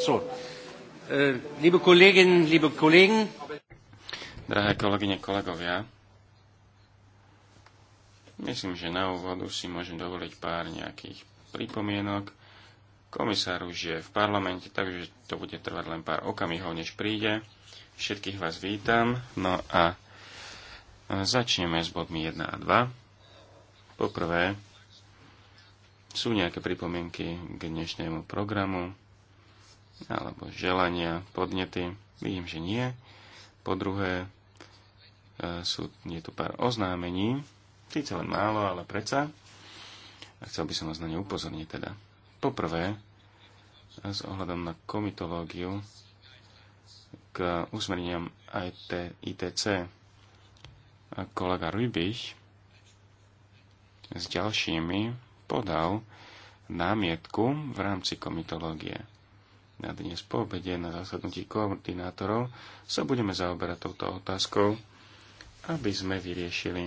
Achso. Äh, liebe Kolleginnen, liebe Kollegen. Drahé kolegyne, kolegovia. Myslím, že na úvodu si môžem dovoliť pár nejakých pripomienok. Komisár už je v parlamente, takže to bude trvať len pár okamihov, než príde. Všetkých vás vítam. No a začneme s bodmi 1 a 2. Poprvé, sú nejaké pripomienky k dnešnému programu? alebo želania, podnety. Vidím, že nie. Po druhé, e, sú, je tu pár oznámení, síce len málo, ale predsa. A chcel by som vás na ne upozorniť teda. Poprvé, s ohľadom na komitológiu k usmereniam IT, ITC, kolega Rybich s ďalšími podal námietku v rámci komitológie na dnes po obede na zasadnutí koordinátorov sa budeme zaoberať touto otázkou, aby sme vyriešili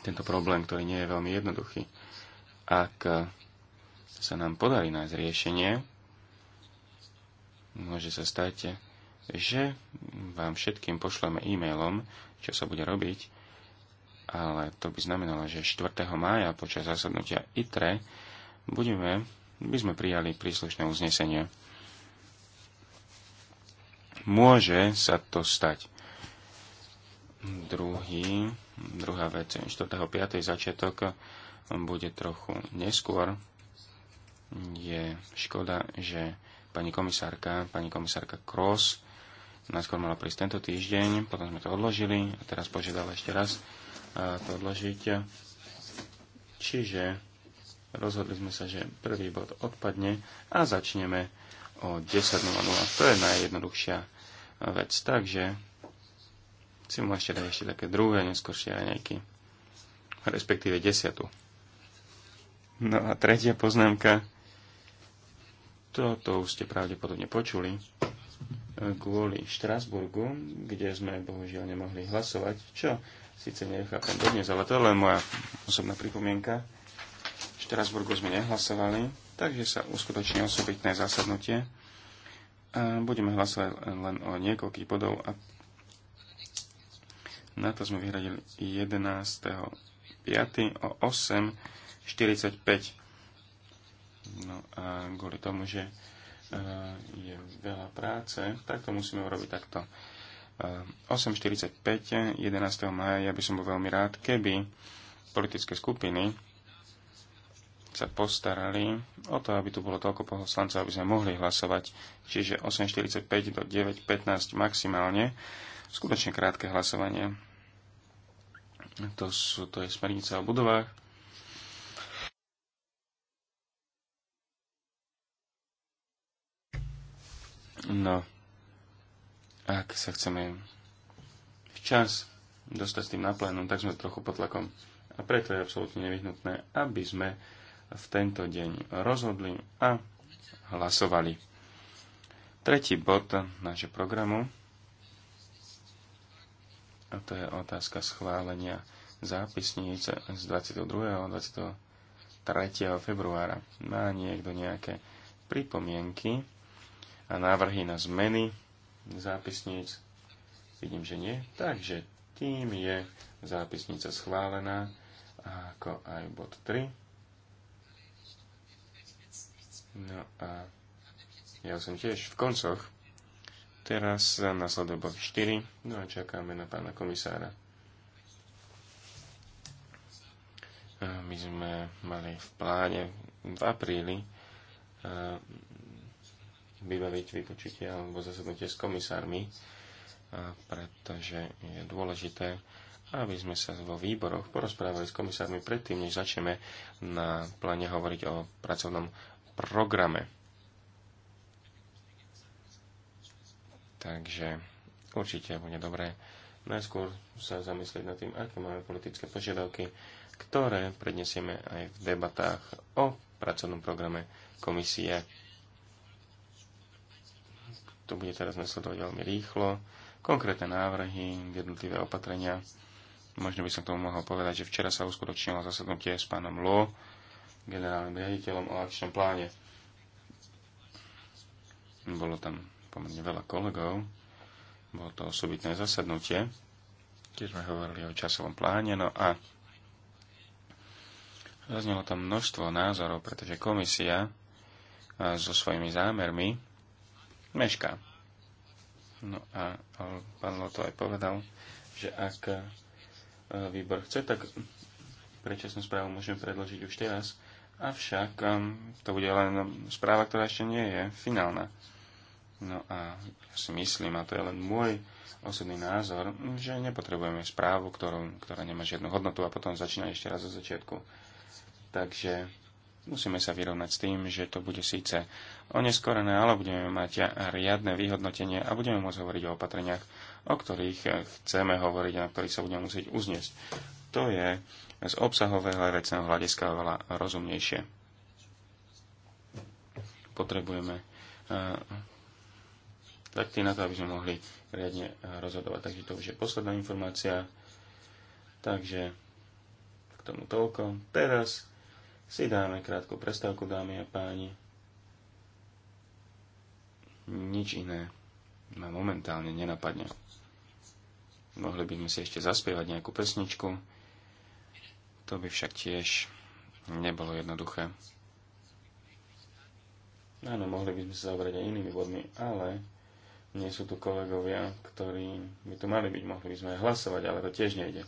tento problém, ktorý nie je veľmi jednoduchý. Ak sa nám podarí nájsť riešenie, môže sa stať, že vám všetkým pošleme e-mailom, čo sa bude robiť, ale to by znamenalo, že 4. mája počas zasadnutia ITRE budeme, by sme prijali príslušné uznesenie. Môže sa to stať. Druhý, druhá vec, 4.5. začiatok bude trochu neskôr. Je škoda, že pani komisárka, pani komisárka Cross najskôr mala prísť tento týždeň, potom sme to odložili a teraz požiadala ešte raz to odložiť. Čiže rozhodli sme sa, že prvý bod odpadne a začneme o 10.00. To je najjednoduchšia vec. Takže si ešte dať ešte také druhé, neskôršie aj nejaký, respektíve desiatu. No a tretia poznámka. Toto už ste pravdepodobne počuli. Kvôli Štrasburgu, kde sme bohužiaľ nemohli hlasovať, čo síce nechápem dodnes, ale to je len moja osobná pripomienka. V Štrasburgu sme nehlasovali, takže sa uskutoční osobitné zasadnutie Budeme hlasovať len o niekoľkých bodov a na to sme vyhradili 11.5. o 8.45. No a kvôli tomu, že e, je veľa práce, tak to musíme urobiť takto. 8.45 11. maja ja by som bol veľmi rád, keby politické skupiny sa postarali o to, aby tu bolo toľko poslancov, aby sme mohli hlasovať. Čiže 8.45 do 9.15 maximálne. Skutočne krátke hlasovanie. To, sú, to je smernica o budovách. No, ak sa chceme včas dostať s tým na plénum, tak sme trochu pod tlakom. A preto je absolútne nevyhnutné, aby sme v tento deň rozhodli a hlasovali. Tretí bod nášho programu, a to je otázka schválenia zápisníc z 22. a 23. februára. Má niekto nejaké pripomienky a návrhy na zmeny zápisníc? Vidím, že nie. Takže tým je zápisnica schválená ako aj bod 3. No a ja som tiež v koncoch. Teraz na bod 4, no a čakáme na pána komisára. My sme mali v pláne v apríli vybaviť vypočutie alebo zasadnutie s komisármi, pretože je dôležité, aby sme sa vo výboroch porozprávali s komisármi predtým, než začneme na pláne hovoriť o pracovnom programe. Takže určite bude dobré najskôr sa zamyslieť nad tým, aké máme politické požiadavky, ktoré prednesieme aj v debatách o pracovnom programe komisie. To bude teraz nasledovať veľmi rýchlo. Konkrétne návrhy, jednotlivé opatrenia. Možno by som k tomu mohol povedať, že včera sa uskutočnilo zasadnutie s pánom Lo, generálnym riaditeľom o akčnom pláne. Bolo tam pomerne veľa kolegov, bolo to osobitné zasadnutie, keď sme hovorili o časovom pláne, no a zaznelo tam množstvo názorov, pretože komisia so svojimi zámermi mešká. No a pán Loto aj povedal, že ak výbor chce, tak predčasnú správu môžeme predložiť už teraz, Avšak um, to bude len správa, ktorá ešte nie je finálna. No a ja si myslím, a to je len môj osobný názor, že nepotrebujeme správu, ktorú, ktorá nemá žiadnu hodnotu a potom začína ešte raz zo začiatku. Takže musíme sa vyrovnať s tým, že to bude síce oneskorené, ale budeme mať riadne vyhodnotenie a budeme môcť hovoriť o opatreniach, o ktorých chceme hovoriť a na ktorých sa budeme musieť uzniesť. To je z obsahového a vecného hľadiska oveľa rozumnejšie. Potrebujeme eh, takty na to, aby sme mohli riadne eh, rozhodovať. Takže to už je posledná informácia. Takže k tomu toľko. Teraz si dáme krátku prestávku, dámy a páni. Nič iné ma momentálne nenapadne. Mohli by sme si ešte zaspievať nejakú pesničku. To by však tiež nebolo jednoduché. Áno, mohli by sme sa zavrieť aj inými bodmi, ale nie sú tu kolegovia, ktorí by tu mali byť. Mohli by sme aj hlasovať, ale to tiež nejde.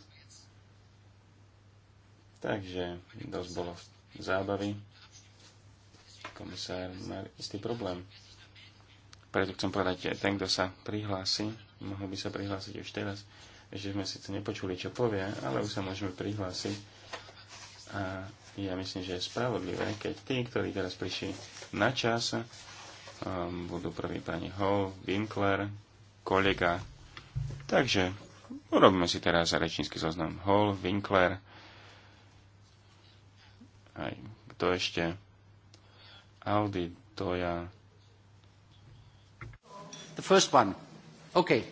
Takže dosť bolo zábavy. Komisár má istý problém. Preto chcem povedať, že ten, kto sa prihlási, mohol by sa prihlásiť už teraz, že sme síce nepočuli, čo povie, ale už sa môžeme prihlásiť a ja myslím, že je spravodlivé, keď tí, ktorí teraz prišli na čas, um, budú prvý pani Ho, Winkler, kolega. Takže urobíme si teraz rečnícky zoznam Hall, Winkler, aj kto ešte, Audi, to ja. The first one. Okay.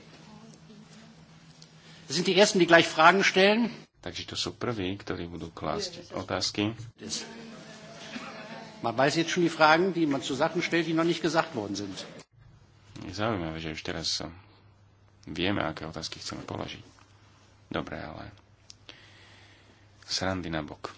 Das sind die ersten, die gleich Fragen stellen. Takže to sú prví, ktorí budú klásť otázky. Man weiß jetzt schon die Fragen, die man zu Sachen stellt, die noch nicht gesagt worden sind. Je zaujímavé, že už teraz vieme, aké otázky chceme položiť. Dobre, ale srandy na bok.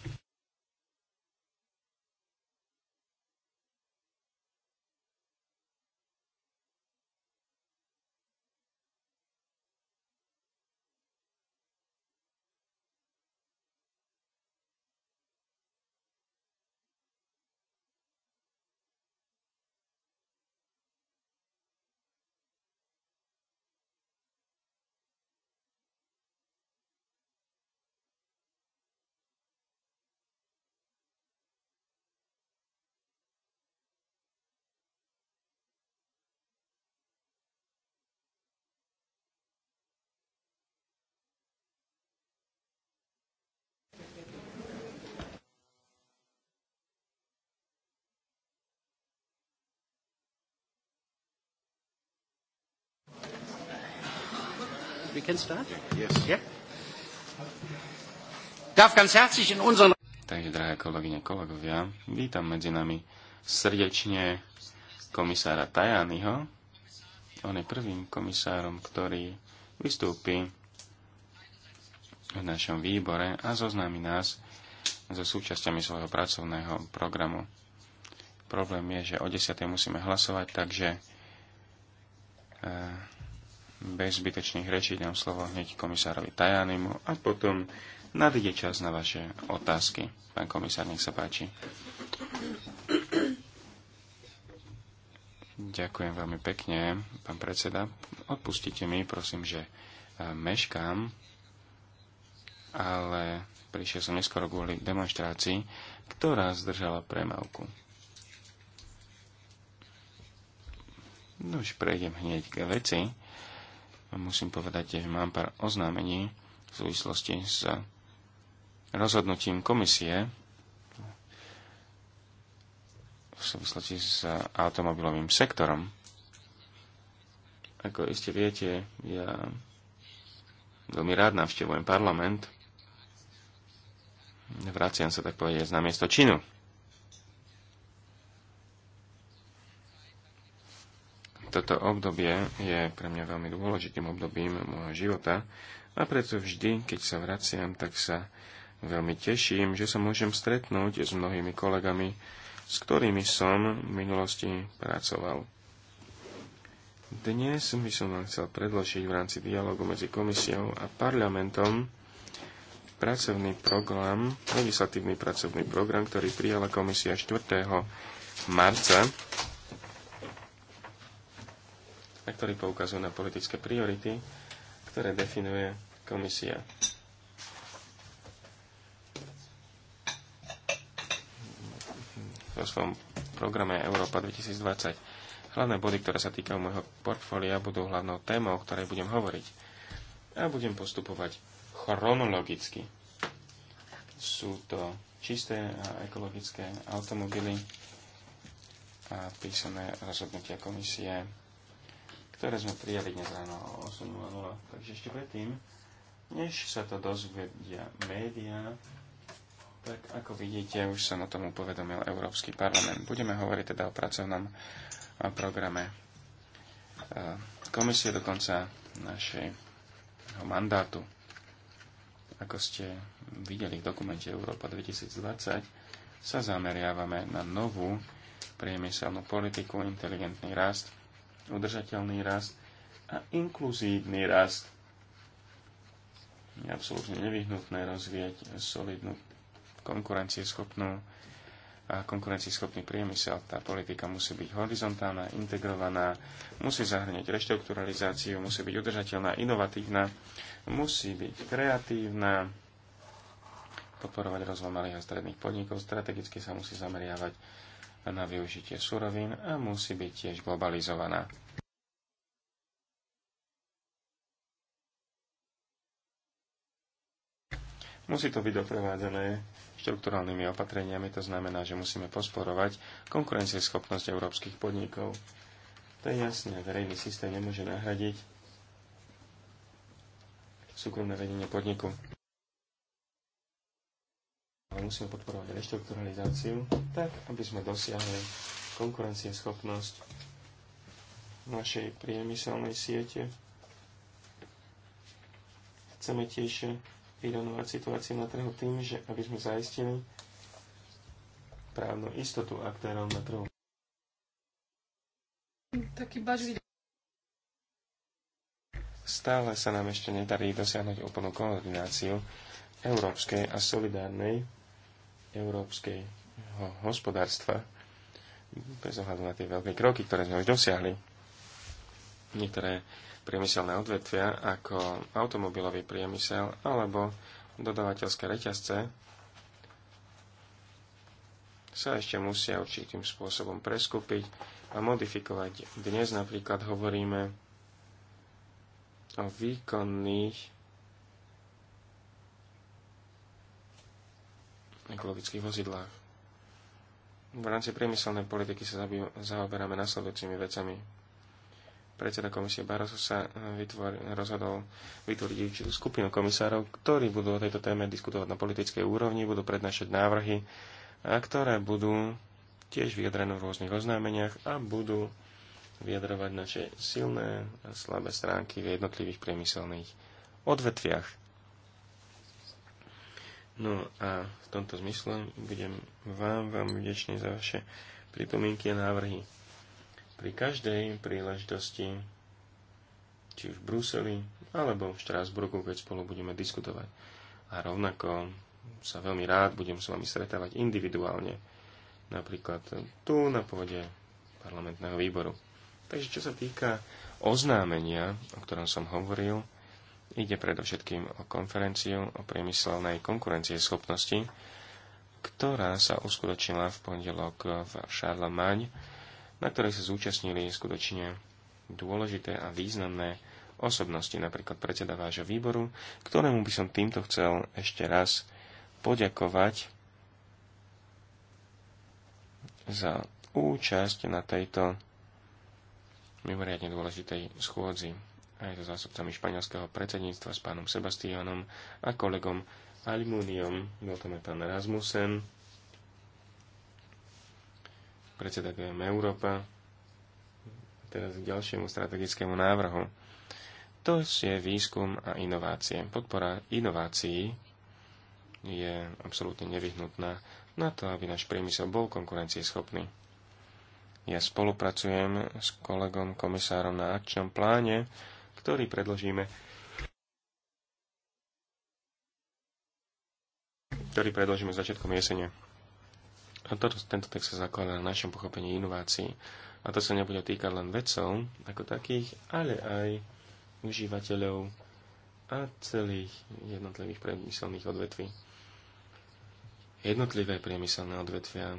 We can start? Yes. Darf ganz herzlich in unseren... Takže, drahé kolegyne, kolegovia, vítam medzi nami srdečne komisára Tajányho. On je prvým komisárom, ktorý vystúpi v našom výbore a zoznámi nás so súčasťami svojho pracovného programu. Problém je, že o 10. musíme hlasovať, takže eh, bez zbytočných rečí dám slovo hneď komisárovi Tajanimu a potom nadíde čas na vaše otázky. Pán komisár, nech sa páči. Ďakujem veľmi pekne, pán predseda. Odpustite mi, prosím, že e, meškám, ale prišiel som neskoro kvôli demonstrácii, ktorá zdržala premávku. No už prejdem hneď k veci musím povedať, že mám pár oznámení v súvislosti s rozhodnutím komisie v súvislosti s automobilovým sektorom. Ako iste viete, ja veľmi rád navštevujem parlament. Vraciam sa tak povedať na miesto činu. Toto obdobie je pre mňa veľmi dôležitým obdobím môjho života a preto vždy, keď sa vraciam, tak sa veľmi teším, že sa môžem stretnúť s mnohými kolegami, s ktorými som v minulosti pracoval. Dnes by som vám chcel predložiť v rámci dialogu medzi komisiou a parlamentom pracovný program, legislatívny pracovný program, ktorý prijala komisia 4. marca na ktorý poukazujú na politické priority, ktoré definuje komisia. vo svojom programe Európa 2020. Hlavné body, ktoré sa týkajú môjho portfólia, budú hlavnou témou, o ktorej budem hovoriť. A budem postupovať chronologicky. Sú to čisté a ekologické automobily a písané rozhodnutia komisie ktoré sme prijali dnes ráno o 8.00. Takže ešte predtým, než sa to dozvedia médiá, tak ako vidíte, už sa na tom upovedomil Európsky parlament. Budeme hovoriť teda o pracovnom programe e, komisie do konca našeho mandátu. Ako ste videli v dokumente Európa 2020, sa zameriavame na novú priemyselnú politiku, inteligentný rast, udržateľný rast a inkluzívny rast. Je absolútne nevyhnutné rozvíjať solidnú konkurencieschopnú a konkurencieschopný priemysel. Tá politika musí byť horizontálna, integrovaná, musí zahrňať reštrukturalizáciu, musí byť udržateľná, inovatívna, musí byť kreatívna, podporovať rozvoj malých a stredných podnikov, strategicky sa musí zameriavať na využitie surovín a musí byť tiež globalizovaná. Musí to byť doprevádzané štruktúralnými opatreniami, to znamená, že musíme posporovať konkurencieschopnosť európskych podnikov. To je jasné, verejný systém nemôže nahradiť súkromné vedenie podniku ale musíme podporovať reštrukturalizáciu tak, aby sme dosiahli konkurencieschopnosť našej priemyselnej siete. Chceme tiež vyrovnovať situáciu na trhu tým, že aby sme zaistili právnu istotu aktérov na trhu. Taký bažlivý. Stále sa nám ešte nedarí dosiahnuť úplnú koordináciu európskej a solidárnej európskeho hospodárstva, bez ohľadu na tie veľké kroky, ktoré sme už dosiahli. Niektoré priemyselné odvetvia, ako automobilový priemysel alebo dodavateľské reťazce, sa ešte musia určitým spôsobom preskúpiť a modifikovať. Dnes napríklad hovoríme o výkonných ekologických vozidlách. V rámci priemyselnej politiky sa zaoberáme nasledujúcimi vecami. Predseda komisie Barroso sa eh, vytvor, rozhodol vytvoriť určitú skupinu komisárov, ktorí budú o tejto téme diskutovať na politickej úrovni, budú prednášať návrhy, a ktoré budú tiež vyjadrené v rôznych oznámeniach a budú vyjadrovať naše silné a slabé stránky v jednotlivých priemyselných odvetviach. No a v tomto zmysle budem vám, vám vďačný za vaše pripomienky a návrhy. Pri každej príležitosti, či v Bruseli, alebo v Štrásburgu, keď spolu budeme diskutovať. A rovnako sa veľmi rád budem s vami stretávať individuálne, napríklad tu na pôde parlamentného výboru. Takže čo sa týka oznámenia, o ktorom som hovoril, Ide predovšetkým o konferenciu o priemyselnej konkurencieschopnosti, ktorá sa uskutočnila v pondelok v Charlemagne, na ktorej sa zúčastnili skutočne dôležité a významné osobnosti, napríklad predseda vášho výboru, ktorému by som týmto chcel ešte raz poďakovať za účasť na tejto mimoriadne dôležitej schôdzi aj so zástupcami španielského predsedníctva s pánom Sebastianom a kolegom Almuniom, bol tam aj pán Rasmussen, predseda GM Európa, teraz k ďalšiemu strategickému návrhu. To je výskum a inovácie. Podpora inovácií je absolútne nevyhnutná na to, aby náš priemysel bol konkurencieschopný. Ja spolupracujem s kolegom komisárom na akčnom pláne ktorý predložíme ktorý predložíme začiatkom jesene. A toto, tento text sa zakladá na našom pochopení inovácií. A to sa nebude týkať len vedcov ako takých, ale aj užívateľov a celých jednotlivých priemyselných odvetví. Jednotlivé priemyselné odvetvia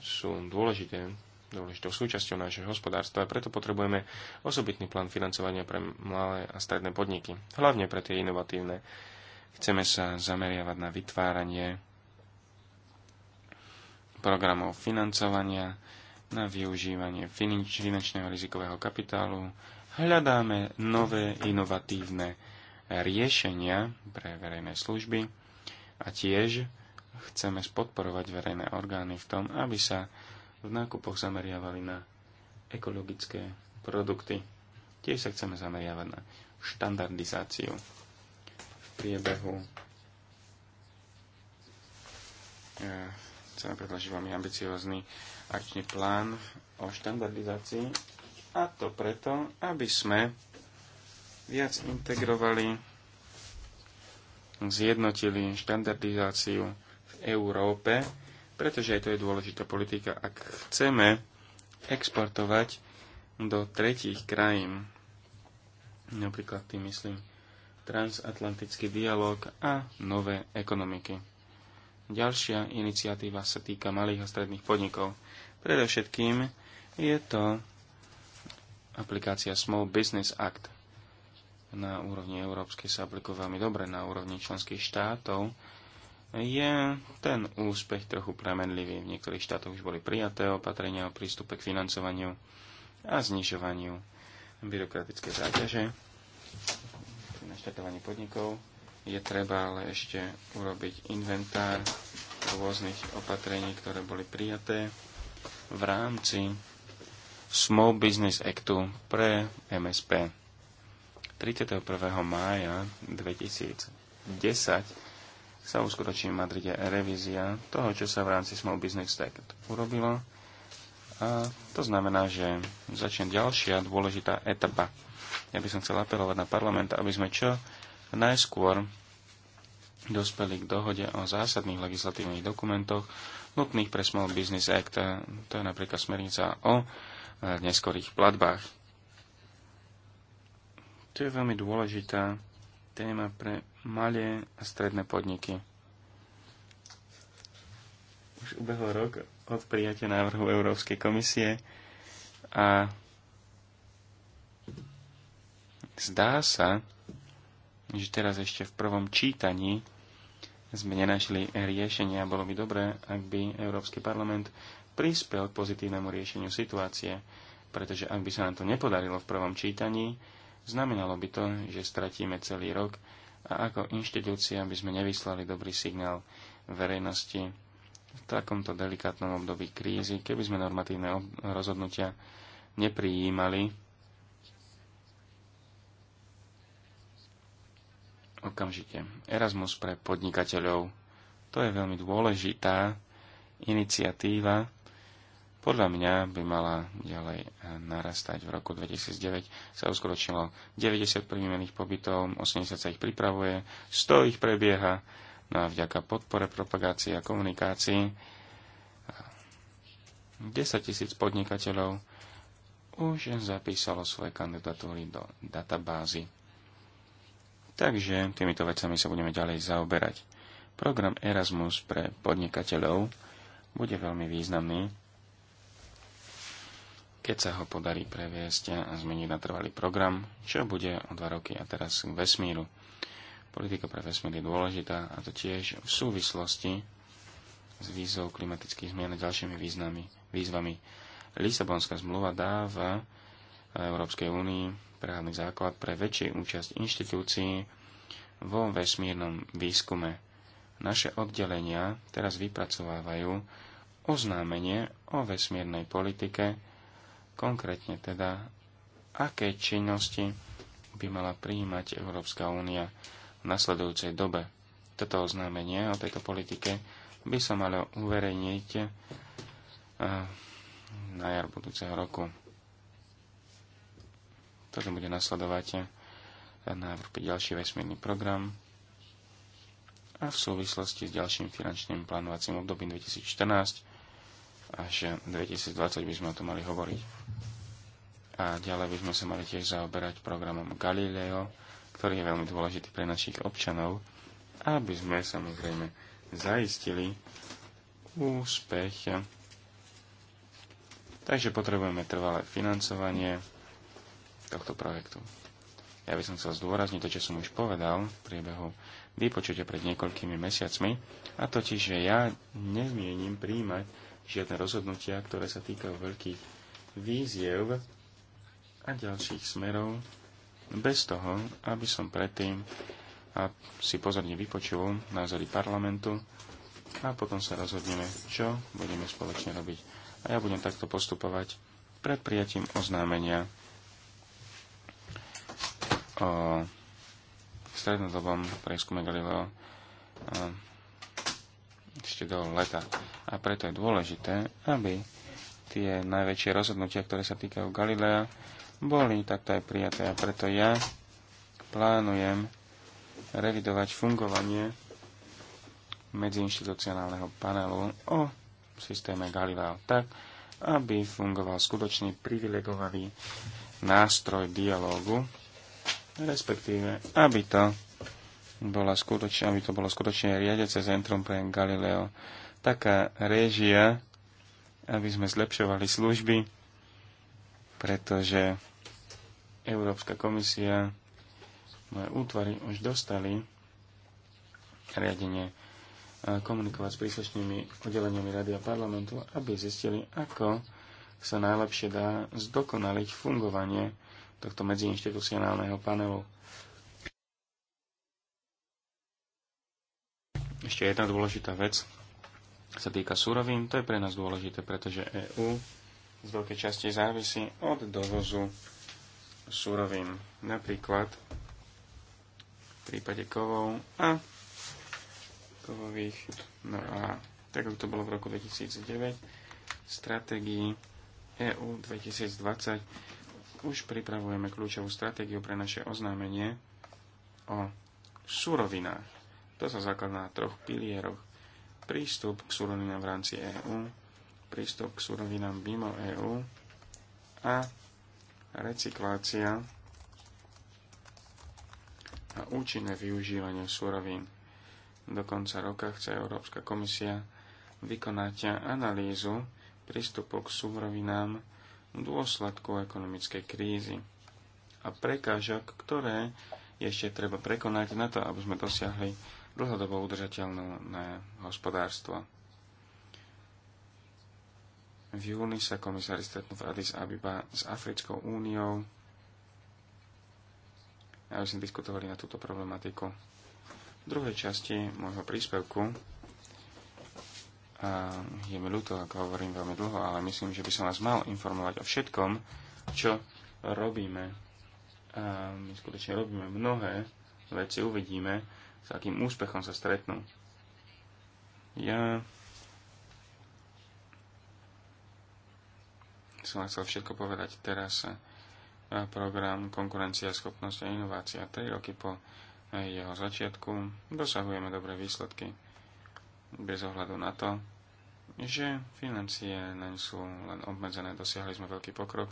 sú dôležité dôležitou súčasťou nášho hospodárstva a preto potrebujeme osobitný plán financovania pre malé a stredné podniky, hlavne pre tie inovatívne. Chceme sa zameriavať na vytváranie programov financovania, na využívanie finančného rizikového kapitálu, hľadáme nové inovatívne riešenia pre verejné služby a tiež chceme spodporovať verejné orgány v tom, aby sa v nákupoch zameriavali na ekologické produkty. Tiež sa chceme zameriavať na štandardizáciu v priebehu chceme predložiť veľmi ambiciózny akčný plán o štandardizácii a to preto, aby sme viac integrovali, zjednotili štandardizáciu v Európe pretože aj to je dôležitá politika. Ak chceme exportovať do tretích krajín, napríklad tým myslím transatlantický dialog a nové ekonomiky. Ďalšia iniciatíva sa týka malých a stredných podnikov. Predovšetkým je to aplikácia Small Business Act. Na úrovni európskej sa aplikuje veľmi dobre, na úrovni členských štátov je ten úspech trochu premenlivý. V niektorých štátoch už boli prijaté opatrenia o prístupe k financovaniu a znižovaniu byrokratické záťaže pri naštartovaní podnikov. Je treba ale ešte urobiť inventár rôznych opatrení, ktoré boli prijaté v rámci Small Business Actu pre MSP. 31. mája 2010 sa uskutoční v Madride revízia toho, čo sa v rámci Small Business Act urobilo. A to znamená, že začne ďalšia dôležitá etapa. Ja by som chcel apelovať na parlament, aby sme čo najskôr dospeli k dohode o zásadných legislatívnych dokumentoch nutných pre Small Business Act. To je napríklad smernica o eh, neskorých platbách. To je veľmi dôležitá téma pre malé a stredné podniky. Už ubehol rok od prijatia návrhu Európskej komisie a zdá sa, že teraz ešte v prvom čítaní sme nenašli riešenie a bolo by dobré, ak by Európsky parlament prispel k pozitívnemu riešeniu situácie, pretože ak by sa nám to nepodarilo v prvom čítaní, Znamenalo by to, že stratíme celý rok a ako inštitúcia by sme nevyslali dobrý signál verejnosti v takomto delikátnom období krízy, keby sme normatívne rozhodnutia neprijímali okamžite. Erasmus pre podnikateľov. To je veľmi dôležitá iniciatíva, podľa mňa by mala ďalej e, narastať. V roku 2009 sa uskročilo 90 príjmených pobytov, 80 sa ich pripravuje, 100 ich prebieha. No a vďaka podpore propagácii a komunikácii 10 e, tisíc podnikateľov už zapísalo svoje kandidatúry do databázy. Takže týmito vecami sa budeme ďalej zaoberať. Program Erasmus pre podnikateľov bude veľmi významný keď sa ho podarí previesť a zmeniť na trvalý program, čo bude o dva roky a teraz k vesmíru. Politika pre vesmír je dôležitá a to tiež v súvislosti s výzvou klimatických zmien a ďalšími významy, výzvami. Lisabonská zmluva dáva Európskej únii právny základ pre väčšej účasť inštitúcií vo vesmírnom výskume. Naše oddelenia teraz vypracovávajú oznámenie o vesmírnej politike Konkrétne teda, aké činnosti by mala prijímať Európska únia v nasledujúcej dobe. Toto oznámenie o tejto politike by sa malo uverejniť eh, na jar budúceho roku. Toto bude nasledovať eh, na Európe ďalší vesmírny program a v súvislosti s ďalším finančným plánovacím obdobím 2014 až 2020 by sme o tom mali hovoriť. A ďalej by sme sa mali tiež zaoberať programom Galileo, ktorý je veľmi dôležitý pre našich občanov, aby sme samozrejme zaistili úspech. Takže potrebujeme trvalé financovanie tohto projektu. Ja by som chcel zdôrazniť to, čo som už povedal v priebehu vypočutia pred niekoľkými mesiacmi, a totiž, že ja nemienim príjmať žiadne rozhodnutia, ktoré sa týkajú veľkých víziev, a ďalších smerov, bez toho, aby som predtým a si pozorne vypočul názory parlamentu a potom sa rozhodneme, čo budeme spoločne robiť. A ja budem takto postupovať pred prijatím oznámenia o strednodobom preskume Galileo ešte do leta. A preto je dôležité, aby tie najväčšie rozhodnutia, ktoré sa týkajú Galilea, boli takto aj prijaté a preto ja plánujem revidovať fungovanie medziinstitucionálneho panelu o systéme Galileo tak, aby fungoval skutočný privilegovaný nástroj dialógu, respektíve aby to, bola skutočne, aby to bolo skutočne riadece centrum pre Galileo, taká réžia, aby sme zlepšovali služby, pretože Európska komisia, moje útvary už dostali riadenie komunikovať s príslušnými oddeleniami Rady a parlamentu, aby zistili, ako sa najlepšie dá zdokonaliť fungovanie tohto medziinstitucionálneho panelu. Ešte jedna dôležitá vec sa týka surovín. To je pre nás dôležité, pretože EÚ z veľkej časti závisí od dovozu surovín. napríklad v prípade kovov a kovových. No a tak, ako to bolo v roku 2009, stratégii EU 2020 už pripravujeme kľúčovú stratégiu pre naše oznámenie o surovinách. To sa zakladá na troch pilieroch. Prístup k surovinám v rámci EÚ, prístup k surovinám mimo EÚ a recyklácia a účinné využívanie súrovín. Do konca roka chce Európska komisia vykonať analýzu prístupu k súrovinám v dôsledku ekonomickej krízy a prekážok, ktoré ešte treba prekonať na to, aby sme dosiahli dlhodobo udržateľné hospodárstvo. V júni sa komisári stretnú v Addis Abiba s Africkou úniou, aby sme diskutovali na túto problematiku. V druhej časti môjho príspevku a je mi ľúto, ako hovorím veľmi dlho, ale myslím, že by som vás mal informovať o všetkom, čo robíme. A my skutočne robíme mnohé veci, uvidíme, s akým úspechom sa stretnú. Ja som chcel všetko povedať teraz. E, program Konkurencia, schopnosť a inovácia 3 roky po e, jeho začiatku dosahujeme dobré výsledky. Bez ohľadu na to, že financie len sú len obmedzené, dosiahli sme veľký pokrok.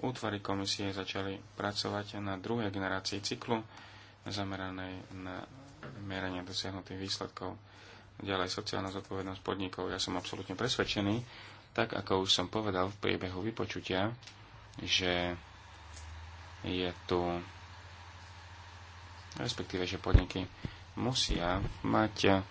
Útvary komisie začali pracovať na druhej generácii cyklu zameranej na meranie dosiahnutých výsledkov. Ďalej sociálna zodpovednosť podnikov. Ja som absolútne presvedčený, tak ako už som povedal v priebehu vypočutia, že je tu respektíve, že podniky musia mať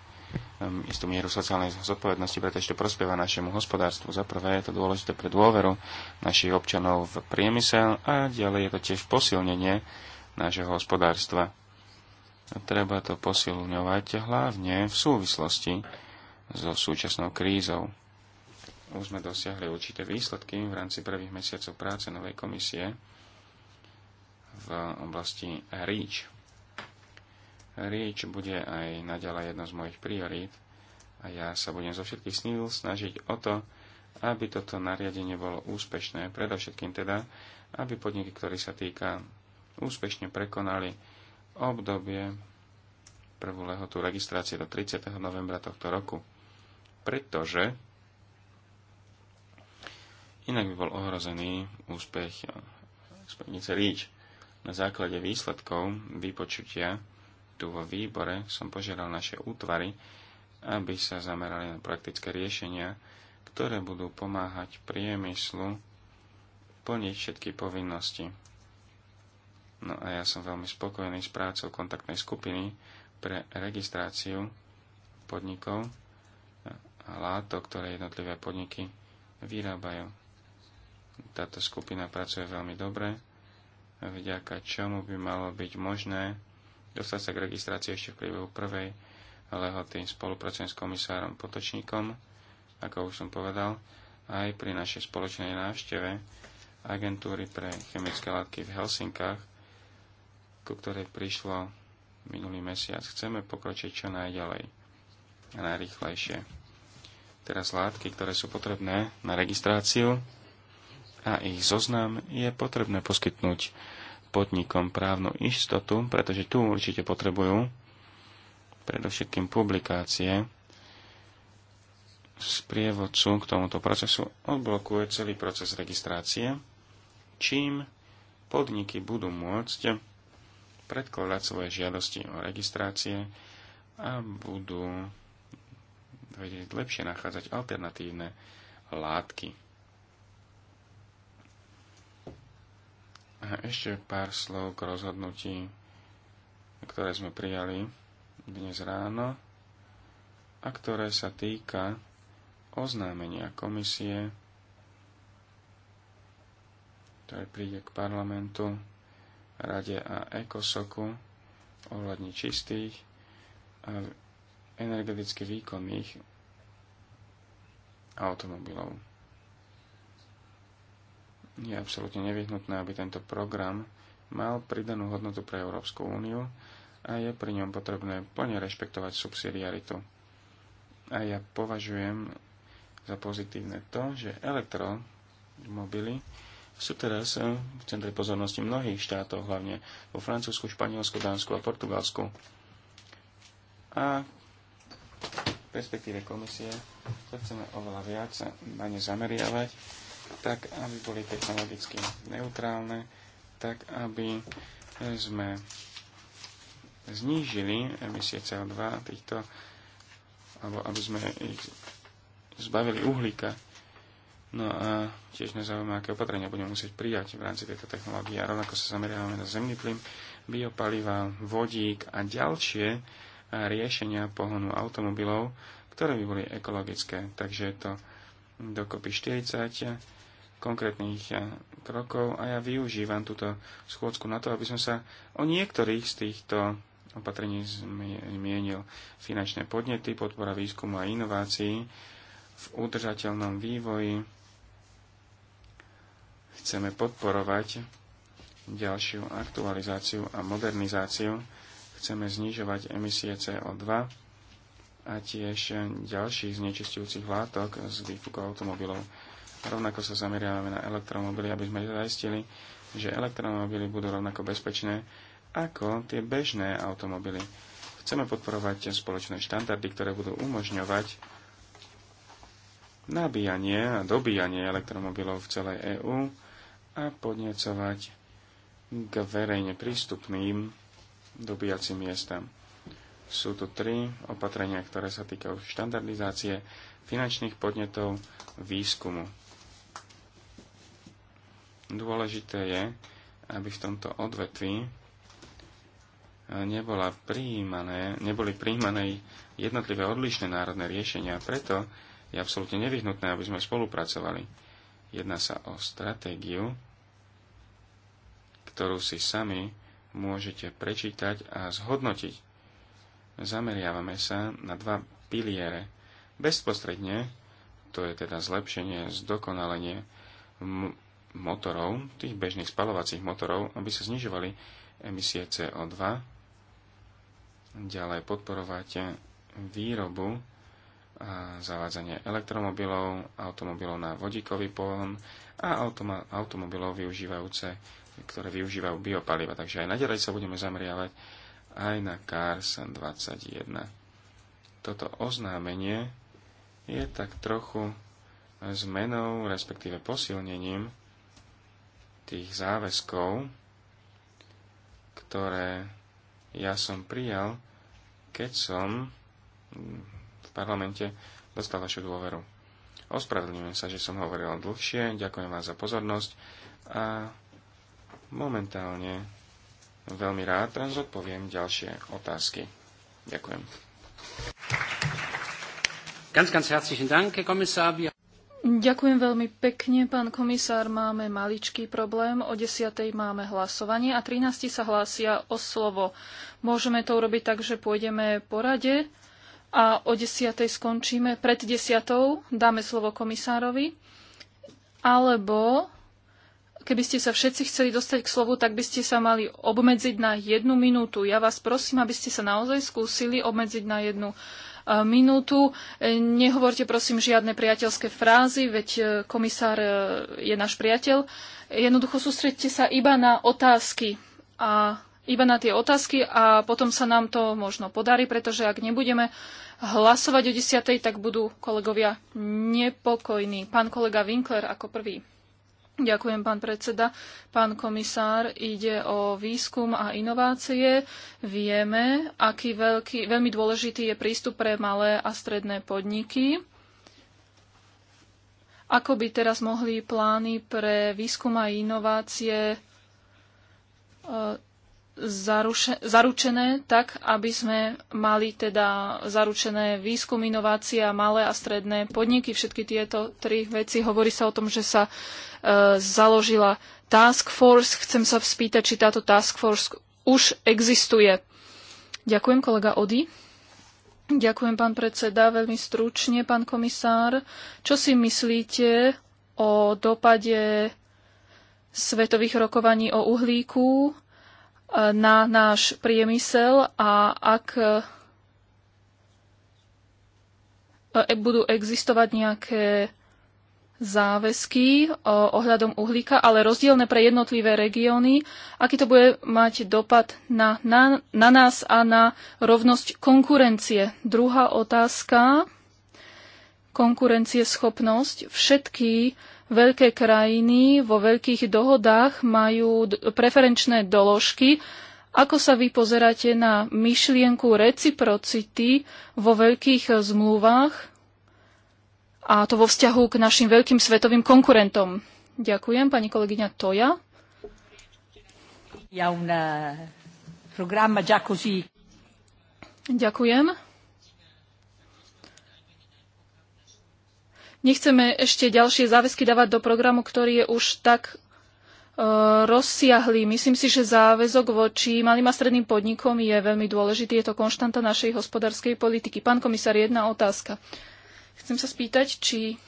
um, istú mieru sociálnej zodpovednosti, pretože to prospieva našemu hospodárstvu. Za prvé je to dôležité pre dôveru našich občanov v priemysel a ďalej je to tiež posilnenie nášho hospodárstva. A treba to posilňovať hlavne v súvislosti so súčasnou krízou už sme dosiahli určité výsledky v rámci prvých mesiacov práce novej komisie v oblasti REACH. REACH bude aj naďalej jedno z mojich priorít a ja sa budem zo všetkých sníl snažiť o to, aby toto nariadenie bolo úspešné, predovšetkým teda, aby podniky, ktorý sa týka, úspešne prekonali obdobie prvú lehotu registrácie do 30. novembra tohto roku. Pretože Inak by bol ohrozený úspech smernice Ríč. Na základe výsledkov vypočutia tu vo výbore som požiadal naše útvary, aby sa zamerali na praktické riešenia, ktoré budú pomáhať priemyslu plniť všetky povinnosti. No a ja som veľmi spokojný s prácou kontaktnej skupiny pre registráciu podnikov a látok, ktoré jednotlivé podniky vyrábajú táto skupina pracuje veľmi dobre, vďaka čomu by malo byť možné dostať sa k registrácii ešte v priebehu prvej lehoty. Spolupracujem s komisárom Potočníkom, ako už som povedal, aj pri našej spoločnej návšteve agentúry pre chemické látky v Helsinkách, ku ktorej prišlo minulý mesiac. Chceme pokročiť čo najďalej a najrychlejšie. Teraz látky, ktoré sú potrebné na registráciu, a ich zoznam je potrebné poskytnúť podnikom právnu istotu, pretože tu určite potrebujú predovšetkým publikácie z prievodcu k tomuto procesu odblokuje celý proces registrácie, čím podniky budú môcť predkladať svoje žiadosti o registrácie a budú vedieť lepšie nachádzať alternatívne látky. A ešte pár slov k rozhodnutí, ktoré sme prijali dnes ráno a ktoré sa týka oznámenia komisie, ktoré príde k parlamentu, rade a ekosoku ohľadne čistých a energeticky výkonných automobilov. Je absolútne nevyhnutné, aby tento program mal pridanú hodnotu pre Európsku úniu a je pri ňom potrebné plne rešpektovať subsidiaritu. A ja považujem za pozitívne to, že elektromobily sú teraz v centre pozornosti mnohých štátov, hlavne vo Francúzsku, Španielsku, Dánsku a Portugalsku. A v perspektíve komisie sa chceme oveľa viac na ne zameriavať tak aby boli technologicky neutrálne, tak aby sme znížili emisie CO2 týchto, alebo aby sme ich zbavili uhlíka. No a tiež nás zaujíma, aké opatrenia budeme musieť prijať v rámci tejto technológie. A rovnako sa zameriavame na zemný plyn, biopaliva, vodík a ďalšie riešenia pohonu automobilov, ktoré by boli ekologické. Takže je to dokopy 40 konkrétnych eh, krokov a ja využívam túto schôdzku na to, aby som sa o niektorých z týchto opatrení zmienil. Finančné podnety, podpora výskumu a inovácií v udržateľnom vývoji. Chceme podporovať ďalšiu aktualizáciu a modernizáciu. Chceme znižovať emisie CO2 a tiež ďalších znečistujúcich látok z výfuku automobilov Rovnako sa zameriavame na elektromobily, aby sme zaistili, že elektromobily budú rovnako bezpečné ako tie bežné automobily. Chceme podporovať spoločné štandardy, ktoré budú umožňovať nabíjanie a dobíjanie elektromobilov v celej EÚ a podnecovať k verejne prístupným dobíjacím miestam. Sú tu tri opatrenia, ktoré sa týkajú štandardizácie finančných podnetov výskumu. Dôležité je, aby v tomto odvetvi e, nebola príjmané, neboli príjmané jednotlivé odlišné národné riešenia. Preto je absolútne nevyhnutné, aby sme spolupracovali. Jedná sa o stratégiu, ktorú si sami môžete prečítať a zhodnotiť. Zameriavame sa na dva piliere. Bezprostredne, to je teda zlepšenie, zdokonalenie motorov, tých bežných spalovacích motorov, aby sa znižovali emisie CO2, ďalej podporovať výrobu a zavádzanie elektromobilov, automobilov na vodíkový pohon a automa- automobilov využívajúce, ktoré využívajú biopaliva. Takže aj naďalej sa budeme zameriavať aj na Cars 21. Toto oznámenie je tak trochu zmenou, respektíve posilnením tých záväzkov, ktoré ja som prijal, keď som v parlamente dostal vašu dôveru. Ospravedlňujem sa, že som hovoril dlhšie, ďakujem vám za pozornosť a momentálne veľmi rád zodpoviem ďalšie otázky. Ďakujem. Ganz, ganz herzlichen Dank, Herr Kommissar. Ďakujem veľmi pekne, pán komisár. Máme maličký problém. O 10. máme hlasovanie a 13. sa hlásia o slovo. Môžeme to urobiť tak, že pôjdeme po rade a o 10. skončíme. Pred 10. dáme slovo komisárovi. Alebo keby ste sa všetci chceli dostať k slovu, tak by ste sa mali obmedziť na jednu minútu. Ja vás prosím, aby ste sa naozaj skúsili obmedziť na jednu minútu minútu. E, nehovorte prosím žiadne priateľské frázy, veď e, komisár e, je náš priateľ. Jednoducho sústredte sa iba na otázky a iba na tie otázky a potom sa nám to možno podarí, pretože ak nebudeme hlasovať o desiatej, tak budú kolegovia nepokojní. Pán kolega Winkler ako prvý. Ďakujem, pán predseda. Pán komisár, ide o výskum a inovácie. Vieme, aký veľký, veľmi dôležitý je prístup pre malé a stredné podniky. Ako by teraz mohli plány pre výskum a inovácie e, zaruše, zaručené tak, aby sme mali teda zaručené výskum, inovácia, malé a stredné podniky. Všetky tieto tri veci. Hovorí sa o tom, že sa e, založila task force. Chcem sa spýtať, či táto task force už existuje. Ďakujem, kolega Ody. Ďakujem, pán predseda. Veľmi stručne, pán komisár. Čo si myslíte o dopade svetových rokovaní o uhlíku na náš priemysel a ak e, e, budú existovať nejaké záväzky ohľadom uhlíka, ale rozdielne pre jednotlivé regióny, aký to bude mať dopad na, na, na nás a na rovnosť konkurencie. Druhá otázka, konkurencieschopnosť. Všetky uh, Veľké krajiny vo veľkých dohodách majú preferenčné doložky. Ako sa vy pozeráte na myšlienku reciprocity vo veľkých e, zmluvách? A to vo vzťahu k našim veľkým svetovým konkurentom. Ďakujem, pani kolegyňa Toja. Ja una programma già così. Ďakujem. Nechceme ešte ďalšie záväzky dávať do programu, ktorý je už tak e, rozsiahli. Myslím si, že záväzok voči malým a stredným podnikom je veľmi dôležitý. Je to konštanta našej hospodárskej politiky. Pán komisár, jedna otázka. Chcem sa spýtať, či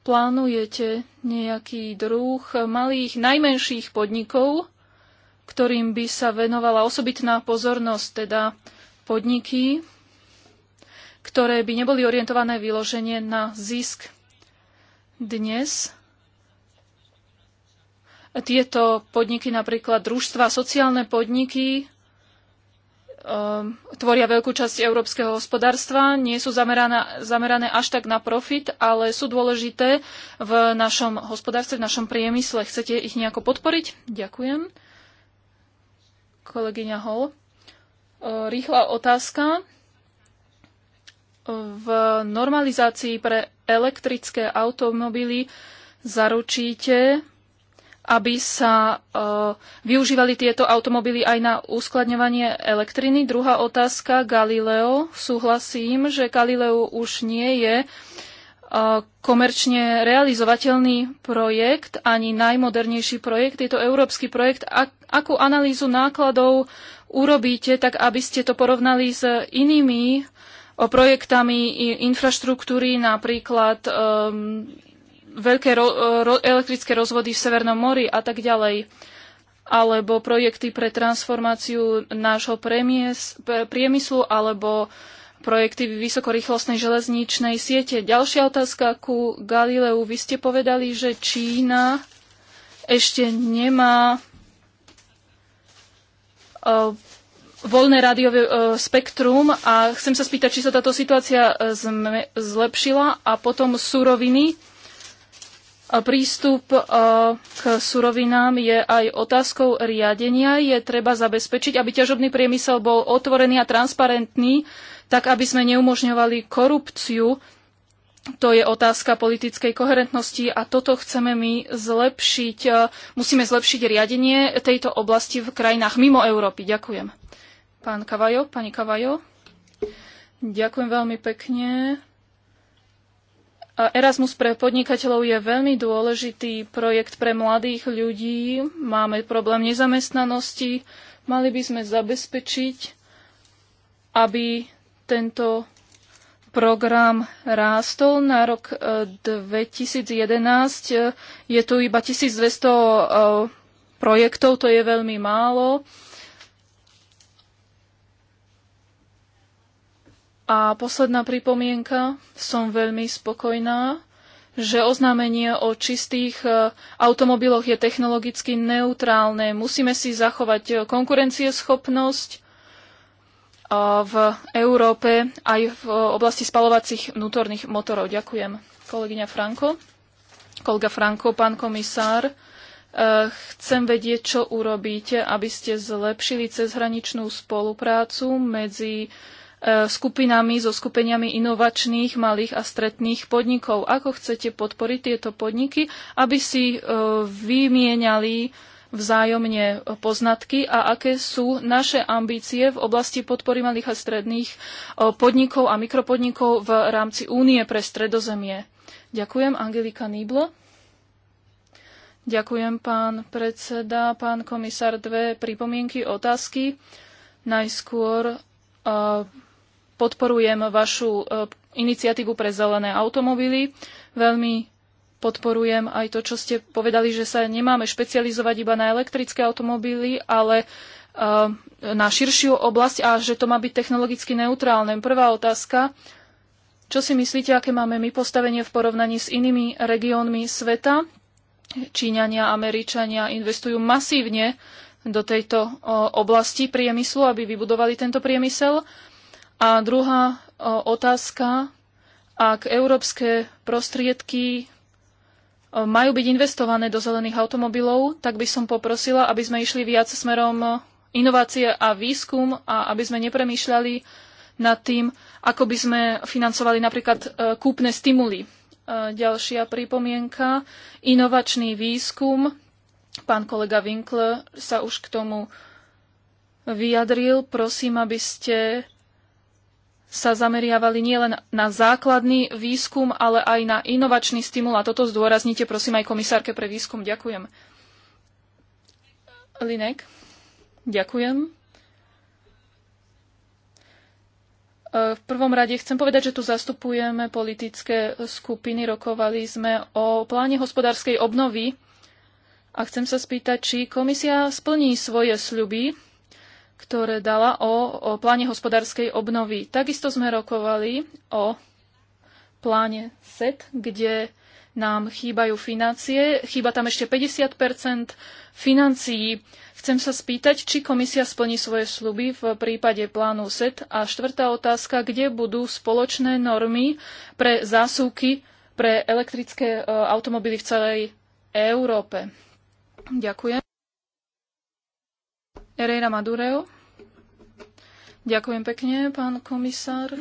plánujete nejaký druh malých, najmenších podnikov, ktorým by sa venovala osobitná pozornosť, teda podniky, ktoré by neboli orientované vyloženie na zisk. Dnes tieto podniky, napríklad družstva, sociálne podniky, ehm, tvoria veľkú časť európskeho hospodárstva, nie sú zamerané, zamerané až tak na profit, ale sú dôležité v našom hospodárstve, v našom priemysle. Chcete ich nejako podporiť? Ďakujem. Kolegyňa Hol. Ehm, rýchla otázka v normalizácii pre elektrické automobily zaručíte, aby sa e, využívali tieto automobily aj na uskladňovanie elektriny? Druhá otázka, Galileo. Súhlasím, že Galileo už nie je e, komerčne realizovateľný projekt, ani najmodernejší projekt. Je to európsky projekt. A, akú analýzu nákladov urobíte, tak aby ste to porovnali s inými projektami infraštruktúry, napríklad um, veľké ro- ro- elektrické rozvody v Severnom mori a tak ďalej, alebo projekty pre transformáciu nášho premies- priemyslu, alebo projekty vysokorýchlostnej železničnej siete. Ďalšia otázka ku Galileu. Vy ste povedali, že Čína ešte nemá uh, voľné rádiové e, spektrum a chcem sa spýtať, či sa táto situácia e, zlepšila a potom suroviny. Prístup e, k surovinám je aj otázkou riadenia. Je treba zabezpečiť, aby ťažobný priemysel bol otvorený a transparentný, tak aby sme neumožňovali korupciu. To je otázka politickej koherentnosti a toto chceme my zlepšiť. Musíme zlepšiť riadenie tejto oblasti v krajinách mimo Európy. Ďakujem. Pán Kavajo, pani Kavajo. Ďakujem veľmi pekne. Erasmus pre podnikateľov je veľmi dôležitý projekt pre mladých ľudí. Máme problém nezamestnanosti. Mali by sme zabezpečiť, aby tento program rástol. Na rok 2011 e, je tu iba 1200 e, projektov, to je veľmi málo. A posledná pripomienka. Som veľmi spokojná, že oznámenie o čistých e, automobiloch je technologicky neutrálne. Musíme si zachovať e, konkurencieschopnosť e, v Európe aj v oblasti spalovacích vnútorných motorov. Ďakujem. Kolegyňa Franko. Kolega Franko, pán komisár, chcem vedieť, čo urobíte, aby ste zlepšili cezhraničnú spoluprácu medzi E, skupinami, so skupeniami inovačných malých a stretných podnikov. Ako chcete podporiť tieto podniky, aby si e, vymieniali vzájomne poznatky a aké sú naše ambície v oblasti podpory malých a stredných e, podnikov a mikropodnikov v rámci Únie pre stredozemie. Ďakujem, Angelika Nýblo. Ďakujem, pán predseda, pán komisár. Dve pripomienky, otázky. Najskôr uh, podporujem vašu e, iniciatívu pre zelené automobily. Veľmi podporujem aj to, čo ste povedali, že sa nemáme špecializovať iba na elektrické automobily, ale e, na širšiu oblasť a že to má byť technologicky neutrálne. Prvá otázka. Čo si myslíte, aké máme my postavenie v porovnaní s inými regiónmi sveta? Číňania, Američania investujú masívne do tejto oblasti priemyslu, aby vybudovali tento priemysel. A druhá e, otázka, ak európske prostriedky e, majú byť investované do zelených automobilov, tak by som poprosila, aby sme išli viac smerom e, inovácie a výskum a aby sme nepremýšľali nad tým, ako by sme financovali napríklad kúpne stimuly. Ďalšia pripomienka, inovačný výskum. Pán kolega Winkler sa už k tomu vyjadril. Prosím, aby ste sa zameriavali nielen na základný výskum, ale aj na inovačný stimul. A toto zdôraznite, prosím, aj komisárke pre výskum. Ďakujem. Linek, ďakujem. E, v prvom rade chcem povedať, že tu zastupujeme politické skupiny. Rokovali sme o pláne hospodárskej obnovy a chcem sa spýtať, či komisia splní svoje sľuby ktoré dala o, o pláne hospodárskej obnovy. Takisto sme rokovali o pláne SET, kde nám chýbajú financie. Chýba tam ešte 50 financií. Chcem sa spýtať, či komisia splní svoje sluby v prípade plánu SET. A štvrtá otázka, kde budú spoločné normy pre zásuvky pre elektrické e, automobily v celej Európe. Ďakujem. Madureo. Ďakujem pekne, pán komisár.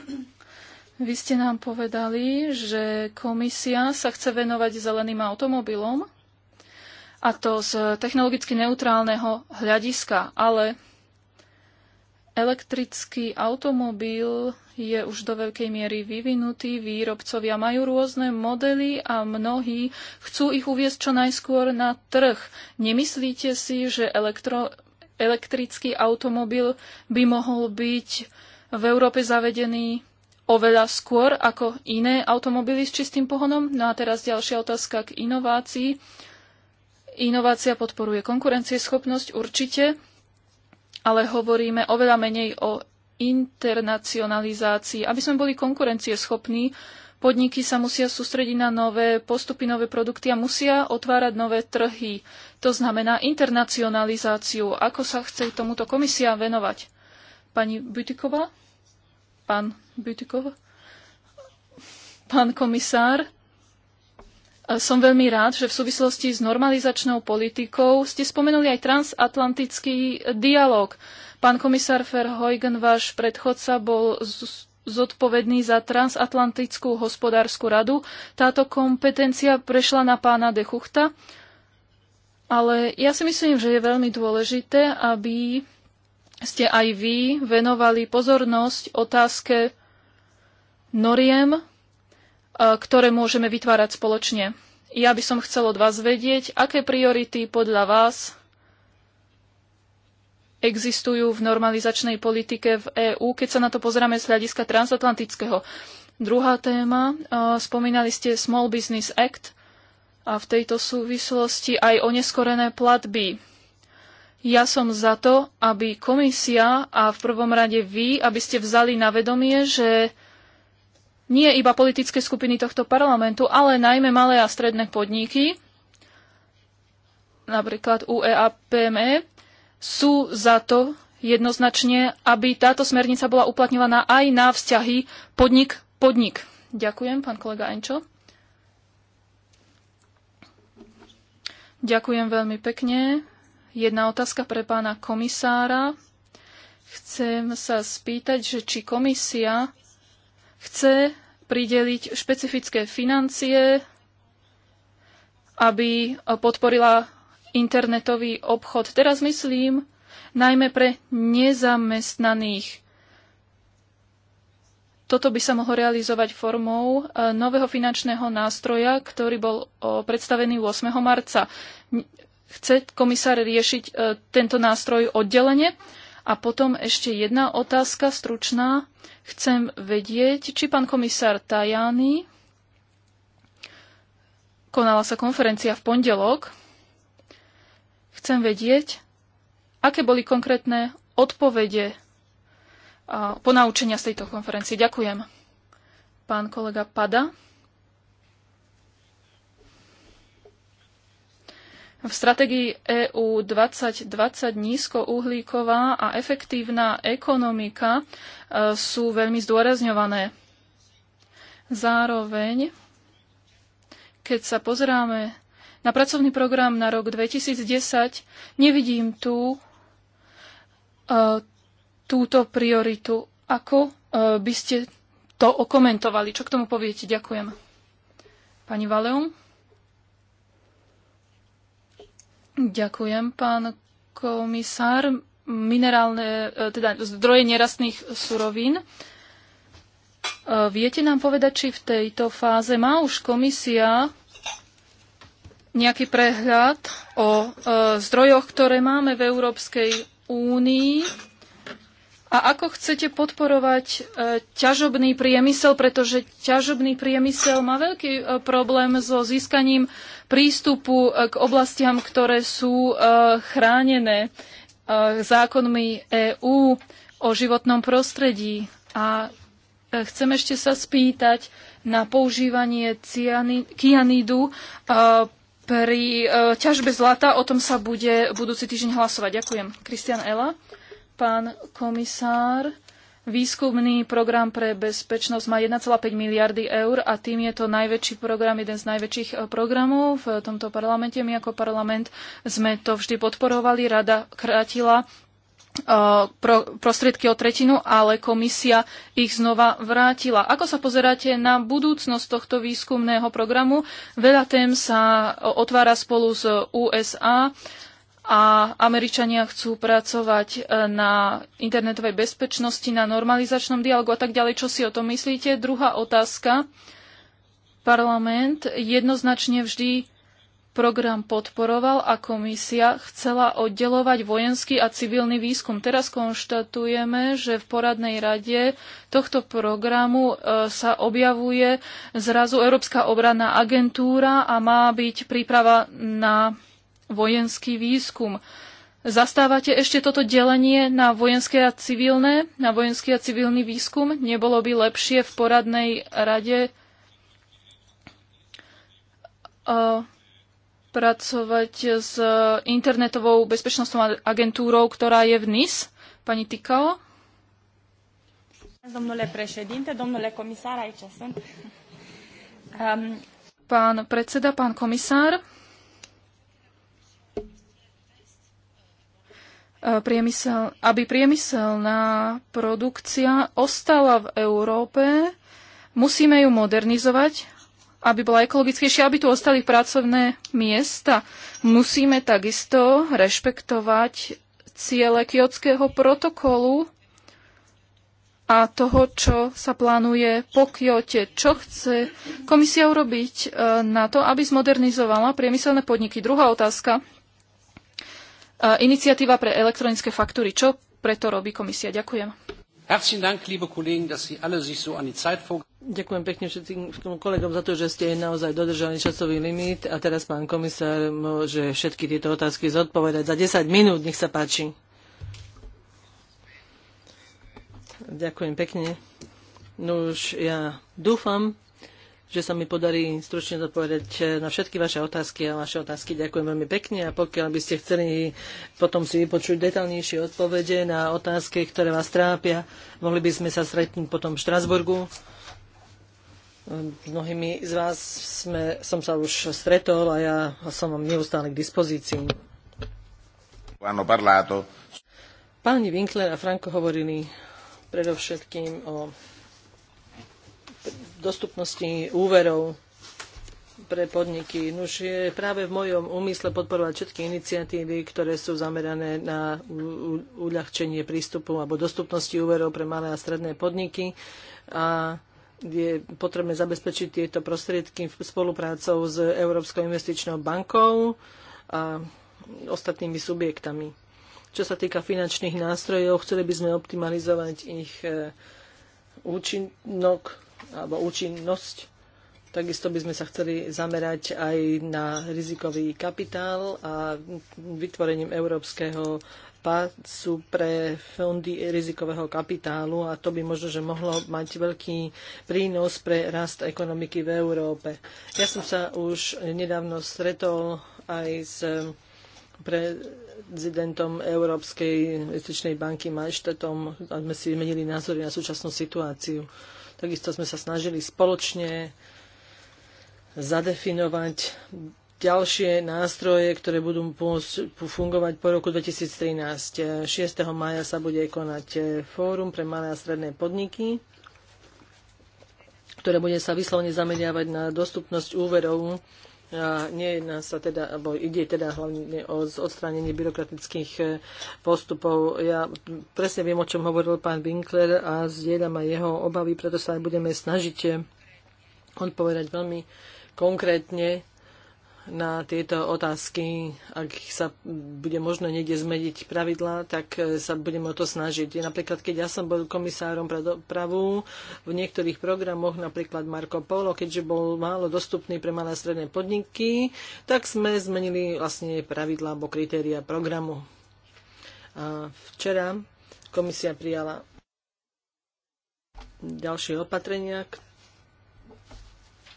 Vy ste nám povedali, že komisia sa chce venovať zeleným automobilom, a to z technologicky neutrálneho hľadiska, ale elektrický automobil je už do veľkej miery vyvinutý, výrobcovia majú rôzne modely a mnohí chcú ich uviezť čo najskôr na trh. Nemyslíte si, že elektro elektrický automobil by mohol byť v Európe zavedený oveľa skôr ako iné automobily s čistým pohonom. No a teraz ďalšia otázka k inovácii. Inovácia podporuje konkurencieschopnosť určite, ale hovoríme oveľa menej o internacionalizácii. Aby sme boli konkurencieschopní, Podniky sa musia sústrediť na nové postupy, nové produkty a musia otvárať nové trhy. To znamená internacionalizáciu. Ako sa chce tomuto komisia venovať? Pani Butiková? Pán Butiková. Pán komisár? Som veľmi rád, že v súvislosti s normalizačnou politikou ste spomenuli aj transatlantický dialog. Pán komisár Verheugen, váš predchodca, bol zodpovedný za transatlantickú hospodárskú radu. Táto kompetencia prešla na pána de Chuchta, ale ja si myslím, že je veľmi dôležité, aby ste aj vy venovali pozornosť otázke noriem, ktoré môžeme vytvárať spoločne. Ja by som chcel od vás vedieť, aké priority podľa vás existujú v normalizačnej politike v EÚ, keď sa na to pozeráme z hľadiska transatlantického. Druhá téma, e, spomínali ste Small Business Act a v tejto súvislosti aj oneskorené platby. Ja som za to, aby komisia a v prvom rade vy, aby ste vzali na vedomie, že nie iba politické skupiny tohto parlamentu, ale najmä malé a stredné podniky, napríklad UEA, PME, sú za to jednoznačne, aby táto smernica bola uplatňovaná aj na vzťahy podnik-podnik. Ďakujem, pán kolega Enčo. Ďakujem veľmi pekne. Jedna otázka pre pána komisára. Chcem sa spýtať, že či komisia chce prideliť špecifické financie, aby podporila internetový obchod. Teraz myslím najmä pre nezamestnaných. Toto by sa mohlo realizovať formou e, nového finančného nástroja, ktorý bol predstavený 8. marca. Chce komisár riešiť e, tento nástroj oddelenie? A potom ešte jedna otázka stručná. Chcem vedieť, či pán komisár Tajani konala sa konferencia v pondelok Chcem vedieť, aké boli konkrétne odpovede a naučenia z tejto konferencie. Ďakujem. Pán kolega Pada. V stratégii EU 2020 nízkouhlíková a efektívna ekonomika e, sú veľmi zdôrazňované. Zároveň, keď sa pozeráme na pracovný program na rok 2010 nevidím tú, e, túto prioritu. Ako e, by ste to okomentovali? Čo k tomu poviete? Ďakujem. Pani Valeum? Ďakujem, pán komisár. Minerálne, e, teda zdroje nerastných surovín. Viete nám povedať, či v tejto fáze má už komisia nejaký prehľad o e, zdrojoch, ktoré máme v Európskej únii a ako chcete podporovať e, ťažobný priemysel, pretože ťažobný priemysel má veľký e, problém so získaním prístupu e, k oblastiam, ktoré sú e, chránené e, zákonmi EÚ o životnom prostredí. A e, chcem ešte sa spýtať na používanie cyani- e, pri e, ťažbe zlata. O tom sa bude budúci týždeň hlasovať. Ďakujem. Kristian Ela, pán komisár. Výskumný program pre bezpečnosť má 1,5 miliardy eur a tým je to najväčší program, jeden z najväčších e, programov v tomto parlamente. My ako parlament sme to vždy podporovali, rada krátila prostriedky o tretinu, ale komisia ich znova vrátila. Ako sa pozeráte na budúcnosť tohto výskumného programu? Veľa tém sa otvára spolu s USA a Američania chcú pracovať e, na internetovej bezpečnosti, na normalizačnom dialogu a tak ďalej. Čo si o tom myslíte? Druhá otázka. Parlament jednoznačne vždy program podporoval a komisia chcela oddelovať vojenský a civilný výskum. Teraz konštatujeme, že v poradnej rade tohto programu e, sa objavuje zrazu Európska obranná agentúra a má byť príprava na vojenský výskum. Zastávate ešte toto delenie na vojenské a civilné, na vojenský a civilný výskum? Nebolo by lepšie v poradnej rade uh, spolupracovať s internetovou bezpečnostnou agentúrou, ktorá je v NIS. Pani Tikao? Domnule domnule aici sunt. Um... Pán predseda, pán komisár. Priemysel, aby priemyselná produkcia ostala v Európe, musíme ju modernizovať, aby bola ekologickejšia, aby tu ostali pracovné miesta. Musíme takisto rešpektovať ciele kiotského protokolu a toho, čo sa plánuje po Kyote. Čo chce komisia urobiť e, na to, aby zmodernizovala priemyselné podniky? Druhá otázka. E, iniciatíva pre elektronické faktúry. Čo preto robí komisia? Ďakujem. Ďakujem pekne všetkým kolegom za to, že ste naozaj dodržali časový limit a teraz pán komisár môže všetky tieto otázky zodpovedať za 10 minút, nech sa páči. Ďakujem pekne. No už ja dúfam, že sa mi podarí stručne zodpovedať eh, na všetky vaše otázky a vaše otázky. Ďakujem veľmi pekne a pokiaľ by ste chceli potom si vypočuť detaľnejšie odpovede na otázky, ktoré vás trápia, mohli by sme sa stretnúť potom v Štrasburgu. S mnohými z vás sme, som sa už stretol a ja som vám neustále k dispozícii. Páni Winkler a Franko hovorili predovšetkým o dostupnosti úverov pre podniky. Nuž je práve v mojom úmysle podporovať všetky iniciatívy, ktoré sú zamerané na uľahčenie prístupu alebo dostupnosti úverov pre malé a stredné podniky. A je potrebné zabezpečiť tieto prostriedky spoluprácou s Európskou investičnou bankou a ostatnými subjektami. Čo sa týka finančných nástrojov, chceli by sme optimalizovať ich eh, účinok alebo účinnosť. Takisto by sme sa chceli zamerať aj na rizikový kapitál a vytvorením európskeho pásu pre fondy rizikového kapitálu a to by možno, že mohlo mať veľký prínos pre rast ekonomiky v Európe. Ja som sa už nedávno stretol aj s prezidentom Európskej investičnej banky Majštetom a sme si menili názory na súčasnú situáciu. Takisto sme sa snažili spoločne zadefinovať ďalšie nástroje, ktoré budú fungovať po roku 2013. 6. maja sa bude konať fórum pre malé a stredné podniky, ktoré bude sa vyslovne zameriavať na dostupnosť úverov jedná sa teda, alebo ide teda hlavne o odstránenie byrokratických e, postupov. Ja presne viem, o čom hovoril pán Winkler a zdieľam aj jeho obavy, preto sa aj budeme snažiť e, odpovedať veľmi konkrétne na tieto otázky. Ak sa bude možno niekde zmeniť pravidla, tak e, sa budeme o to snažiť. Napríklad, keď ja som bol komisárom pre dopravu, v niektorých programoch, napríklad Marco Polo, keďže bol málo dostupný pre malé a stredné podniky, tak sme zmenili vlastne pravidla alebo kritéria programu. A včera komisia prijala ďalšie opatrenia,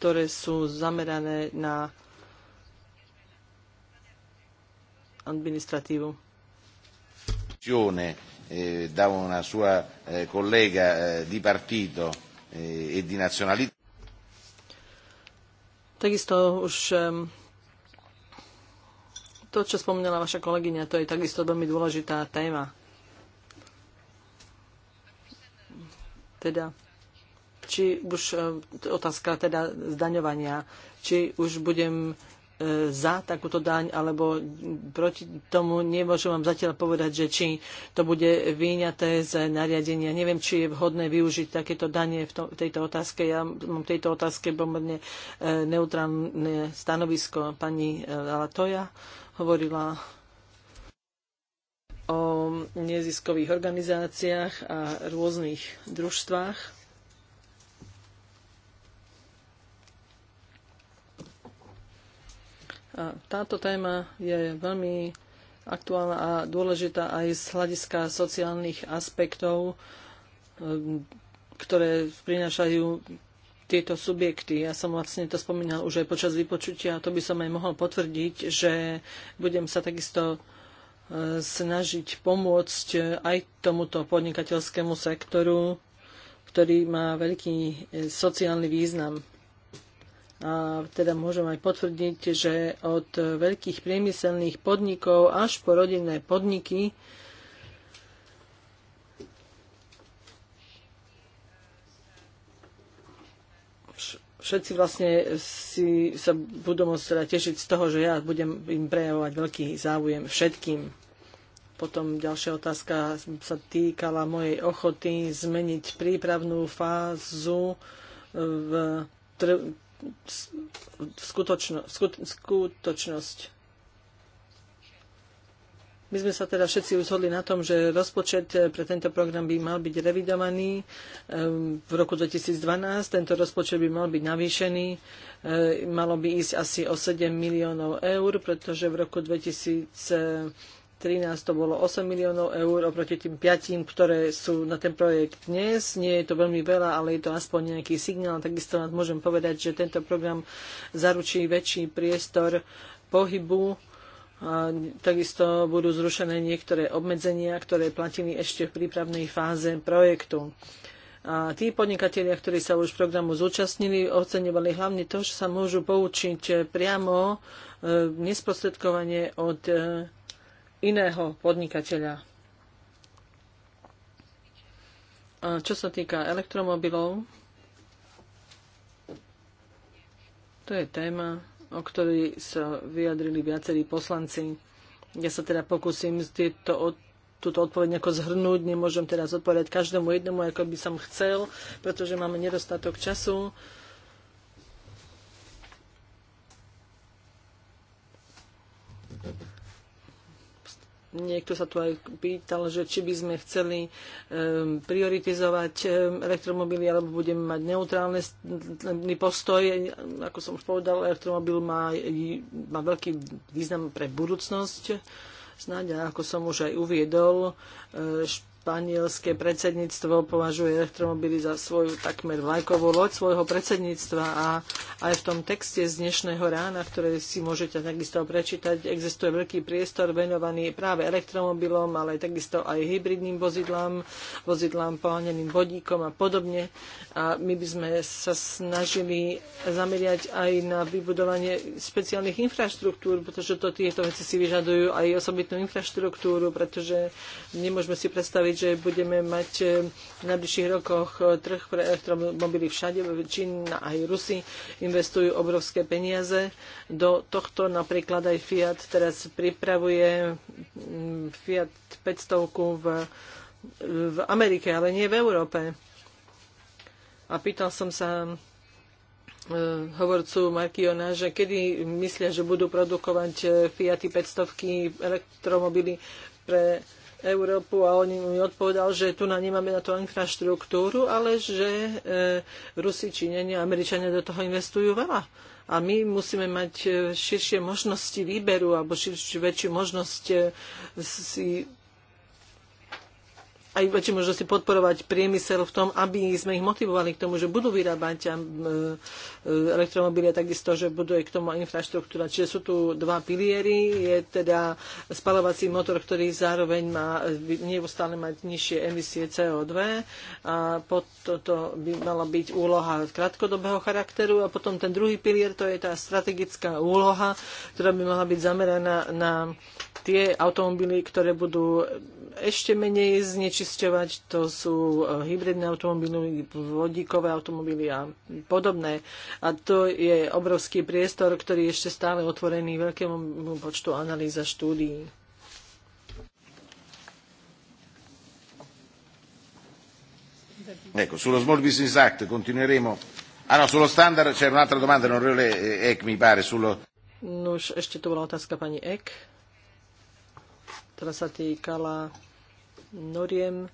ktoré sú zamerané na amministrativo. Eh, da una sua eh, collega eh, di partito e di nazionalità. Takisto už ehm, to, čo spomínala vaša kolegyňa, to je takisto veľmi dôležitá téma. Teda, či už otázka teda zdaňovania, či už budem za takúto daň alebo proti tomu nemôžem vám zatiaľ povedať, že či to bude vyňaté z nariadenia. Neviem, či je vhodné využiť takéto danie v, to, v tejto otázke. Ja mám v tejto otázke pomerne e, neutrálne stanovisko. Pani e, Alatoja hovorila o neziskových organizáciách a rôznych družstvách A táto téma je veľmi aktuálna a dôležitá aj z hľadiska sociálnych aspektov, e, ktoré prinášajú tieto subjekty. Ja som vlastne to spomínal už aj počas vypočutia a to by som aj mohol potvrdiť, že budem sa takisto e, snažiť pomôcť aj tomuto podnikateľskému sektoru, ktorý má veľký e, sociálny význam a teda môžem aj potvrdiť, že od veľkých priemyselných podnikov až po rodinné podniky všetci vlastne si sa budú môcť teda tešiť z toho, že ja budem im prejavovať veľký záujem všetkým. Potom ďalšia otázka sa týkala mojej ochoty zmeniť prípravnú fázu v skutočno, skut, skutočnosť. My sme sa teda všetci uzhodli na tom, že rozpočet eh, pre tento program by mal byť revidovaný eh, v roku 2012. Tento rozpočet by mal byť navýšený. Eh, malo by ísť asi o 7 miliónov eur, pretože v roku 2000 to bolo 8 miliónov eur oproti tým 5, ktoré sú na ten projekt dnes. Nie je to veľmi veľa, ale je to aspoň nejaký signál. Takisto vám môžem povedať, že tento program zaručí väčší priestor pohybu a takisto budú zrušené niektoré obmedzenia, ktoré platili ešte v prípravnej fáze projektu. A tí podnikatelia, ktorí sa už programu zúčastnili, oceňovali hlavne to, že sa môžu poučiť priamo e, nesprostredkovane od e, iného podnikateľa. A čo sa týka elektromobilov, to je téma, o ktorej sa vyjadrili viacerí poslanci. Ja sa teda pokúsim tieto od túto odpoveď nejako zhrnúť. Nemôžem teraz odpovedať každému jednomu, ako by som chcel, pretože máme nedostatok času. Uh, niekto sa tu aj pýtal, že či by sme chceli um, prioritizovať ehm, elektromobily, alebo budeme mať neutrálny postoj. Ako som už povedal, elektromobil má, má veľký význam pre budúcnosť. Snáď, ako som už aj uviedol, ehm, španielské predsedníctvo považuje elektromobily za svoju takmer vlajkovú loď svojho predsedníctva a aj v tom texte z dnešného rána, ktoré si môžete takisto prečítať, existuje veľký priestor venovaný práve elektromobilom, ale takisto aj hybridným vozidlám, vozidlám poháňaným vodíkom a podobne. A my by sme sa snažili zameriať aj na vybudovanie špeciálnych infraštruktúr, pretože to tieto veci si vyžadujú aj osobitnú infraštruktúru, pretože nemôžeme si predstaviť že budeme mať e, v najbližších rokoch e, trh pre elektromobily všade. Čína aj Rusi, investujú obrovské peniaze. Do tohto napríklad aj Fiat teraz pripravuje mm, Fiat 500 v, v Amerike, ale nie v Európe. A pýtal som sa e, hovorcu Markiona, že kedy myslia, že budú produkovať Fiaty 500 elektromobily pre Európu a on mi odpovedal, že tu na nemáme na to infraštruktúru, ale že e, Rusi, Číňania, Američania do toho investujú veľa. A my musíme mať e, širšie možnosti výberu alebo širšie väčšiu možnosť e, si aj väčšie možnosti podporovať priemysel v tom, aby sme ich motivovali k tomu, že budú vyrábať e, e, elektromobily a takisto, že budú aj k tomu infraštruktúra. Čiže sú tu dva piliery. Je teda spalovací motor, ktorý zároveň má e, neustále mať nižšie emisie CO2 a potom to by mala byť úloha krátkodobého charakteru a potom ten druhý pilier, to je tá strategická úloha, ktorá by mala byť zameraná na tie automobily, ktoré budú ešte menej znečistené znečisťovať. To sú e, hybridné automobily, vodíkové automobily a podobné. A to je obrovský priestor, ktorý je ešte stále otvorený veľkému počtu analýz a štúdií. Ecco, sullo Small Business Act continueremo. Ah no, sullo standard c'è un'altra domanda, non rile Eck eh, mi pare, sullo... No, ešte tu bola otázka pani Eck, ktorá sa týkala noriem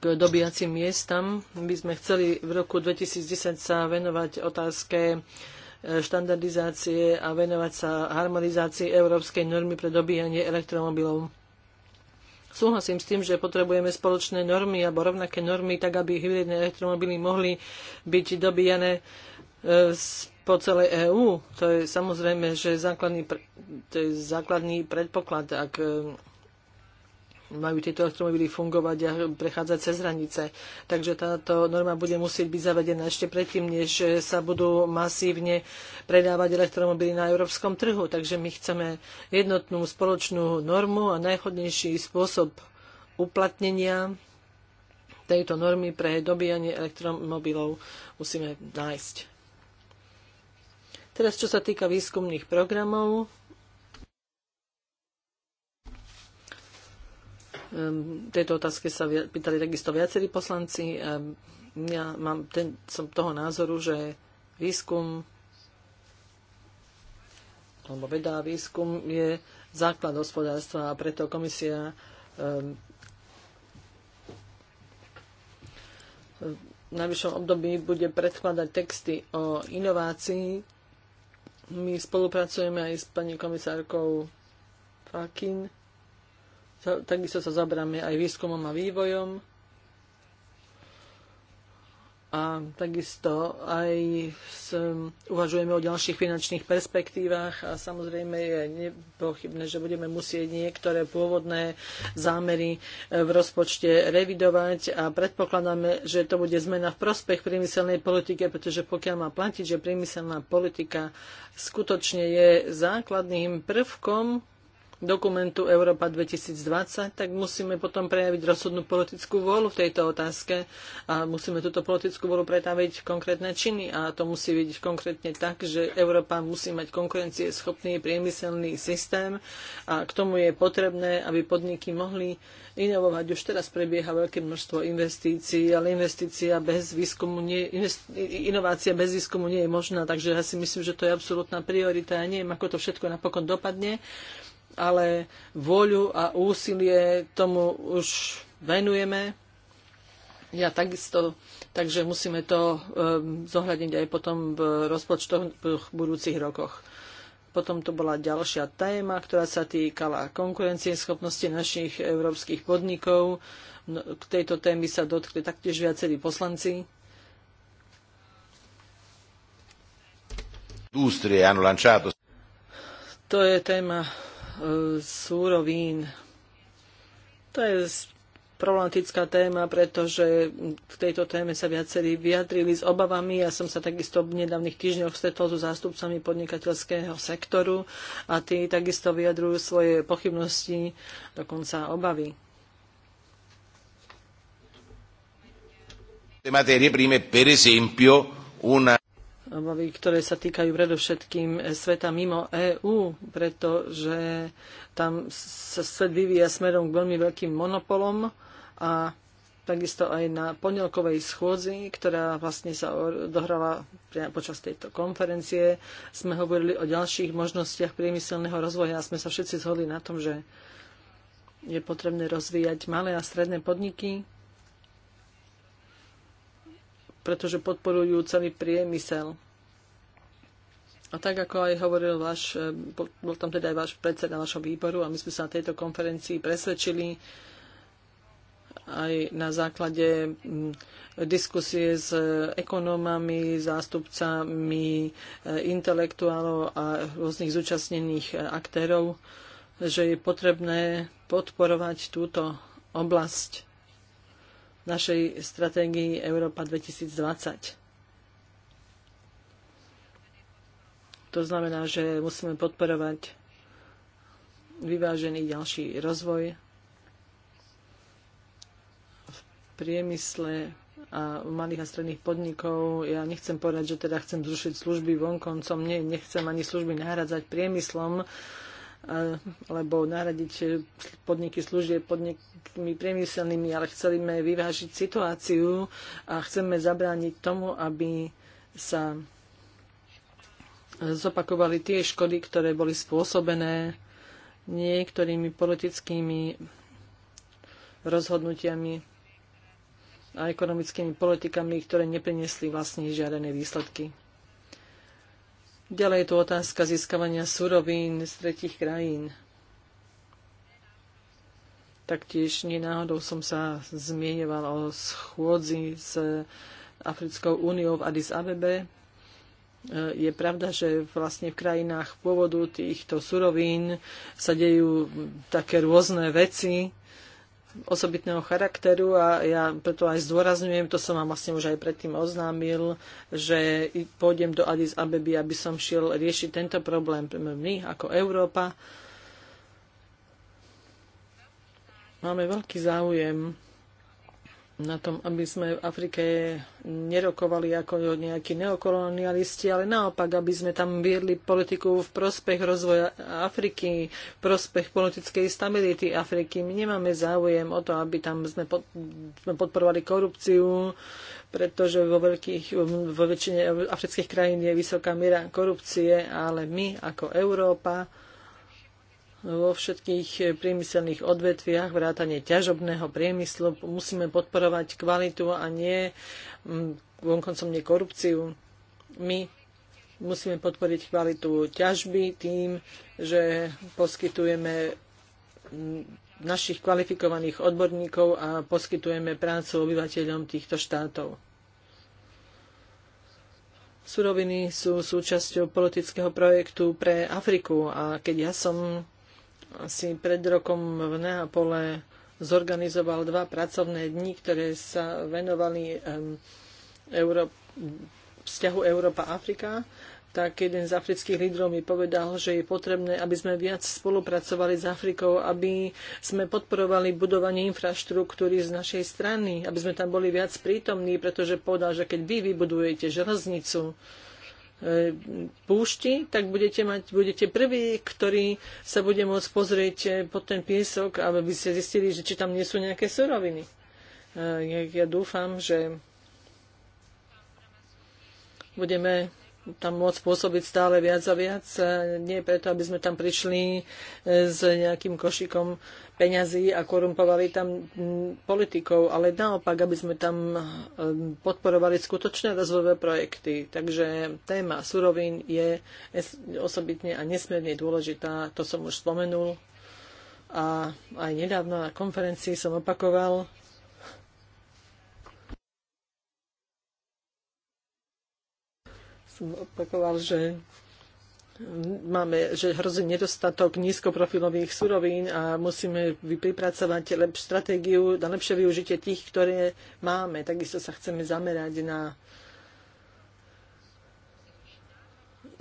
k dobíjacím miestam. My sme chceli v roku 2010 sa venovať otázke e, štandardizácie a venovať sa harmonizácii európskej normy pre dobíjanie elektromobilov. Súhlasím s tým, že potrebujeme spoločné normy alebo rovnaké normy, tak aby hybridné elektromobily mohli byť dobíjane e, po celej EÚ. To je samozrejme, že základný, to je základný predpoklad, ak e, majú tieto elektromobily fungovať a prechádzať cez hranice. Takže táto norma bude musieť byť zavedená ešte predtým, než e, sa budú masívne predávať elektromobily na európskom trhu. Takže my chceme jednotnú spoločnú normu a najchodnejší spôsob uplatnenia tejto normy pre dobíjanie elektromobilov musíme nájsť. Teraz, čo sa týka výskumných programov, Ehm, tejto otázke sa pýtali takisto viacerí poslanci. Ehm, ja mám ten, som toho názoru, že výskum alebo veda a výskum je základ hospodárstva a preto komisia um, v najvyššom období bude predkladať texty o inovácii. My spolupracujeme aj s pani komisárkou Fakin Takisto sa zaberáme aj výskumom a vývojom. A takisto aj s, um, uvažujeme o ďalších finančných perspektívach a samozrejme je nepochybné, že budeme musieť niektoré pôvodné zámery eh, v rozpočte revidovať a predpokladáme, že to bude zmena v prospech priemyselnej politike, pretože pokiaľ má platiť, že priemyselná politika skutočne je základným prvkom dokumentu Európa 2020, tak musíme potom prejaviť rozhodnú politickú vôľu v tejto otázke a musíme túto politickú vôľu pretaviť v konkrétne činy a to musí byť konkrétne tak, že Európa musí mať konkurencieschopný priemyselný systém a k tomu je potrebné, aby podniky mohli inovovať. Už teraz prebieha veľké množstvo investícií, ale investícia bez výskumu nie, invest, inovácia bez výskumu nie je možná, takže ja si myslím, že to je absolútna priorita. Ja neviem, ako to všetko napokon dopadne ale vôľu a úsilie tomu už venujeme. Ja takisto, takže musíme to ehm, zohľadniť aj potom v rozpočtoch v budúcich rokoch. Potom to bola ďalšia téma, ktorá sa týkala konkurencieschopnosti našich európskych podnikov. No, k tejto témy sa dotkli taktiež viacerí poslanci. To je téma súrovín. To je problematická téma, pretože k tejto téme sa viacerí vyjadrili s obavami. Ja som sa takisto v nedávnych týždňoch stretol so zástupcami podnikateľského sektoru a tí takisto vyjadrujú svoje pochybnosti, dokonca obavy. materie prime, per esempio, una obavy, ktoré sa týkajú predovšetkým sveta mimo EÚ, pretože tam sa svet vyvíja smerom k veľmi veľkým monopolom a takisto aj na ponielkovej schôdzi, ktorá vlastne sa dohrala počas tejto konferencie, sme hovorili o ďalších možnostiach priemyselného rozvoja a sme sa všetci zhodli na tom, že je potrebné rozvíjať malé a stredné podniky, pretože podporujú celý priemysel. A tak, ako aj hovoril váš, e, bol tam teda aj váš predseda vašho výboru a my sme sa na tejto konferencii presvedčili aj na základe diskusie s ekonómami, zástupcami e, intelektuálov a rôznych zúčastnených e, aktérov, že je potrebné podporovať túto oblasť našej stratégii Európa 2020. To znamená, že musíme podporovať vyvážený ďalší rozvoj v priemysle, a v malých a stredných podnikov. Ja nechcem povedať, že teda chcem zrušiť služby vonkoncom, nie, nechcem ani služby nahradzať priemyslom, alebo nahradiť podniky služieb podnikmi priemyselnými, ale sme vyvážiť situáciu a chceme zabrániť tomu, aby sa zopakovali tie škody, ktoré boli spôsobené niektorými politickými rozhodnutiami a ekonomickými politikami, ktoré nepriniesli vlastne žiadané výsledky. Ďalej je tu otázka získavania surovín z tretich krajín. Taktiež nenáhodou som sa zmieňoval o schôdzi s Africkou úniou v Addis Abebe. E, je pravda, že vlastne v krajinách pôvodu týchto surovín sa dejú také rôzne veci, osobitného charakteru a ja preto aj zdôrazňujem, to som vám vlastne už aj predtým oznámil, že pôjdem do Addis Abeby, aby som šiel riešiť tento problém my ako Európa. Máme veľký záujem na tom, aby sme v Afrike nerokovali ako nejakí neokolonialisti, ale naopak, aby sme tam viedli politiku v prospech rozvoja Afriky, v prospech politickej stability Afriky. My nemáme záujem o to, aby tam sme, podporovali korupciu, pretože vo, veľkých, vo väčšine afrických krajín je vysoká miera korupcie, ale my ako Európa vo všetkých eh, priemyselných odvetviach, vrátane ťažobného priemyslu. Musíme podporovať kvalitu a nie mm, vonkoncom nie korupciu. My musíme podporiť kvalitu ťažby tým, že poskytujeme mm, našich kvalifikovaných odborníkov a poskytujeme prácu obyvateľom týchto štátov. Suroviny sú súčasťou politického projektu pre Afriku a keď ja som asi pred rokom v Neapole zorganizoval dva pracovné dni, ktoré sa venovali Euró- vzťahu Európa-Afrika tak jeden z afrických lídrov mi povedal, že je potrebné, aby sme viac spolupracovali s Afrikou, aby sme podporovali budovanie infraštruktúry z našej strany, aby sme tam boli viac prítomní, pretože povedal, že keď vy vybudujete železnicu, E, púšti, tak budete, mať, budete prvý, ktorý sa bude môcť pozrieť e, pod ten piesok, aby ste zistili, že či tam nie sú nejaké suroviny. E, ja, ja dúfam, že budeme tam môcť pôsobiť stále viac a viac. E, nie preto, aby sme tam prišli e, s nejakým košikom peňazí a korumpovali tam politikov, ale naopak, aby sme tam e, podporovali skutočné rozvojové projekty. Takže téma surovín je osobitne a nesmierne dôležitá, to som už spomenul. A aj nedávno na konferencii som opakoval, som opakoval, že máme, že hrozí nedostatok nízkoprofilových surovín a musíme vypracovať lepšiu stratégiu na lepšie využitie tých, ktoré máme. Takisto sa chceme zamerať na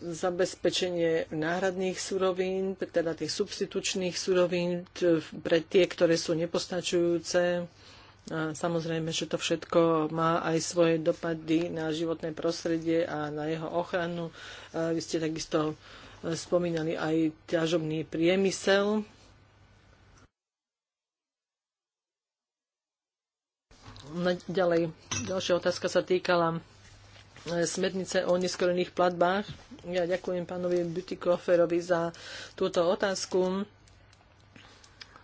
zabezpečenie náhradných surovín, teda tých substitučných surovín pre tie, ktoré sú nepostačujúce a samozrejme, že to všetko má aj svoje dopady na životné prostredie a na jeho ochranu. Vy ste takisto e, spomínali aj ťažobný priemysel. Ďalej, ďalšia otázka sa týkala e, smernice o neskorených platbách. Ja ďakujem pánovi Butikoferovi za túto otázku,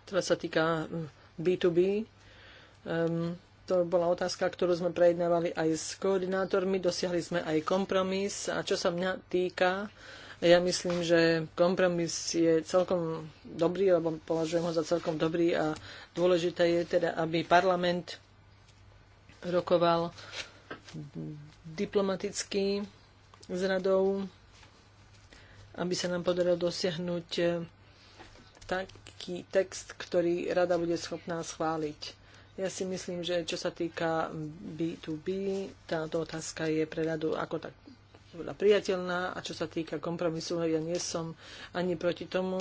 ktorá sa týka B2B Um, to bola otázka, ktorú sme prejednávali aj s koordinátormi, dosiahli sme aj kompromis a čo sa mňa týka, ja myslím, že kompromis je celkom dobrý, lebo považujem ho za celkom dobrý a dôležité je teda, aby parlament rokoval diplomaticky s radou, aby sa nám podarilo dosiahnuť eh, taký text, ktorý rada bude schopná schváliť ja si myslím, že čo sa týka B2B, táto otázka je pre radu ako tak bola priateľná a čo sa týka kompromisu, ja nie som ani proti tomu.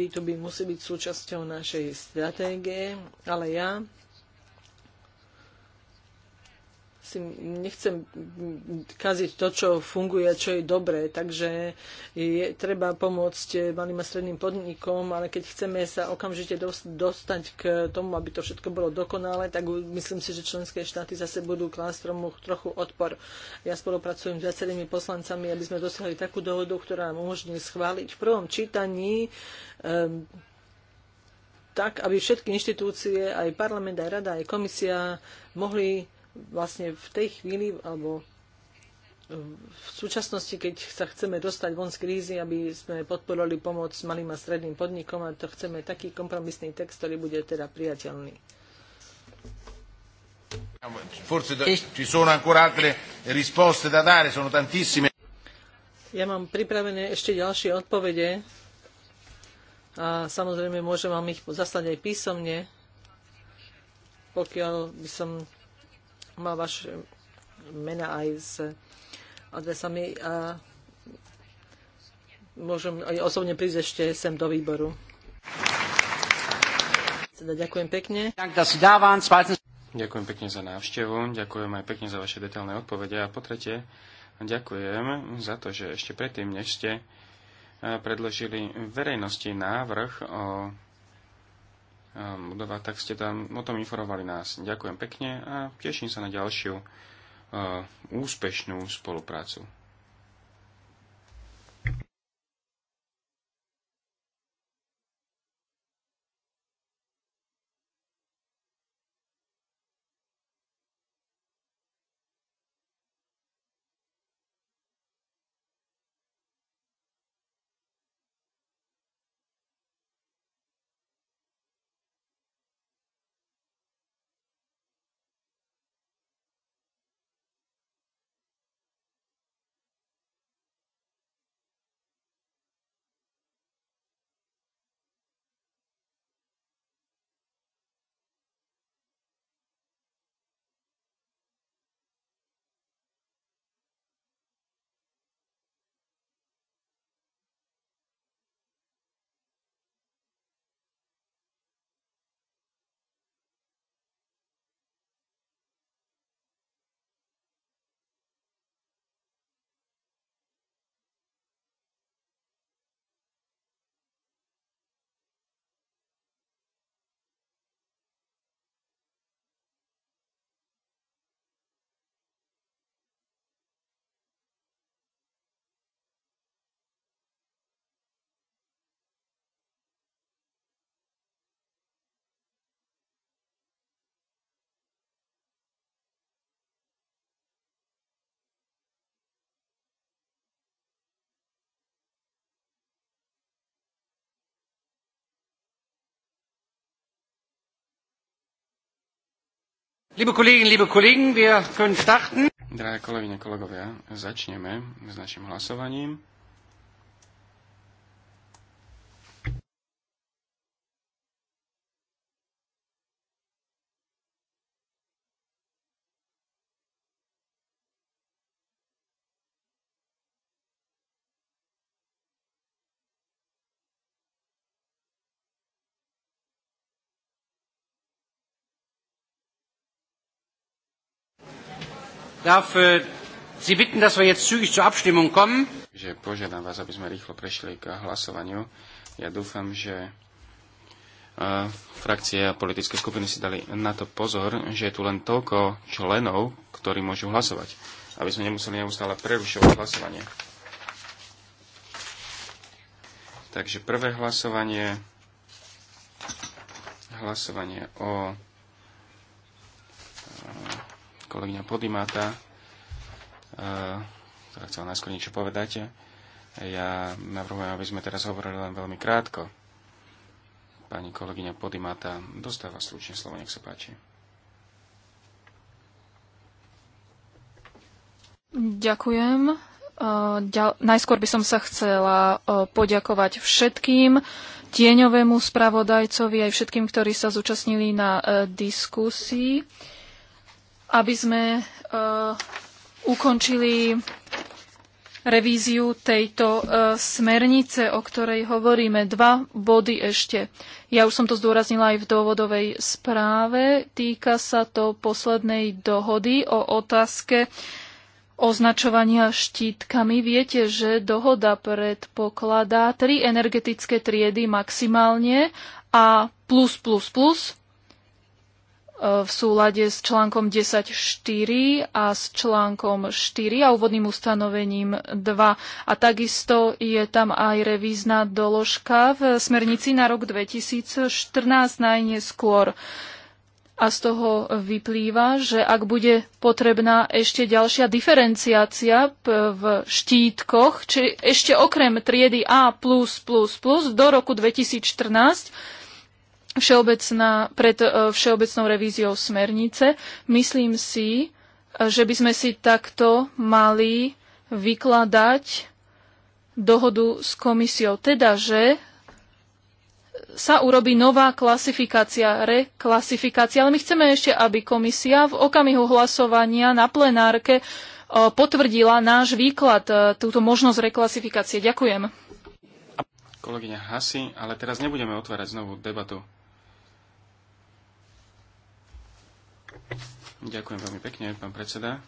B2B musí byť súčasťou našej stratégie, ale ja si nechcem kaziť to, čo funguje, čo je dobré, takže je treba pomôcť malým a stredným podnikom, ale keď chceme sa okamžite dostať k tomu, aby to všetko bolo dokonalé, tak myslím si, že členské štáty zase budú klásť tomu trochu odpor. Ja spolupracujem s viacerými poslancami, aby sme dosiahli takú dohodu, ktorá nám umožní schváliť v prvom čítaní um, tak, aby všetky inštitúcie, aj parlament, aj rada, aj komisia mohli vlastne v tej chvíli, alebo v súčasnosti, keď sa chceme dostať von z krízy, aby sme podporili pomoc malým a stredným podnikom, a to chceme taký kompromisný text, ktorý bude teda priateľný. Ja mám pripravené ešte ďalšie odpovede a samozrejme môžem vám ich zaslať aj písomne, pokiaľ by som má vaše mena aj s adresami a môžem aj osobne prísť ešte sem do výboru. Teda ďakujem pekne. Ďakujem pekne za návštevu, ďakujem aj pekne za vaše detailné odpovede a po tretie ďakujem za to, že ešte predtým, než ste eh, predložili verejnosti návrh o budova, tak ste tam o tom informovali nás. Ďakujem pekne a teším sa na ďalšiu e, úspešnú spoluprácu. Liebe Kolleginnen, liebe Kollegen, wir können starten. Drahé kolegyne, kolegovia, začneme s našim hlasovaním. darf äh, Sie bitten, dass wir jetzt zügig zur Abstimmung kommen. Že požiadam vás, aby sme rýchlo prešli k hlasovaniu. Ja dúfam, že äh, frakcie a politické skupiny si dali na to pozor, že je tu len toľko členov, ktorí môžu hlasovať, aby sme nemuseli neustále prerušovať hlasovanie. Takže prvé hlasovanie, hlasovanie o kolegyňa Podimáta, e, ktorá chcela najskôr niečo povedať. Ja navrhujem, aby sme teraz hovorili len veľmi krátko. Pani kolegyňa Podimata dostáva slučne slovo, nech sa páči. Ďakujem. E, najskôr by som sa chcela e, poďakovať všetkým tieňovému spravodajcovi aj všetkým, ktorí sa zúčastnili na diskusii aby sme e, ukončili revíziu tejto e, smernice, o ktorej hovoríme. Dva body ešte. Ja už som to zdôraznila aj v dôvodovej správe. Týka sa to poslednej dohody o otázke označovania štítkami. Viete, že dohoda predpokladá tri energetické triedy maximálne a plus, plus, plus v súlade s článkom 10.4 a s článkom 4 a úvodným ustanovením 2. A takisto je tam aj revízna doložka v smernici na rok 2014 najneskôr. A z toho vyplýva, že ak bude potrebná ešte ďalšia diferenciácia v štítkoch, či ešte okrem triedy A do roku 2014, všeobecná, pred e, všeobecnou revíziou smernice. Myslím si, že by sme si takto mali vykladať dohodu s komisiou. Teda, že sa urobí nová klasifikácia, reklasifikácia, ale my chceme ešte, aby komisia v okamihu hlasovania na plenárke e, potvrdila náš výklad, e, túto možnosť reklasifikácie. Ďakujem. Kolegyňa Hasi, ale teraz nebudeme otvárať znovu debatu. Ďakujem veľmi pekne, pán predseda.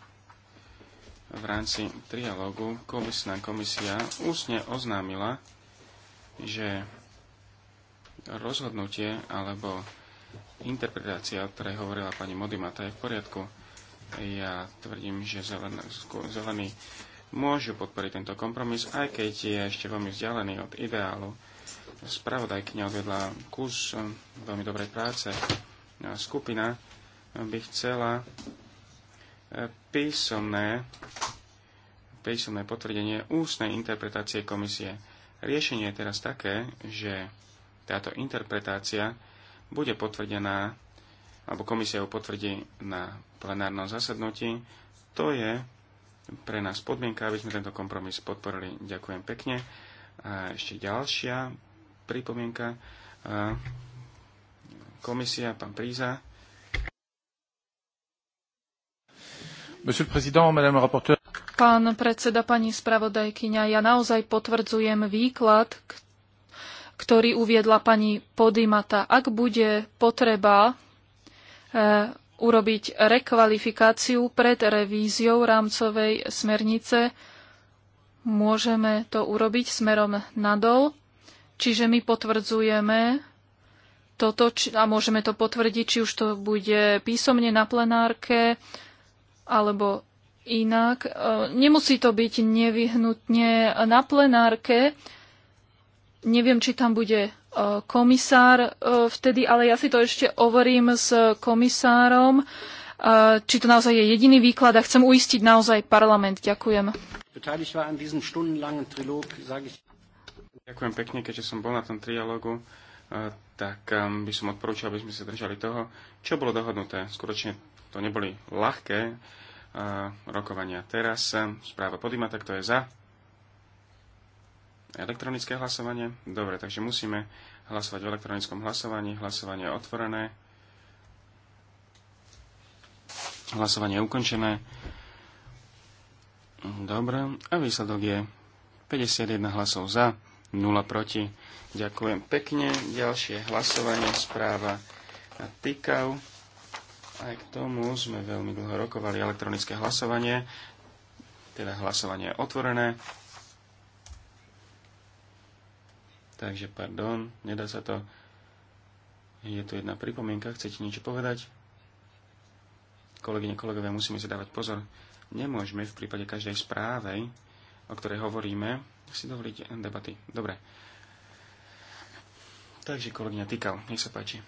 V rámci trialógu komisná komisia úsne oznámila, že rozhodnutie alebo interpretácia, o ktorej hovorila pani Modimata, je v poriadku. Ja tvrdím, že zelení môžu podporiť tento kompromis, aj keď je ešte veľmi vzdialený od ideálu. Spravodajkňa odvedla kus eh, veľmi dobrej práce. Skupina by chcela e, písomné, písomné potvrdenie ústnej interpretácie komisie. Riešenie je teraz také, že táto interpretácia bude potvrdená, alebo komisia ju potvrdí na plenárnom zasadnutí. To je pre nás podmienka, aby sme tento kompromis podporili. Ďakujem pekne. A ešte ďalšia pripomienka. E, komisia, pán Príza. Pán predseda, pani spravodajkyňa, ja naozaj potvrdzujem výklad, ktorý uviedla pani Podimata. Ak bude potreba e, urobiť rekvalifikáciu pred revíziou rámcovej smernice, môžeme to urobiť smerom nadol. Čiže my potvrdzujeme toto a môžeme to potvrdiť, či už to bude písomne na plenárke, alebo inak. E, nemusí to byť nevyhnutne na plenárke. Neviem, či tam bude e, komisár e, vtedy, ale ja si to ešte overím s komisárom, či to naozaj je jediný výklad a chcem uistiť naozaj parlament. Ďakujem. Ďakujem pekne, keďže som bol na tom trialógu, tak ehm, by som odporúčal, aby sme sa držali toho, čo bolo dohodnuté. Skutočne to neboli ľahké rokovania teraz. Správa Podimata, kto je za? Elektronické hlasovanie? Dobre, takže musíme hlasovať v elektronickom hlasovaní. Hlasovanie je otvorené. Hlasovanie je ukončené. Dobre, a výsledok je 51 hlasov za, 0 proti. Ďakujem pekne. Ďalšie hlasovanie správa Tikau. Aj k tomu sme veľmi dlho rokovali elektronické hlasovanie, teda hlasovanie je otvorené. Takže, pardon, nedá sa to. Je tu jedna pripomienka, chcete niečo povedať? Kolegyne, kolegovia, musíme si dávať pozor. Nemôžeme v prípade každej správy, o ktorej hovoríme, si dovoliť debaty. Dobre. Takže kolegyňa Tykal, nech sa páči.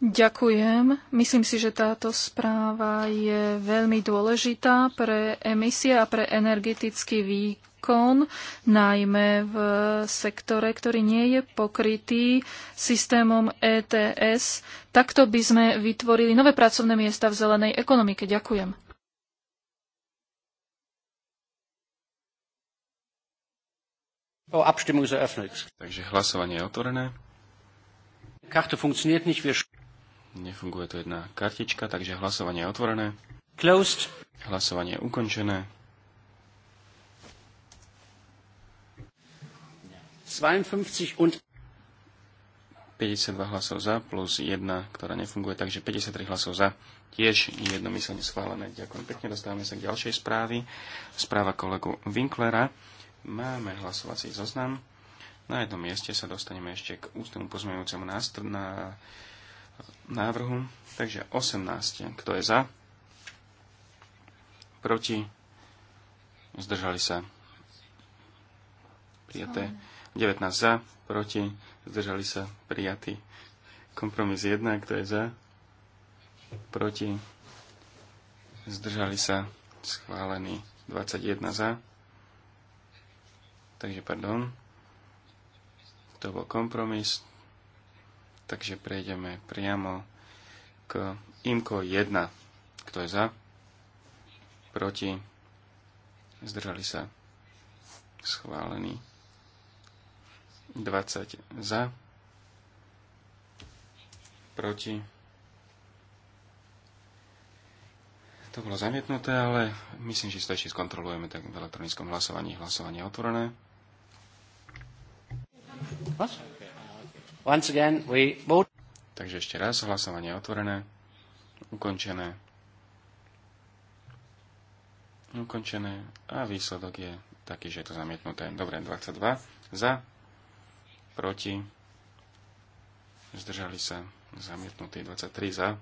Ďakujem. Myslím si, že táto správa je veľmi dôležitá pre emisie a pre energetický výkon, najmä v sektore, ktorý nie je pokrytý systémom ETS. Takto by sme vytvorili nové pracovné miesta v zelenej ekonomike. Ďakujem. Takže hlasovanie je otvorené. Karte nicht, wir Nefunguje tu jedna kartička, takže hlasovanie je otvorené. Closed. Hlasovanie je ukončené. 52 und 52 hlasov za plus 1, ktorá nefunguje, takže 53 hlasov za. Tiež jednomyselne schválené. Ďakujem pekne. Dostávame sa k ďalšej správy. Správa kolegu Winklera. Máme hlasovací zoznam. Na jednom mieste sa dostaneme ešte k ústnemu pozmeňujúcemu nástroj na návrhu. Takže 18. Kto je za? Proti? Zdržali sa. Prijaté. 19 za, proti, zdržali sa, prijatí. Kompromis 1, kto je za? Proti, zdržali sa, schválený. 21 za. Takže, pardon. To bol kompromis takže prejdeme priamo k IMKO 1. Kto je za? Proti? Zdržali sa? Schválený. 20 za. Proti? To bolo zamietnuté, ale myslím, že si to ešte skontrolujeme tak v elektronickom hlasovaní. Hlasovanie je otvorené. Once again, we vote. Takže ešte raz, hlasovanie otvorené, ukončené, ukončené a výsledok je taký, že je to zamietnuté. Dobre, 22 za, proti, zdržali sa, zamietnutí 23 za,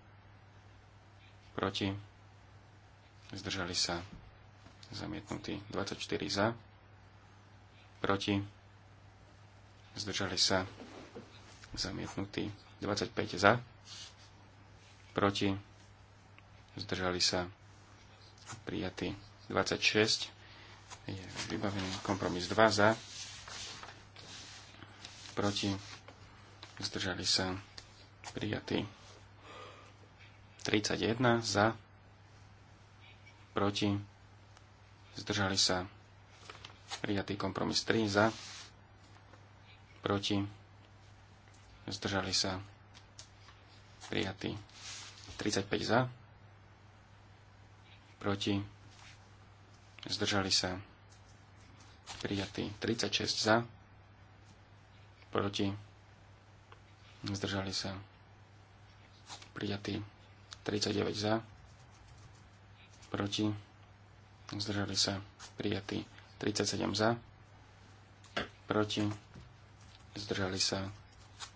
proti, zdržali sa, zamietnutí 24 za, proti, zdržali sa, zamietnutý. 25 za, proti, zdržali sa, prijatý. 26 je vybavený kompromis 2 za, proti, zdržali sa, prijatý. 31 za, proti, zdržali sa, prijatý kompromis 3 za, proti, zdržali sa prijatí 35 za, proti, zdržali sa prijatí 36 za, proti, zdržali sa prijatí 39 za, proti, zdržali sa prijatí 37 za, proti, zdržali sa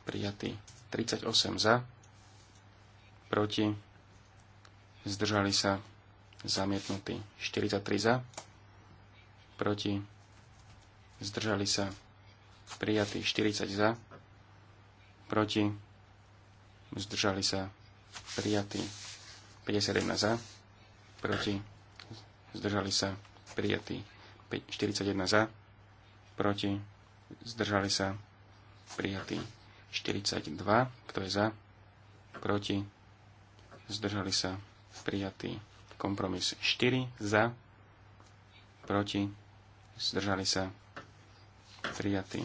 prijatý. 38 za, proti, zdržali sa, zamietnutý. 43 za, proti, zdržali sa, prijatý. 40 za, proti, zdržali sa, prijatý. 51 za, proti, zdržali sa, prijatý. 41 za, proti, zdržali sa, prijatý. 42. Kto je za? Proti? Zdržali sa prijatý kompromis 4. Za? Proti? Zdržali sa prijatý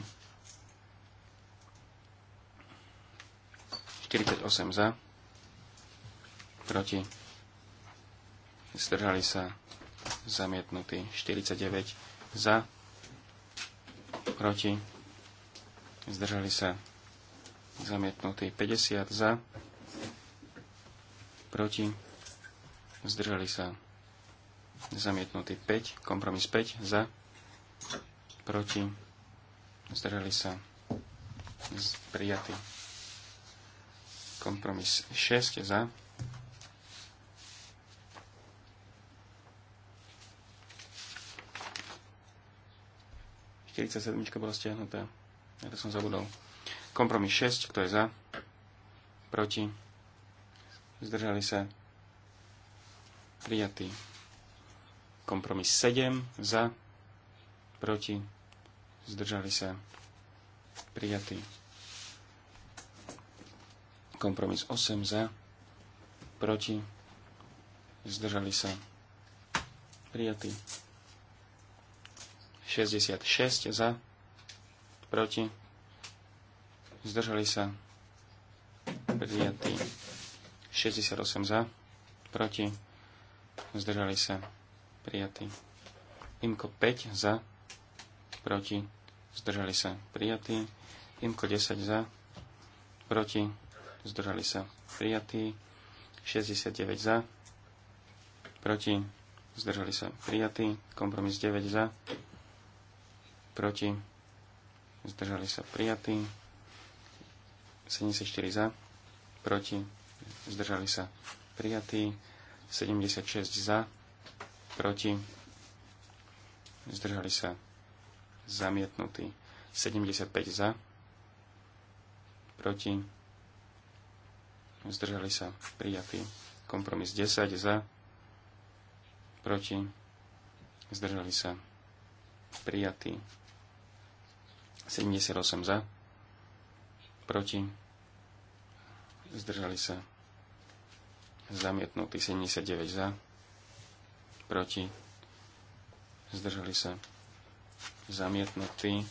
48 za, proti, zdržali sa zamietnutí 49 za, proti, zdržali sa zamietnutý 50 za, proti, zdržali sa zamietnutý 5, kompromis 5 za, proti, zdržali sa prijatý kompromis 6 za, sedmička bola stiahnutá. Ja to som zabudol. Kompromis 6, kto je za? Proti? Zdržali sa? Prijatý. Kompromis 7, za? Proti? Zdržali sa? Prijatý. Kompromis 8, za? Proti? Zdržali sa? Prijatý. 66 za, proti zdržali sa, prijatí 68 za, proti, zdržali sa, prijatí. Imko 5 za, proti, zdržali sa, prijatí. Imko 10 za, proti, zdržali sa, prijatí. 69 za, proti, zdržali sa, prijatí. Kompromis 9 za, proti, zdržali sa, prijatí. 74 za, proti, zdržali sa prijatí, 76 za, proti, zdržali sa zamietnutí, 75 za, proti, zdržali sa prijatí, kompromis 10 za, proti, zdržali sa prijatí, 78 za, proti, zdržali sa, zamietnutý 79 za, proti, zdržali sa, zamietnutý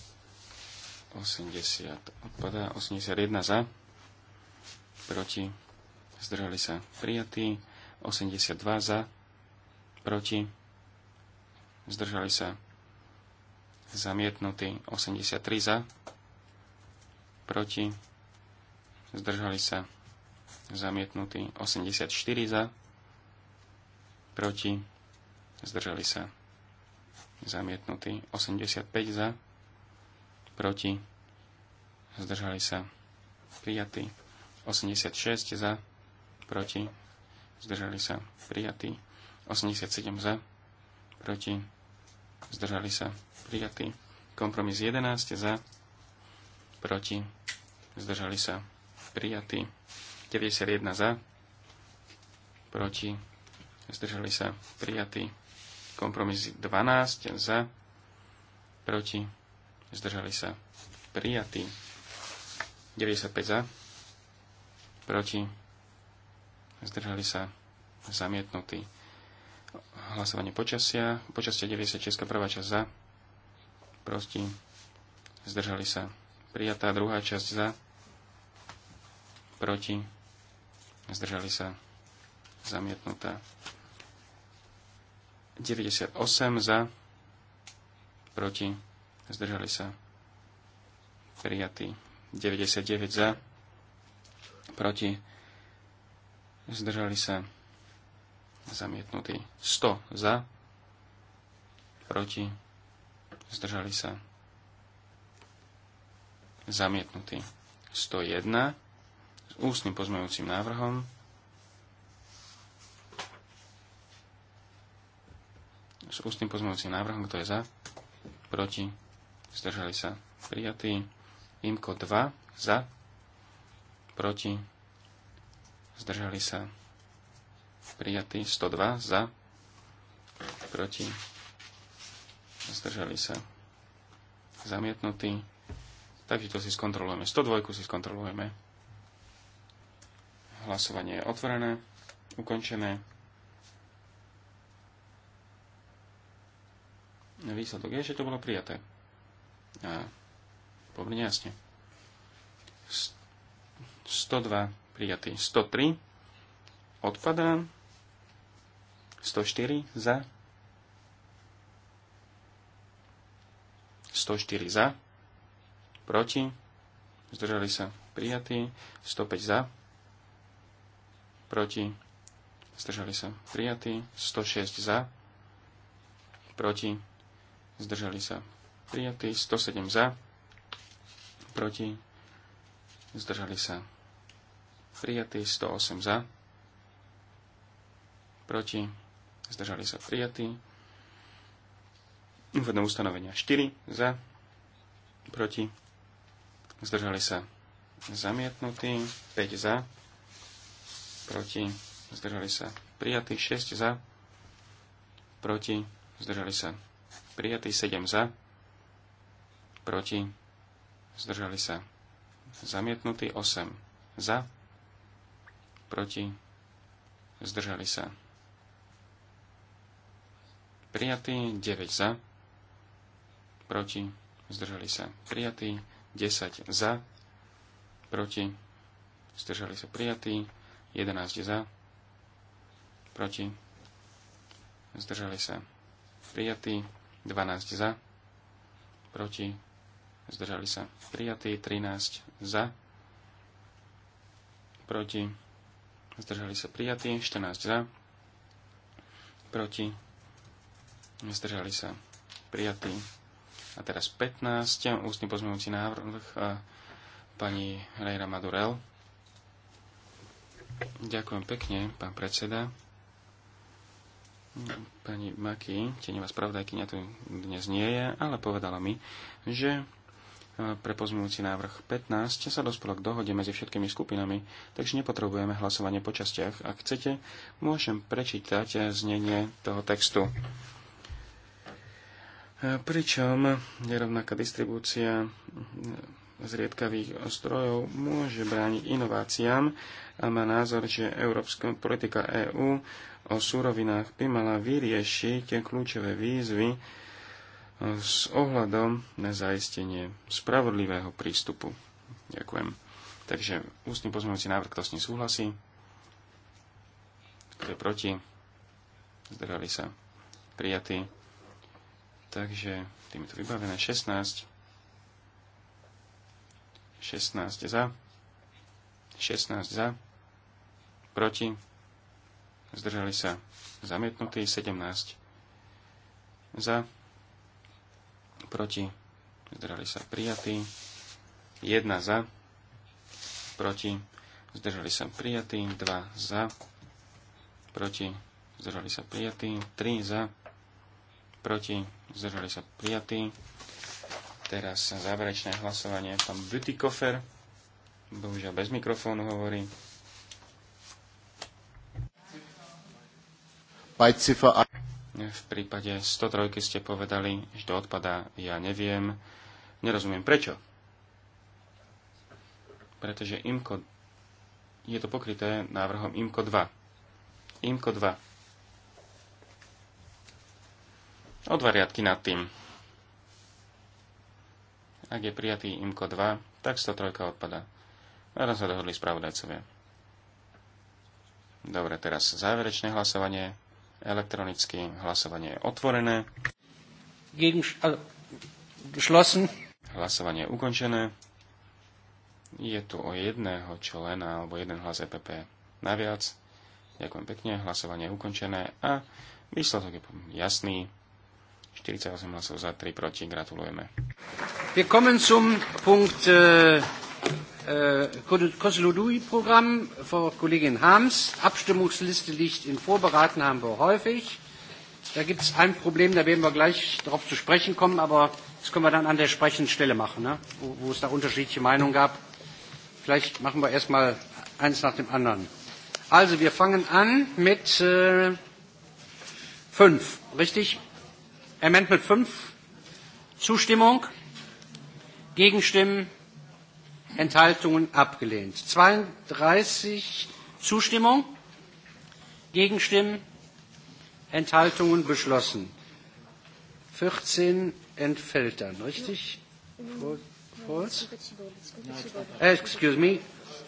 80 odpadá, 81 za, proti, zdržali sa, prijatý 82 za, proti, zdržali sa, zamietnutý 83 za, proti, zdržali sa zamietnutí 84 za, proti, zdržali sa zamietnutí 85 za, proti, zdržali sa prijatí 86 za, proti, zdržali sa prijatí 87 za, proti, zdržali sa prijatí kompromis 11 za, proti, zdržali sa prijatí, 91 za, proti, zdržali sa prijatí, kompromis 12 za, proti, zdržali sa prijatí, 95 za, proti, zdržali sa zamietnutí. Hlasovanie počasia, počasia 96, prvá časť za, proti, zdržali sa prijatá druhá časť za, proti, zdržali sa, zamietnutá. 98 za, proti, zdržali sa, prijatý. 99 za, proti, zdržali sa, zamietnutí, 100 za, proti, zdržali sa, zamietnutý. 101 s ústnym pozmeňujúcim návrhom. S ústnym pozmeňujúcim návrhom, kto je za, proti, zdržali sa prijatí. Imko 2 za, proti, zdržali sa prijatí. 102 za, proti, zdržali sa zamietnutí. Takže to si skontrolujeme. 102 si skontrolujeme. Hlasovanie je otvorené, ukončené. Výsledok je, že to bolo prijaté. A pomerne jasne. 102 prijatý. 103 odpadá. 104 za. 104 za proti, zdržali sa prijatí, 105 za, proti, zdržali sa prijatí, 106 za, proti, zdržali sa prijatí, 107 za, proti, zdržali sa prijatí, 108 za, proti, zdržali sa prijatí, úvodné ustanovenia 4 za, proti, zdržali sa zamietnutí, 5 za, proti, zdržali sa prijatí, 6 za, proti, zdržali sa prijatí, 7 za, proti, zdržali sa zamietnutí, 8 za, proti, zdržali sa prijatí, 9 za, proti, zdržali sa prijatí, 10 za, proti, zdržali sa prijatí, 11 za, proti, zdržali sa prijatí, 12 za, proti, zdržali sa prijatí, 13 za, proti, zdržali sa prijatí, 14 za, proti, zdržali sa prijatí, a teraz 15, ústny pozmeňujúci návrh e, pani Rejra Madurel. Ďakujem pekne, pán predseda. Pani Maki, tenivá spravodajkynia tu dnes nie je, ale povedala mi, že e, pre pozmeňujúci návrh 15 sa dospelo k dohode medzi všetkými skupinami, takže nepotrebujeme hlasovanie po častiach. Ak chcete, môžem prečítať e, znenie toho textu pričom nerovnaká distribúcia zriedkavých strojov môže brániť inováciám a má názor, že európska politika EÚ o súrovinách by mala vyriešiť kľúčové výzvy s ohľadom na zaistenie spravodlivého prístupu. Ďakujem. Takže ústny pozmeňujúci návrh, kto s ním súhlasí? Kto je proti? Zdržali sa. Prijatý. Takže tým je to vybavené 16. 16 za. 16 za. Proti. Zdržali sa zamietnutí 17 za. Proti. Zdržali sa prijatí. 1 za. Proti. Zdržali sa prijatí. 2 za. Proti. Zdržali sa prijatí. 3 za. Proti zdržali sa prijatí. Teraz záverečné hlasovanie. Pán Butikofer, bohužiaľ bez mikrofónu hovorí. V prípade 103 ste povedali, že to odpadá, ja neviem. Nerozumiem prečo. Pretože IMCO je to pokryté návrhom IMCO 2. IMCO 2. o dva riadky nad tým. Ak je prijatý IMCO 2, tak 103 odpada. Na tom sa dohodli spravodajcovia. Dobre, teraz záverečné hlasovanie. Elektronicky hlasovanie je otvorené. Gegen, geschlossen. Hlasovanie je ukončené. Je tu o jedného člena alebo jeden hlas EPP naviac. Ďakujem pekne, hlasovanie je ukončené a výsledok je jasný. 48 hlasov za, 3 proti. Gratulujeme. Wir kommen zum Punkt äh, äh programm von Kollegin Harms. Abstimmungsliste liegt in Vorberaten, haben wir häufig. Da gibt es ein Problem, da werden wir gleich darauf zu sprechen kommen, aber das können wir dann an der sprechenden Stelle machen, ne? wo, wo es da unterschiedliche Meinungen gab. Vielleicht machen wir erst mal eins nach dem anderen. Also, wir fangen an mit äh, fünf, richtig? Amendment 5. Zustimmung. Gegenstimmen. Enthaltungen abgelehnt. 32 Zustimmung. Gegenstimmen. Enthaltungen beschlossen. 14 entfällt dann, richtig? False? Äh, excuse me.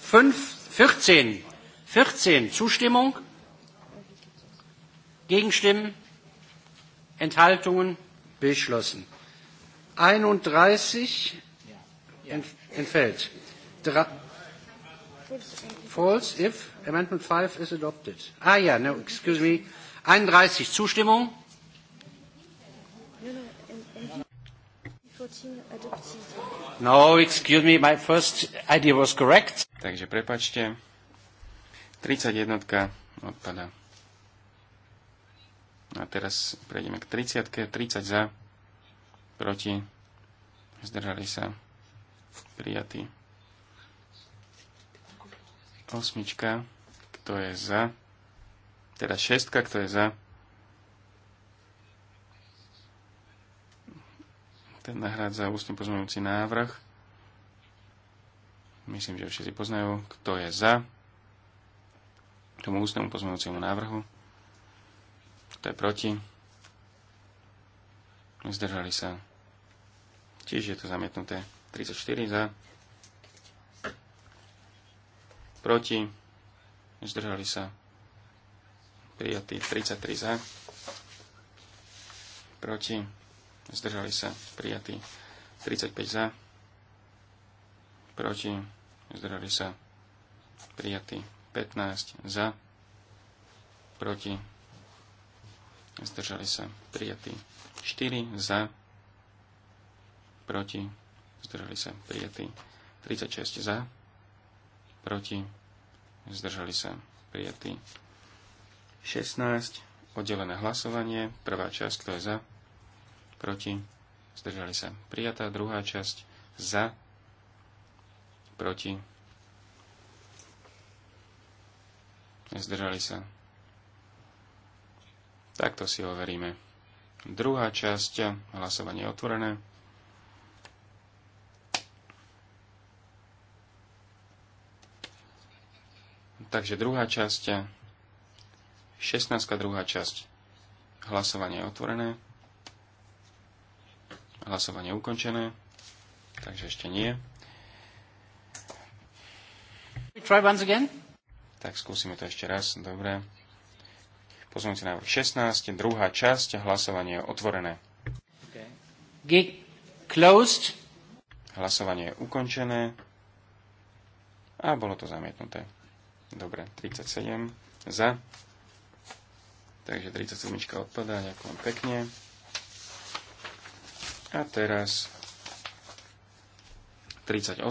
5, 14. 14 Zustimmung. Gegenstimmen. Enthaltungen beschlossen. 31 entfällt. Dra False if Amendment 5 is adopted. Ah ja, no, excuse me. 31 Zustimmung. No, no, no, excuse me, my first idea was correct. Takže prepačte. 31 odpada. A teraz prejdeme k 30. 30 za, proti, zdržali sa, prijatí. Osmička, kto je za, teda šestka, kto je za, ten nahrádza ústne pozmeňujúci návrh. Myslím, že všetci poznajú, kto je za tomu ústnemu pozmeňujúcemu návrhu. Kto je proti? Zdržali sa. Tiež je to zamietnuté. 34 za. Proti. Zdržali sa. Prijatý 33 za. Proti. Zdržali sa. Prijatý 35 za. Proti. Zdržali sa. Prijatý 15 za. Proti zdržali sa prijatí 4 za, proti, zdržali sa prijatí 36 za, proti, zdržali sa prijatí 16, oddelené hlasovanie, prvá časť, kto je za, proti, zdržali sa prijatá, druhá časť za, proti, zdržali sa Takto si overíme. Druhá časť, hlasovanie je otvorené. Takže druhá časť, 16. druhá časť, hlasovanie je otvorené. Hlasovanie ukončené. Takže ešte nie. Try once again. Tak skúsime to ešte raz. Dobre. Pozmeňujúci na 16, druhá časť, hlasovanie je otvorené. Closed. Hlasovanie je ukončené a bolo to zamietnuté. Dobre, 37 za. Takže 37 odpadá, ďakujem pekne. A teraz 38,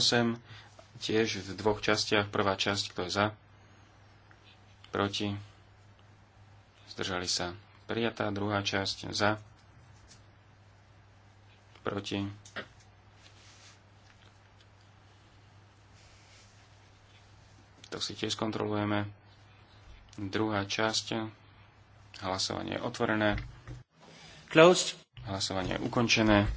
tiež v dvoch častiach. Prvá časť, kto je za, proti, zdržali sa prijatá, druhá časť za, proti, to si tiež kontrolujeme, druhá časť, hlasovanie je otvorené, Closed. hlasovanie je ukončené,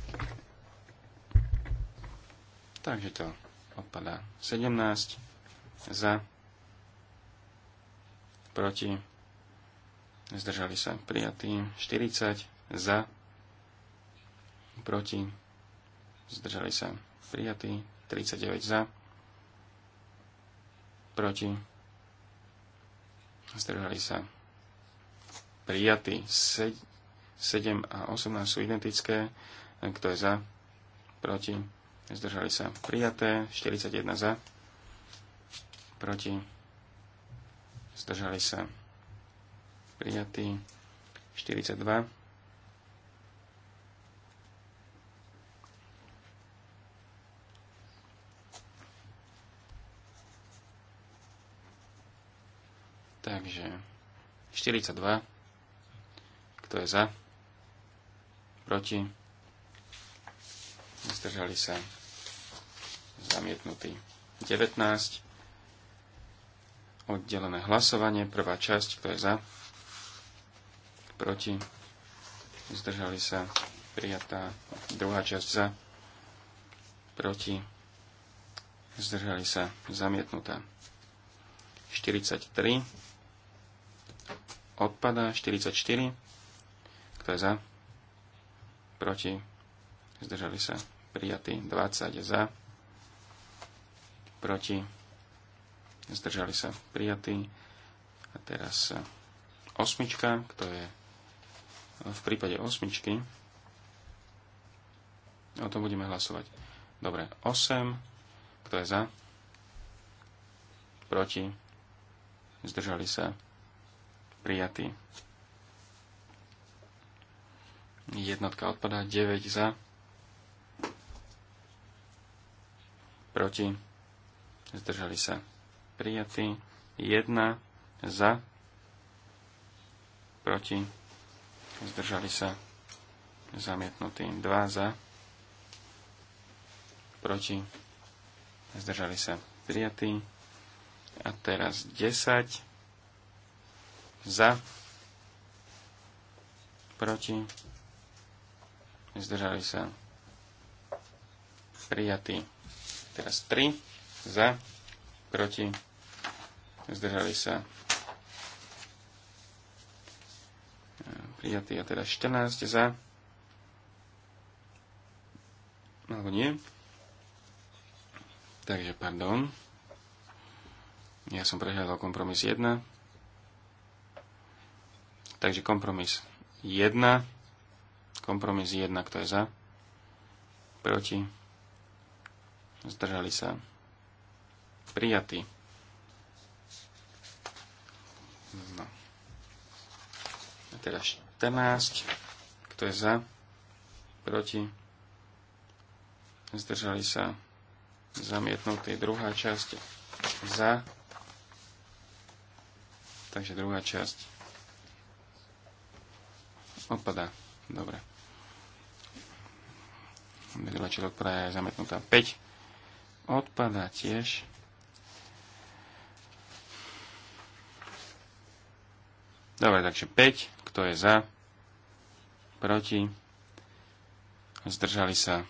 takže to odpadá 17 za, proti, zdržali sa prijatí 40 za, proti, zdržali sa prijatí 39 za, proti, zdržali sa prijatí 7 a 18 sú identické, kto je za, proti, zdržali sa prijaté 41 za, proti, zdržali sa prijatý 42. Takže 42. Kto je za? Proti? Zdržali sa. Zamietnutý. 19. Oddelené hlasovanie. Prvá časť. Kto je za? proti, zdržali sa, prijatá druhá časť za, proti, zdržali sa, zamietnutá. 43, odpada, 44, kto je za, proti, zdržali sa, prijatý, 20 za, proti, zdržali sa prijatí. A teraz eh, osmička, kto je v prípade osmičky o tom budeme hlasovať. Dobre, 8. Kto je za? Proti? Zdržali sa? prijatí, Jednotka odpadá. 9 za. Proti? Zdržali sa? prijatí, 1 za. Proti? zdržali sa zamietnutí 2 za, proti, zdržali sa prijatí. A teraz 10 za, proti, zdržali sa prijatí. Teraz 3 za, proti, zdržali sa prijatý a teda 14 za. Alebo nie. Takže pardon. Ja som prehľadal kompromis 1. Takže kompromis 1. Kompromis 1, kto je za? Proti? Zdržali sa? Prijatý. No. A teraz 14. Kto je za? Proti? Zdržali sa zamietnutý. Druhá časť za. Takže druhá časť Opadá. Dobre. Vylačilo, odpadá je zamietnutá 5. Odpadá tiež. Dobre, takže 5. Kto je za? Proti? Zdržali sa.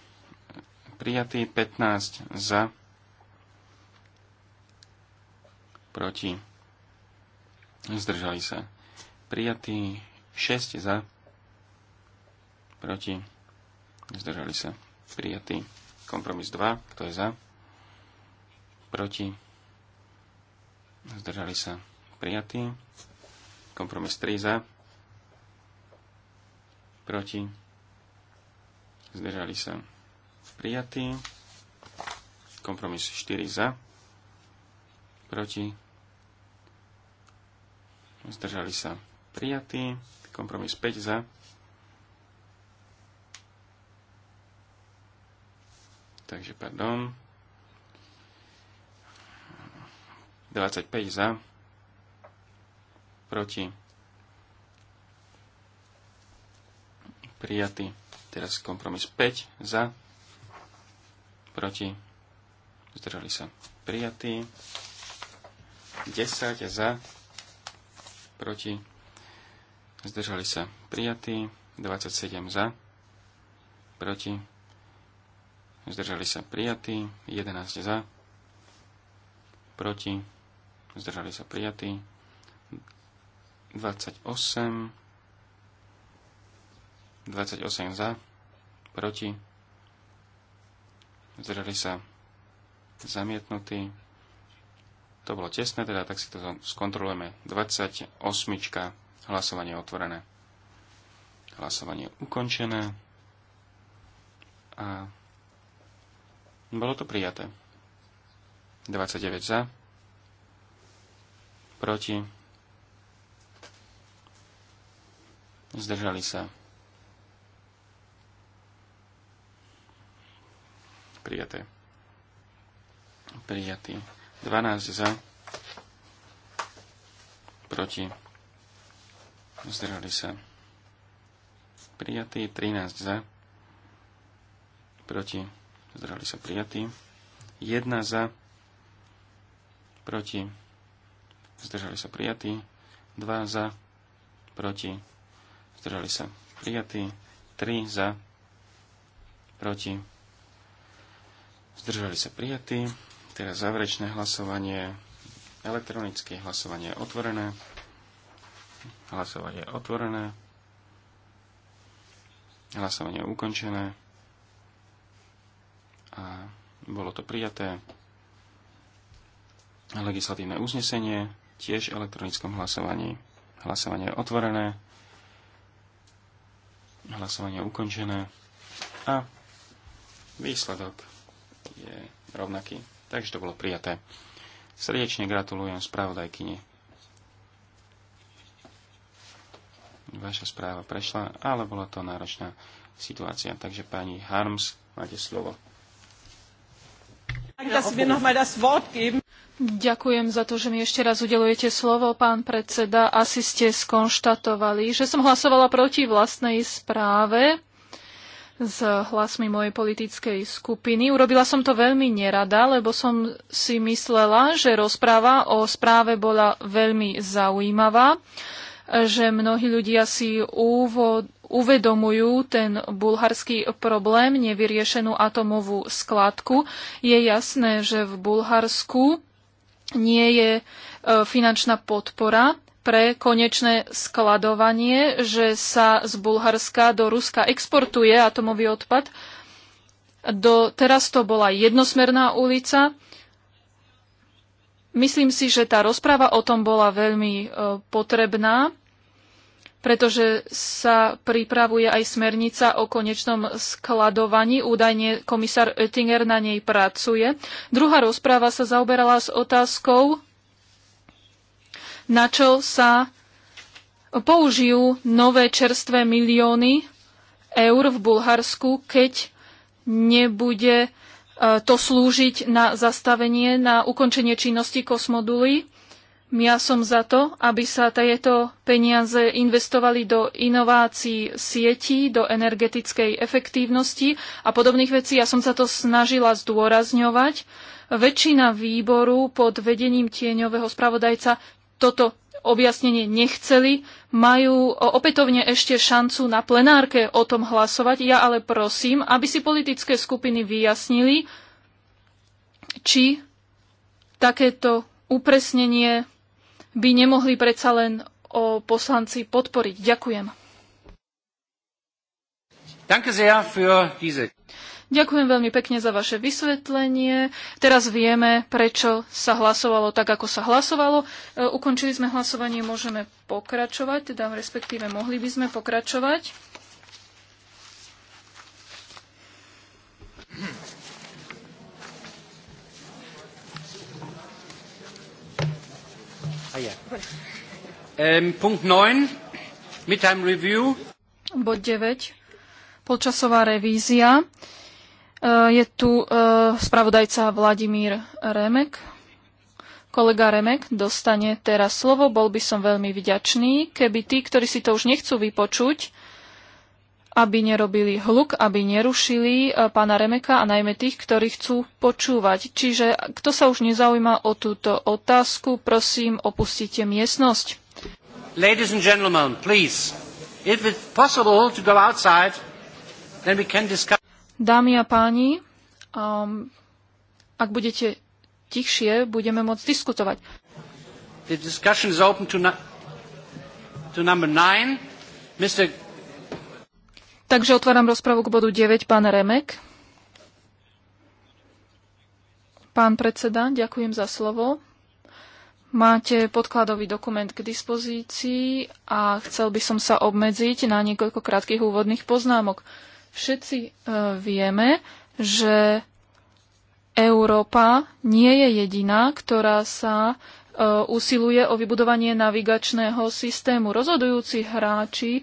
prijatí. 15 za. Proti. Zdržali sa. prijatí, 6 za. Proti. Zdržali sa. prijatí, Kompromis 2. Kto je za? Proti. Zdržali sa. prijatí, Kompromis 3 za proti, zdržali sa prijatí, kompromis 4 za, proti, zdržali sa prijatí, kompromis 5 za, takže pardon, 25 za, proti, prijatý. Teraz kompromis 5 za, proti, zdržali sa prijatý. 10 za, proti, zdržali sa prijatí. 27 za, proti, zdržali sa prijatí. 11 za, proti, zdržali sa prijatí. 28 28 za, proti, zdržali sa zamietnutí. To bolo tesné, teda tak si to skontrolujeme. 28. Hlasovanie otvorené. Hlasovanie ukončené. A bolo to prijaté. 29 za, proti, zdržali sa prijaté. Prijatý. 12 za, proti, zdržali sa. Prijatý. 13 za, proti, zdržali sa. Prijatý. 1 za, proti, zdržali sa. prijatí. 2 za, proti, zdržali sa. prijatí. 3 za, proti, zdržali sa prijatí. Teraz záverečné hlasovanie, elektronické hlasovanie je otvorené. Hlasovanie je otvorené. Hlasovanie je ukončené. A bolo to prijaté. Legislatívne uznesenie tiež v elektronickom hlasovaní. Hlasovanie je otvorené. Hlasovanie je ukončené. A výsledok je rovnaký. Takže to bolo prijaté. Srdečne gratulujem spravodajkyni. Vaša správa prešla, ale bola to náročná situácia. Takže pani Harms, máte slovo. Ďakujem za to, že mi ešte raz udelujete slovo, pán predseda. Asi ste skonštatovali, že som hlasovala proti vlastnej správe s hlasmi mojej politickej skupiny. Urobila som to veľmi nerada, lebo som si myslela, že rozpráva o správe bola veľmi zaujímavá, že mnohí ľudia si úvod, uvedomujú ten bulharský problém, nevyriešenú atomovú skladku. Je jasné, že v Bulharsku nie je e, finančná podpora pre konečné skladovanie, že sa z Bulharska do Ruska exportuje atomový odpad. Do, teraz to bola jednosmerná ulica. Myslím si, že tá rozpráva o tom bola veľmi e, potrebná, pretože sa pripravuje aj smernica o konečnom skladovaní. Údajne komisár Oettinger na nej pracuje. Druhá rozpráva sa zaoberala s otázkou na čo sa použijú nové čerstvé milióny eur v Bulharsku, keď nebude e, to slúžiť na zastavenie, na ukončenie činnosti kosmoduly. Ja som za to, aby sa tieto peniaze investovali do inovácií sietí, do energetickej efektívnosti a podobných vecí. Ja som sa to snažila zdôrazňovať. Väčšina výboru pod vedením tieňového spravodajca toto objasnenie nechceli, majú opätovne ešte šancu na plenárke o tom hlasovať. Ja ale prosím, aby si politické skupiny vyjasnili, či takéto upresnenie by nemohli predsa len o poslanci podporiť. Ďakujem. Ďakujem veľmi pekne za vaše vysvetlenie. Teraz vieme, prečo sa hlasovalo tak, ako sa hlasovalo. E, ukončili sme hlasovanie, môžeme pokračovať, teda respektíve mohli by sme pokračovať. Ah, ja. ähm, Punkt 9, Review. Bod 9, polčasová revízia. Eh, je tu eh, spravodajca Vladimír Remek. Kolega Remek dostane teraz slovo. Bol by som veľmi vďačný, keby tí, ktorí si to už nechcú vypočuť, aby nerobili hluk, aby nerušili eh, pána Remeka a najmä tých, ktorí chcú počúvať. Čiže kto sa už nezaujíma o túto otázku, prosím, opustite miestnosť. Ladies and gentlemen, please, if it's possible to go outside, then we can discuss... Dámy a páni, um, ak budete tichšie, budeme môcť diskutovať. The discussion is open to, to number nine. Mr. Takže otváram rozpravu k bodu 9, pán Remek. Pán predseda, ďakujem za slovo. Máte podkladový dokument k dispozícii a chcel by som sa obmedziť na niekoľko krátkých úvodných poznámok. Všetci e, vieme, že Európa nie je jediná, ktorá sa e, usiluje o vybudovanie navigačného systému. Rozhodujúci hráči e,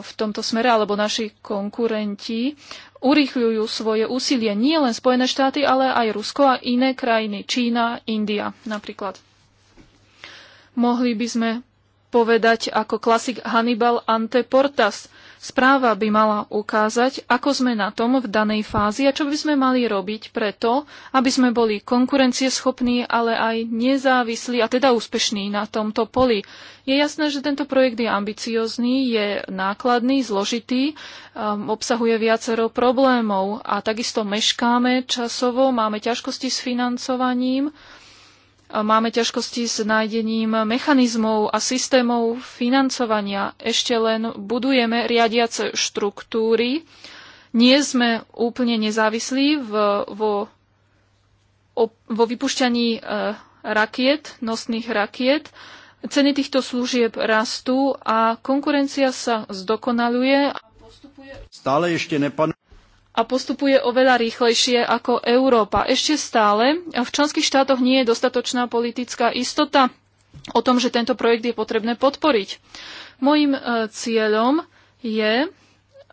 v tomto smere, alebo naši konkurenti, urýchľujú svoje úsilie nie len Spojené štáty, ale aj Rusko a iné krajiny, Čína, India napríklad. Mohli by sme povedať ako klasik Hannibal Anteportas – Správa by mala ukázať, ako sme na tom v danej fázi a čo by sme mali robiť preto, aby sme boli konkurencieschopní, ale aj nezávislí a teda úspešní na tomto poli. Je jasné, že tento projekt je ambiciózny, je nákladný, zložitý, um, obsahuje viacero problémov a takisto meškáme časovo, máme ťažkosti s financovaním. Máme ťažkosti s nájdením mechanizmov a systémov financovania. Ešte len budujeme riadiace štruktúry. Nie sme úplne nezávislí v, vo, vo vypušťaní e, rakiet, nosných rakiet. Ceny týchto služieb rastú a konkurencia sa zdokonaluje a postupuje. Stále ešte nepanuje a postupuje oveľa rýchlejšie ako Európa. Ešte stále v členských štátoch nie je dostatočná politická istota o tom, že tento projekt je potrebné podporiť. Mojím e, cieľom je, e,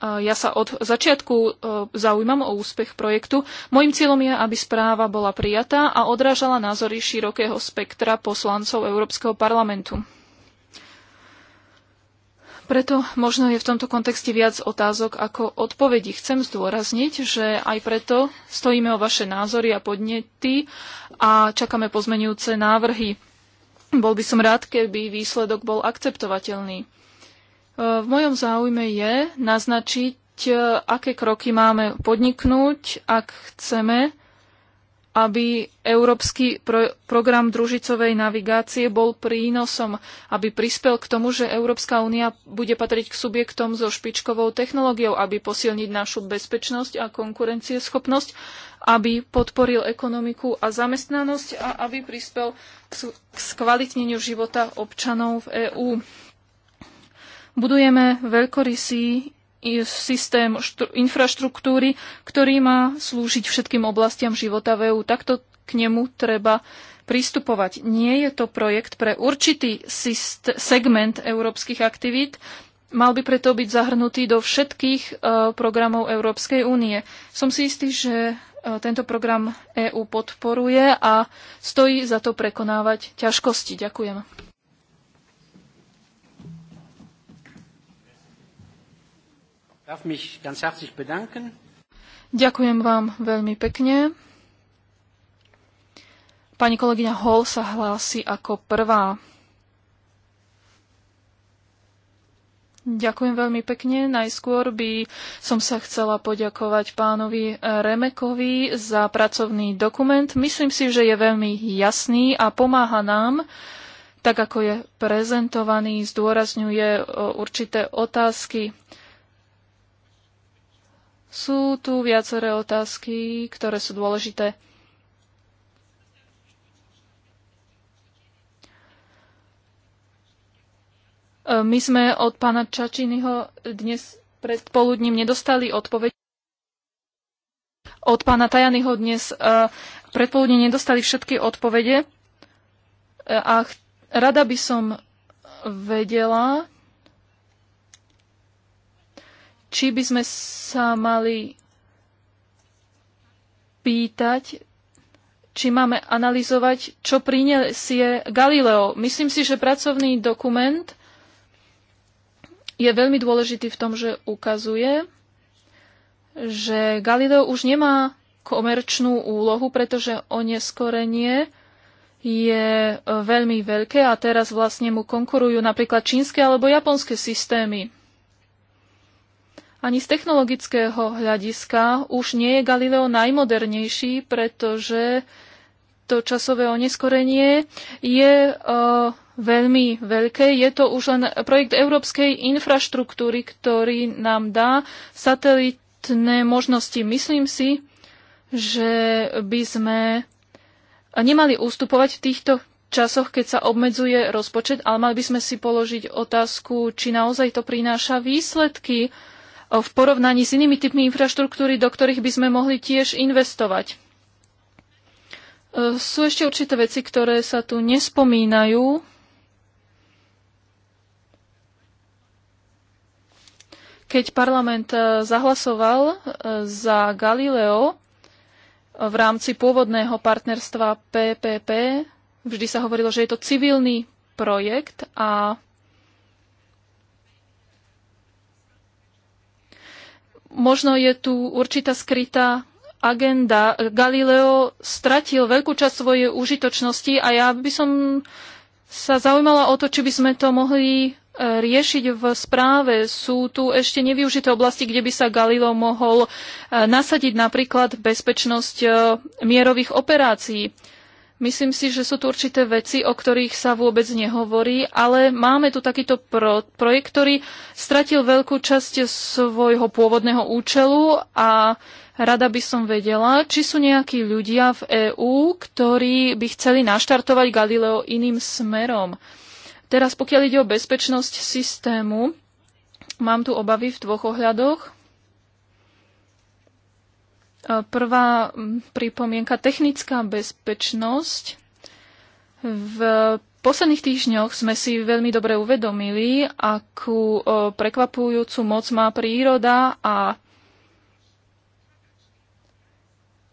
ja sa od začiatku e, zaujímam o úspech projektu, mojím cieľom je, aby správa bola prijatá a odrážala názory širokého spektra poslancov Európskeho parlamentu. Preto možno je v tomto kontexte viac otázok ako odpovedí. Chcem zdôrazniť, že aj preto stojíme o vaše názory a podnety a čakáme pozmenujúce návrhy. Bol by som rád, keby výsledok bol akceptovateľný. E, v mojom záujme je naznačiť, e, aké kroky máme podniknúť, ak chceme aby európsky pro- program družicovej navigácie bol prínosom, aby prispel k tomu, že Európska únia bude patriť k subjektom so špičkovou technológiou, aby posilniť našu bezpečnosť a konkurencieschopnosť, aby podporil ekonomiku a zamestnanosť a aby prispel k, k skvalitneniu života občanov v EÚ. Budujeme veľkorysý systém infraštruktúry, ktorý má slúžiť všetkým oblastiam života v EÚ. Takto k nemu treba pristupovať. Nie je to projekt pre určitý segment európskych aktivít, mal by preto byť zahrnutý do všetkých e, programov Európskej únie. Som si istý, že e, tento program EÚ podporuje a stojí za to prekonávať ťažkosti. Ďakujem. Ďakujem vám veľmi pekne. Pani kolegyňa Hall sa hlási ako prvá. Ďakujem veľmi pekne. Najskôr by som sa chcela poďakovať pánovi Remekovi za pracovný dokument. Myslím si, že je veľmi jasný a pomáha nám, tak ako je prezentovaný, zdôrazňuje e, určité otázky sú tu viaceré otázky, ktoré sú dôležité. E, my sme od pána Čačinyho dnes pred poludním nedostali odpoveď. Od pána Tajanyho dnes e, predpoludne nedostali všetky odpovede. E, a rada by som vedela, či by sme sa mali pýtať, či máme analyzovať, čo prinesie Galileo. Myslím si, že pracovný dokument je veľmi dôležitý v tom, že ukazuje, že Galileo už nemá komerčnú úlohu, pretože oneskorenie je veľmi veľké a teraz vlastne mu konkurujú napríklad čínske alebo japonské systémy. Ani z technologického hľadiska už nie je Galileo najmodernejší, pretože to časové oneskorenie je uh, veľmi veľké. Je to už len projekt európskej infraštruktúry, ktorý nám dá satelitné možnosti. Myslím si, že by sme nemali ústupovať v týchto časoch, keď sa obmedzuje rozpočet, ale mali by sme si položiť otázku, či naozaj to prináša výsledky. Uh, v porovnaní s inými typmi infraštruktúry, do ktorých by sme mohli tiež investovať. E, sú ešte určité veci, ktoré sa tu nespomínajú. Keď parlament e, zahlasoval e, za Galileo v rámci pôvodného partnerstva PPP, vždy sa hovorilo, že je to civilný projekt a Možno je tu určitá skrytá agenda. Galileo stratil veľkú časť svojej užitočnosti a ja by som sa zaujímala o to, či by sme to mohli e, riešiť v správe. Sú tu ešte nevyužité oblasti, kde by sa Galileo mohol e, nasadiť napríklad bezpečnosť e, mierových operácií. Myslím si, že sú tu určité veci, o ktorých sa vôbec nehovorí, ale máme tu takýto pro- projekt, ktorý stratil veľkú časť svojho pôvodného účelu a rada by som vedela, či sú nejakí ľudia v EÚ, ktorí by chceli naštartovať Galileo iným smerom. Teraz, pokiaľ ide o bezpečnosť systému, mám tu obavy v dvoch ohľadoch. Prvá pripomienka, technická bezpečnosť. V posledných týždňoch sme si veľmi dobre uvedomili, akú prekvapujúcu moc má príroda a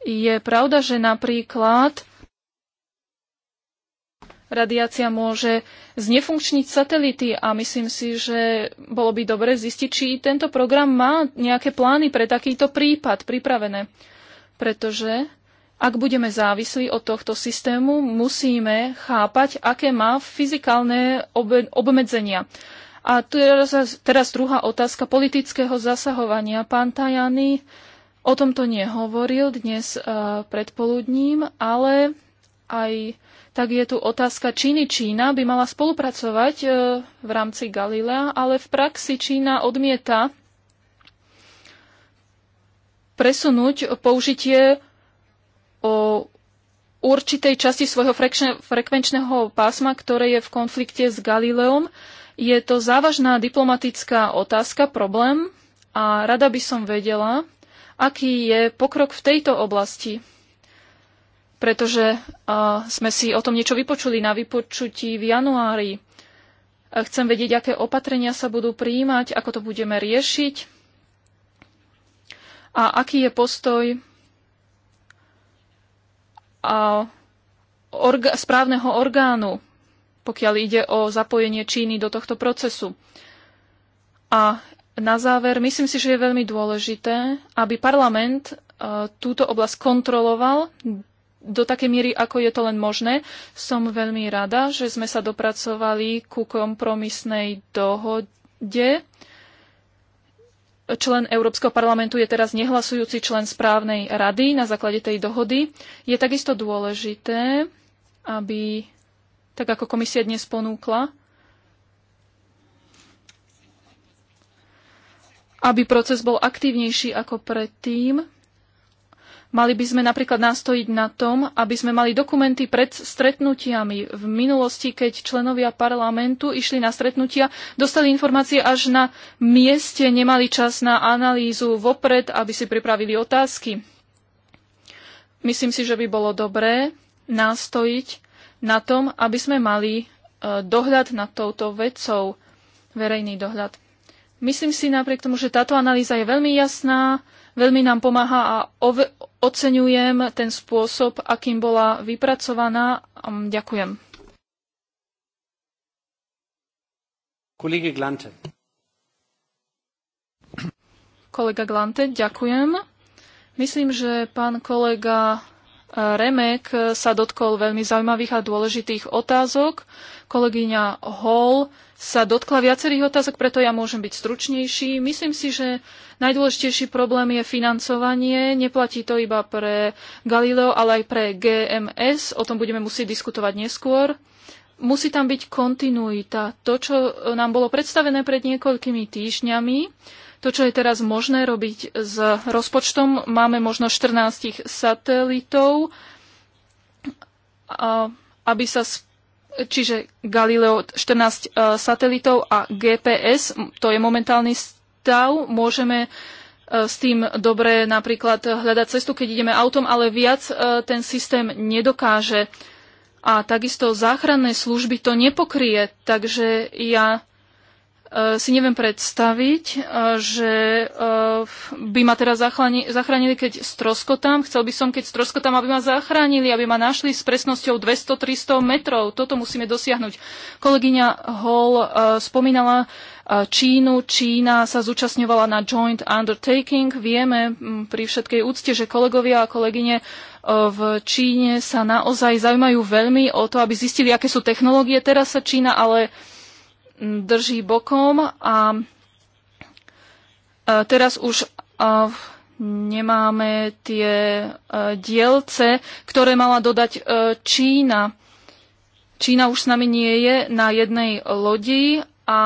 je pravda, že napríklad radiácia môže znefunkčniť satelity a myslím si, že bolo by dobre zistiť, či tento program má nejaké plány pre takýto prípad pripravené. Pretože ak budeme závislí od tohto systému, musíme chápať, aké má fyzikálne obmedzenia. A tu je teraz druhá otázka politického zasahovania. Pán Tajany o tomto nehovoril dnes uh, predpoludním, ale aj tak je tu otázka Číny. Čína by mala spolupracovať e, v rámci Galilea, ale v praxi Čína odmieta presunúť použitie o určitej časti svojho frekvenčného pásma, ktoré je v konflikte s Galileom. Je to závažná diplomatická otázka, problém a rada by som vedela, aký je pokrok v tejto oblasti pretože sme si o tom niečo vypočuli na vypočutí v januári. Chcem vedieť, aké opatrenia sa budú prijímať, ako to budeme riešiť a aký je postoj a orga- správneho orgánu, pokiaľ ide o zapojenie Číny do tohto procesu. A na záver, myslím si, že je veľmi dôležité, aby parlament túto oblasť kontroloval, do takej miery, ako je to len možné. Som veľmi rada, že sme sa dopracovali ku kompromisnej dohode. Člen Európskeho parlamentu je teraz nehlasujúci člen správnej rady na základe tej dohody. Je takisto dôležité, aby, tak ako komisia dnes ponúkla, aby proces bol aktívnejší ako predtým Mali by sme napríklad nastojiť na tom, aby sme mali dokumenty pred stretnutiami. V minulosti, keď členovia parlamentu išli na stretnutia, dostali informácie až na mieste, nemali čas na analýzu vopred, aby si pripravili otázky. Myslím si, že by bolo dobré nastojiť na tom, aby sme mali e, dohľad nad touto vecou, verejný dohľad. Myslím si napriek tomu, že táto analýza je veľmi jasná, Veľmi nám pomáha a oceňujem ten spôsob, akým bola vypracovaná. Ďakujem. Kolega Glante. Kolega Glante, ďakujem. Myslím, že pán kolega Remek sa dotkol veľmi zaujímavých a dôležitých otázok. Kolegyňa Hall sa dotkla viacerých otázok, preto ja môžem byť stručnejší. Myslím si, že najdôležitejší problém je financovanie. Neplatí to iba pre Galileo, ale aj pre GMS. O tom budeme musieť diskutovať neskôr. Musí tam byť kontinuita. To, čo nám bolo predstavené pred niekoľkými týždňami, to, čo je teraz možné robiť s rozpočtom, máme možno 14 satelitov, aby sa čiže Galileo 14 e, satelitov a GPS, to je momentálny stav, môžeme e, s tým dobre napríklad hľadať cestu, keď ideme autom, ale viac e, ten systém nedokáže. A takisto záchranné služby to nepokrie, takže ja Eh, si neviem predstaviť, eh, že eh, by ma teraz zachránili, keď stroskotám. Chcel by som, keď stroskotám, aby ma zachránili, aby ma našli s presnosťou 200-300 metrov. Toto musíme dosiahnuť. Kolegyňa Hall spomínala Čínu. Čína sa zúčastňovala na joint undertaking. Vieme mm, pri všetkej úcte, že kolegovia a kolegyne v Číne sa naozaj zaujímajú veľmi o to, aby zistili, aké sú technológie. Teraz sa Čína ale drží bokom a e, teraz už e, nemáme tie e, dielce, ktoré mala dodať Čína. Čína už s nami nie je na jednej lodi a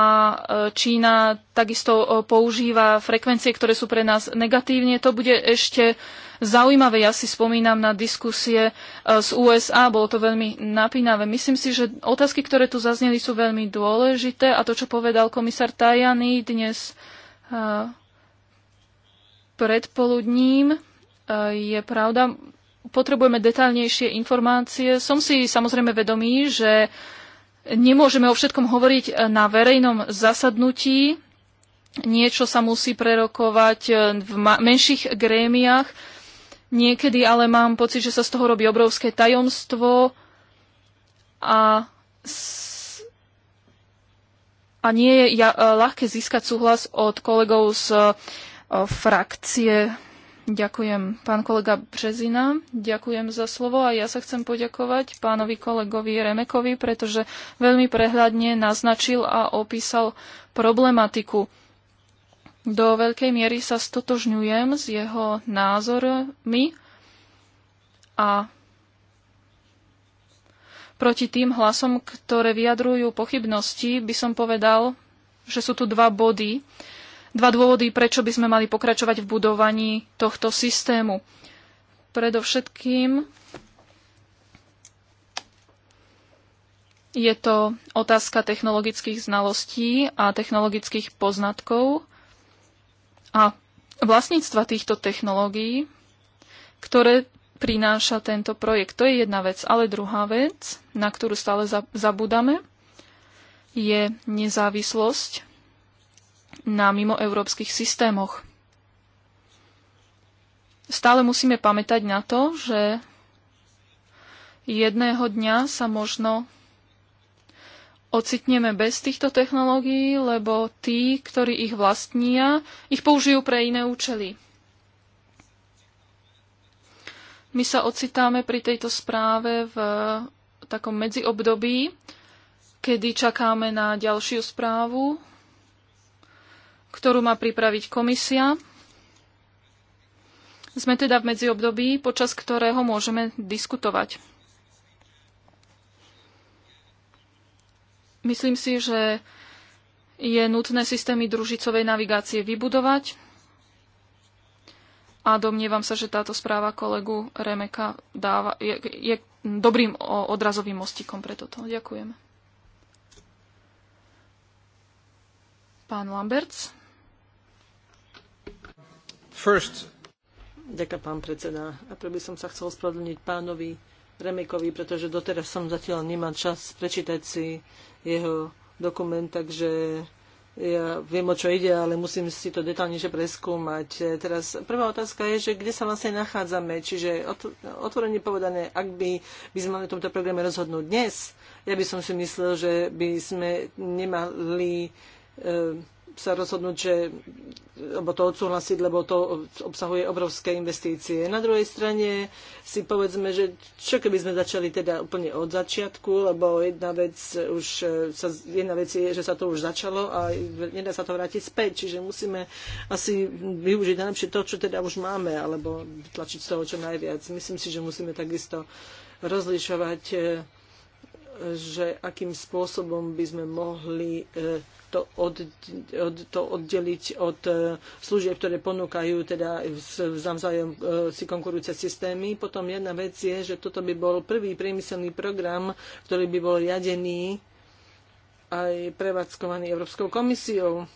Čína takisto používa frekvencie, ktoré sú pre nás negatívne. To bude ešte uh, zaujímavé. Ja si spomínam na diskusie e, z USA, bolo to veľmi napínavé. Myslím si, že otázky, ktoré tu zazneli, sú veľmi dôležité a to, čo povedal komisár Tajany dnes e, predpoludním, e, je pravda. Potrebujeme detaľnejšie informácie. Som si samozrejme vedomý, že nemôžeme o všetkom hovoriť na verejnom zasadnutí, niečo sa musí prerokovať v menších grémiách. Niekedy ale mám pocit, že sa z toho robí obrovské tajomstvo a, s, a nie je ja, e, ľahké získať súhlas od kolegov z o, e, frakcie. Ďakujem, pán kolega Březina, ďakujem za slovo a ja sa chcem poďakovať pánovi kolegovi Remekovi, pretože veľmi prehľadne naznačil a opísal problematiku do veľkej miery sa stotožňujem s jeho názormi a proti tým hlasom, ktoré vyjadrujú pochybnosti, by som povedal, že sú tu dva body, dva dôvody, prečo by sme mali pokračovať v budovaní tohto systému. Predovšetkým je to otázka technologických znalostí a technologických poznatkov a vlastníctva týchto technológií, ktoré prináša tento projekt. To je jedna vec. Ale druhá vec, na ktorú stále zabúdame, je nezávislosť na mimoeurópskych systémoch. Stále musíme pamätať na to, že jedného dňa sa možno ocitneme bez týchto technológií, lebo tí, ktorí ich vlastnia, ich použijú pre iné účely. My sa ocitáme pri tejto správe v takom medziobdobí, kedy čakáme na ďalšiu správu, ktorú má pripraviť komisia. Sme teda v medziobdobí, počas ktorého môžeme diskutovať. Myslím si, že je nutné systémy družicovej navigácie vybudovať a domnievam sa, že táto správa kolegu Remeka dáva, je, je dobrým odrazovým mostikom pre toto. Ďakujem. Pán Lamberts. First. Ďakujem, pán predseda. A by som sa chcel ospravedlniť pánovi Remekovi, pretože doteraz som zatiaľ nemal čas prečítať si jeho dokument, takže ja viem, o čo ide, ale musím si to detálnejšie preskúmať. Teraz prvá otázka je, že kde sa vlastne nachádzame. Čiže otvorene povedané, ak by, by sme mali o tomto programe rozhodnúť dnes, ja by som si myslel, že by sme nemali eh, sa rozhodnúť, že alebo to odsúhlasiť, lebo to obsahuje obrovské investície. Na druhej strane si povedzme, že čo keby sme začali teda úplne od začiatku, lebo jedna vec, už e, sa, jedna vec je, že sa to už začalo a nedá sa to vrátiť späť, čiže musíme asi využiť najlepšie to, čo teda už máme, alebo vytlačiť z toho čo najviac. Myslím si, že musíme takisto rozlišovať e, že akým spôsobom by sme mohli e, to, od, od, to oddeliť od e, služieb, ktoré ponúkajú teda navzájom e, si konkurujúce systémy. Potom jedna vec je, že toto by bol prvý priemyselný program, ktorý by bol riadený aj prevádzkovaný Európskou komisiou.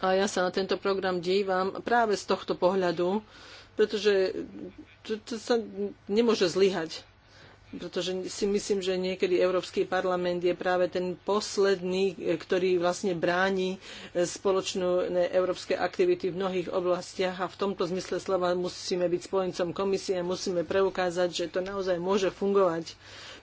A ja sa na tento program dívam práve z tohto pohľadu, pretože to, to sa nemôže zlyhať pretože si myslím, že niekedy Európsky parlament je práve ten posledný, ktorý vlastne bráni e, spoločnú európske aktivity v mnohých oblastiach a v tomto zmysle slova musíme byť spojencom komisie, musíme preukázať, že to naozaj môže fungovať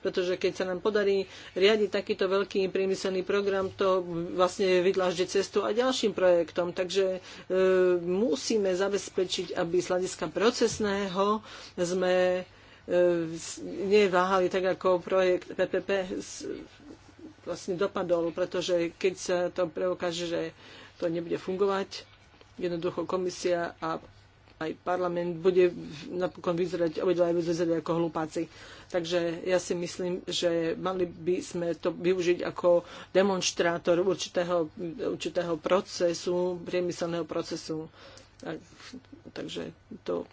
pretože keď sa nám podarí riadiť takýto veľký priemyselný program, to vlastne vydláždi cestu a ďalším projektom. Takže e, musíme zabezpečiť, aby z hľadiska procesného sme E, neváhali tak, ako projekt PPP vlastne dopadol, pretože keď sa to preukáže, že to nebude fungovať, jednoducho komisia a aj parlament bude napokon vyzerať, obidva aj vyzerať ako hlupáci. Takže ja si myslím, že mali by sme to využiť ako demonstrátor určitého, určitého procesu, priemyselného procesu. Takže to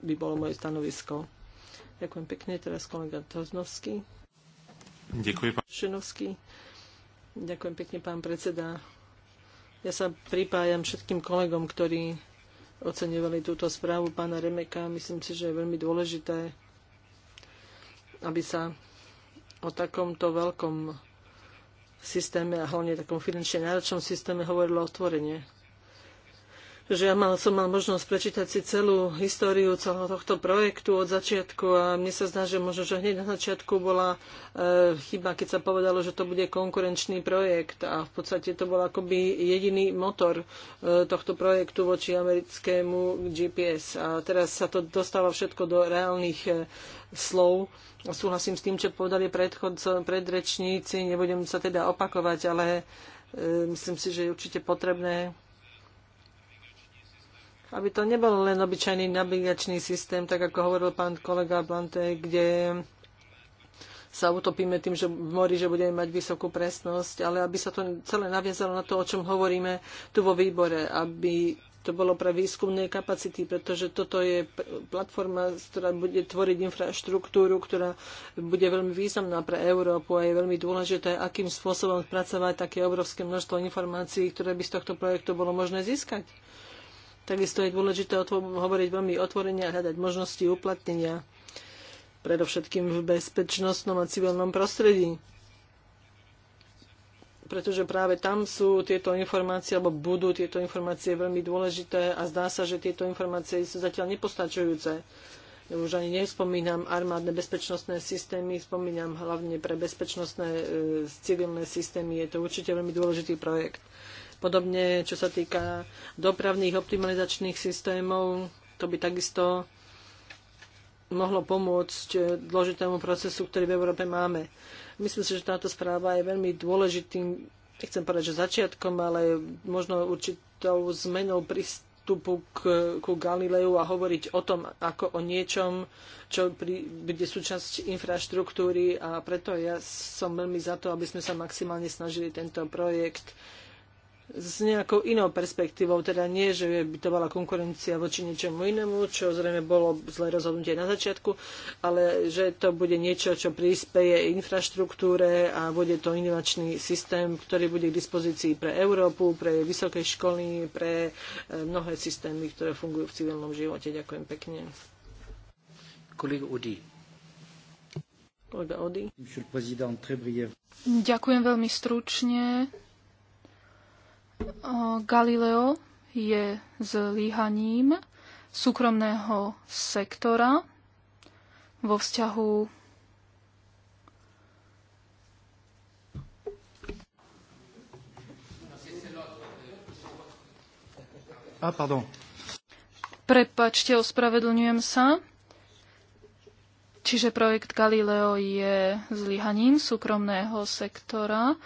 by bolo moje stanovisko. Ďakujem pekne. Teraz kolega Toznovský. Ďakujem. Pán. Šenovský. Ďakujem pekne, pán predseda. Ja sa pripájam všetkým kolegom, ktorí oceňovali túto správu pána Remeka. Myslím si, že je veľmi dôležité, aby sa o takomto veľkom systéme a hlavne takom finančne náročnom systéme hovorilo otvorene že ja mal, som mal možnosť prečítať si celú históriu celého tohto projektu od začiatku a mne sa zdá, že možno, že hneď na začiatku bola e, chyba, keď sa povedalo, že to bude konkurenčný projekt a v podstate to bol akoby jediný motor e, tohto projektu voči americkému GPS a teraz sa to dostáva všetko do reálnych e, slov. Súhlasím s tým, čo povedali predrečníci, nebudem sa teda opakovať, ale e, myslím si, že je určite potrebné aby to nebol len obyčajný navigačný systém, tak ako hovoril pán kolega Blante, kde sa utopíme tým, že v mori, že budeme mať vysokú presnosť, ale aby sa to celé naviazalo na to, o čom hovoríme tu vo výbore, aby to bolo pre výskumné kapacity, pretože toto je platforma, ktorá bude tvoriť infraštruktúru, ktorá bude veľmi významná pre Európu a je veľmi dôležité, akým spôsobom spracovať také obrovské množstvo informácií, ktoré by z tohto projektu bolo možné získať. Takisto je dôležité hovoriť veľmi otvorene a hľadať možnosti uplatnenia, predovšetkým v bezpečnostnom a civilnom prostredí. Pretože práve tam sú tieto informácie, alebo budú tieto informácie veľmi dôležité a zdá sa, že tieto informácie sú zatiaľ nepostačujúce už ani nespomínam armádne bezpečnostné systémy, spomínam hlavne pre bezpečnostné e, civilné systémy. Je to určite veľmi dôležitý projekt. Podobne, čo sa týka dopravných optimalizačných systémov, to by takisto mohlo pomôcť dôležitému procesu, ktorý v Európe máme. Myslím si, že táto správa je veľmi dôležitým, nechcem povedať, že začiatkom, ale možno určitou zmenou prístupu k, ku Galileu a hovoriť o tom ako o niečom, čo pri, bude súčasť infraštruktúry a preto ja som veľmi za to, aby sme sa maximálne snažili tento projekt s nejakou inou perspektívou, teda nie, že by to bola konkurencia voči niečomu inému, čo zrejme bolo zlé rozhodnutie na začiatku, ale že to bude niečo, čo prispeje infraštruktúre a bude to inovačný systém, ktorý bude k dispozícii pre Európu, pre vysoké školy, pre e, mnohé systémy, ktoré fungujú v civilnom živote. Ďakujem pekne. Kolega Udi. Kolega Ďakujem veľmi stručne. Galileo je zlyhaním súkromného sektora vo vzťahu A, ah, pardon. Prepačte, ospravedlňujem sa. Čiže projekt Galileo je zlyhaním súkromného sektora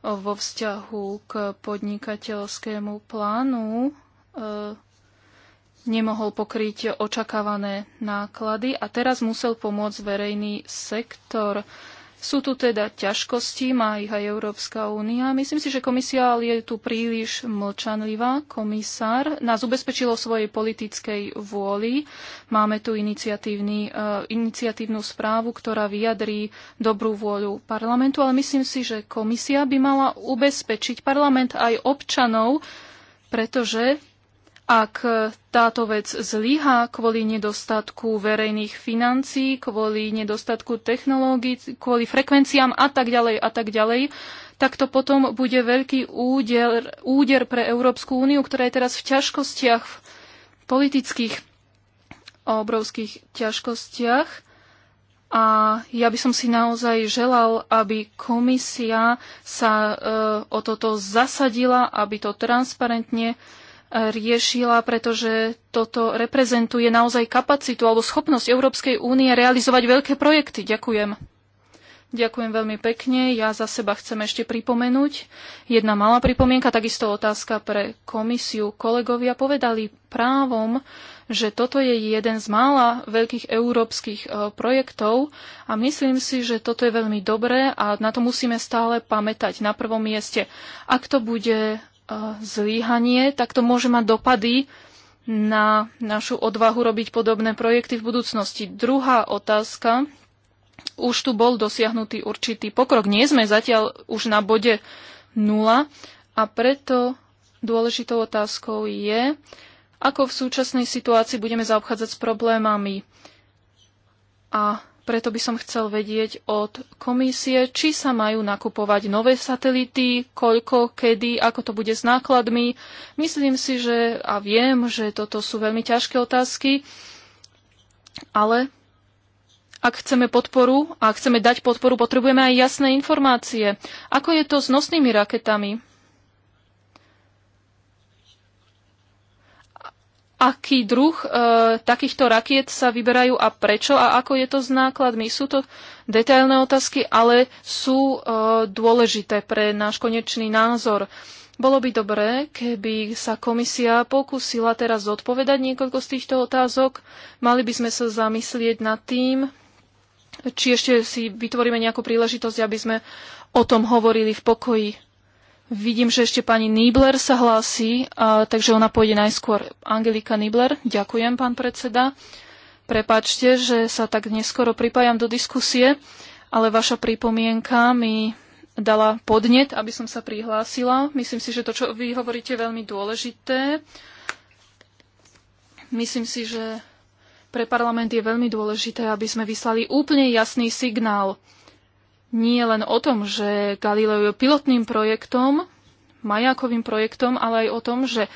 vo vzťahu k podnikateľskému plánu e, nemohol pokryť očakávané náklady a teraz musel pomôcť verejný sektor. Sú tu teda ťažkosti, má ich aj Európska únia. Myslím si, že komisia je tu príliš mlčanlivá. Komisár nás ubezpečilo svojej politickej vôli. Máme tu iniciatívny, uh, iniciatívnu správu, ktorá vyjadrí dobrú vôľu parlamentu, ale myslím si, že komisia by mala ubezpečiť parlament aj občanov, pretože ak táto vec zlyhá kvôli nedostatku verejných financií, kvôli nedostatku technológií, kvôli frekvenciám a tak ďalej a tak ďalej, tak to potom bude veľký úder, úder pre Európsku úniu, ktorá je teraz v ťažkostiach v politických, obrovských ťažkostiach. A ja by som si naozaj želal, aby komisia sa e, o toto zasadila, aby to transparentne riešila, pretože toto reprezentuje naozaj kapacitu alebo schopnosť Európskej únie realizovať veľké projekty. Ďakujem. Ďakujem veľmi pekne. Ja za seba chcem ešte pripomenúť jedna malá pripomienka, takisto otázka pre komisiu. Kolegovia povedali právom, že toto je jeden z mála veľkých európskych e, projektov a myslím si, že toto je veľmi dobré a na to musíme stále pamätať na prvom mieste. Ak to bude zlyhanie, tak to môže mať dopady na našu odvahu robiť podobné projekty v budúcnosti. Druhá otázka. Už tu bol dosiahnutý určitý pokrok. Nie sme zatiaľ už na bode nula a preto dôležitou otázkou je, ako v súčasnej situácii budeme zaobchádzať s problémami. A preto by som chcel vedieť od komisie, či sa majú nakupovať nové satelity, koľko, kedy, ako to bude s nákladmi. Myslím si, že a viem, že toto sú veľmi ťažké otázky, ale ak chceme podporu a chceme dať podporu, potrebujeme aj jasné informácie. Ako je to s nosnými raketami? aký druh e, takýchto rakiet sa vyberajú a prečo a ako je to s nákladmi. Sú to detailné otázky, ale sú e, dôležité pre náš konečný názor. Bolo by dobré, keby sa komisia pokúsila teraz zodpovedať niekoľko z týchto otázok. Mali by sme sa zamyslieť nad tým, či ešte si vytvoríme nejakú príležitosť, aby sme o tom hovorili v pokoji. Vidím, že ešte pani Nibler sa hlási, a, takže ona pôjde najskôr. Angelika Nibler, ďakujem, pán predseda. Prepačte, že sa tak neskoro pripájam do diskusie, ale vaša pripomienka mi dala podnet, aby som sa prihlásila. Myslím si, že to, čo vy hovoríte, je veľmi dôležité. Myslím si, že pre parlament je veľmi dôležité, aby sme vyslali úplne jasný signál nie len o tom, že Galileo je pilotným projektom, majakovým projektom, ale aj o tom, že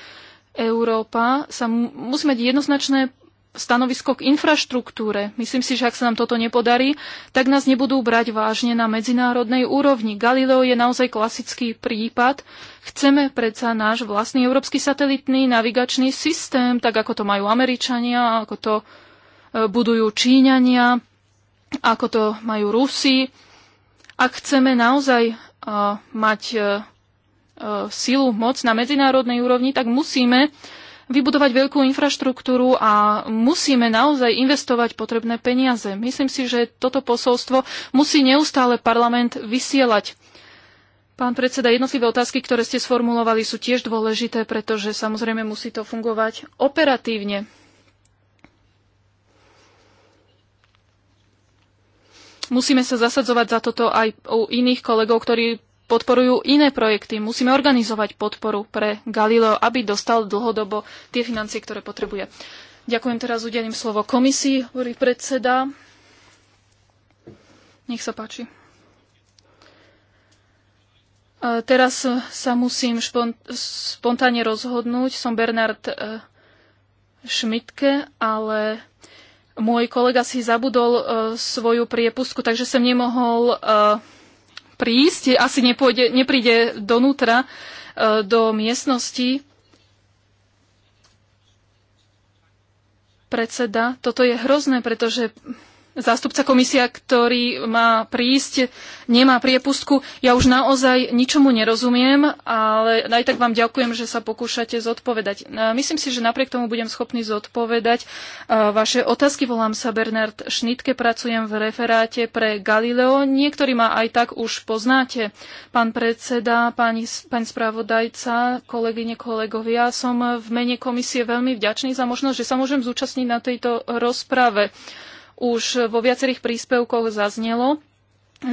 Európa sa musí mať jednoznačné stanovisko k infraštruktúre. Myslím si, že ak sa nám toto nepodarí, tak nás nebudú brať vážne na medzinárodnej úrovni. Galileo je naozaj klasický prípad. Chceme predsa náš vlastný európsky satelitný navigačný systém, tak ako to majú Američania, ako to e, budujú Číňania, ako to majú Rusi ak chceme naozaj uh, mať uh, silu, moc na medzinárodnej úrovni, tak musíme vybudovať veľkú infraštruktúru a musíme naozaj investovať potrebné peniaze. Myslím si, že toto posolstvo musí neustále parlament vysielať. Pán predseda, jednotlivé otázky, ktoré ste sformulovali, sú tiež dôležité, pretože samozrejme musí to fungovať operatívne. musíme sa zasadzovať za toto aj u iných kolegov, ktorí podporujú iné projekty. Musíme organizovať podporu pre Galileo, aby dostal dlhodobo tie financie, ktoré potrebuje. Ďakujem teraz udelím slovo komisii, hovorí predseda. Nech sa páči. E, teraz sa musím spontánne rozhodnúť. Som Bernard Šmitke, e, ale môj kolega si zabudol uh, svoju priepustku, takže som nemohol uh, prísť. Asi nepôjde, nepríde donútra uh, do miestnosti. Predseda, toto je hrozné, pretože zástupca komisia, ktorý má prísť, nemá priepustku. Ja už naozaj ničomu nerozumiem, ale aj tak vám ďakujem, že sa pokúšate zodpovedať. Myslím si, že napriek tomu budem schopný zodpovedať vaše otázky. Volám sa Bernard Šnitke, pracujem v referáte pre Galileo. Niektorí ma aj tak už poznáte. Pán predseda, pani, pani spravodajca, kolegyne, kolegovia, som v mene komisie veľmi vďačný za možnosť, že sa môžem zúčastniť na tejto rozprave. Už vo viacerých príspevkoch zaznelo,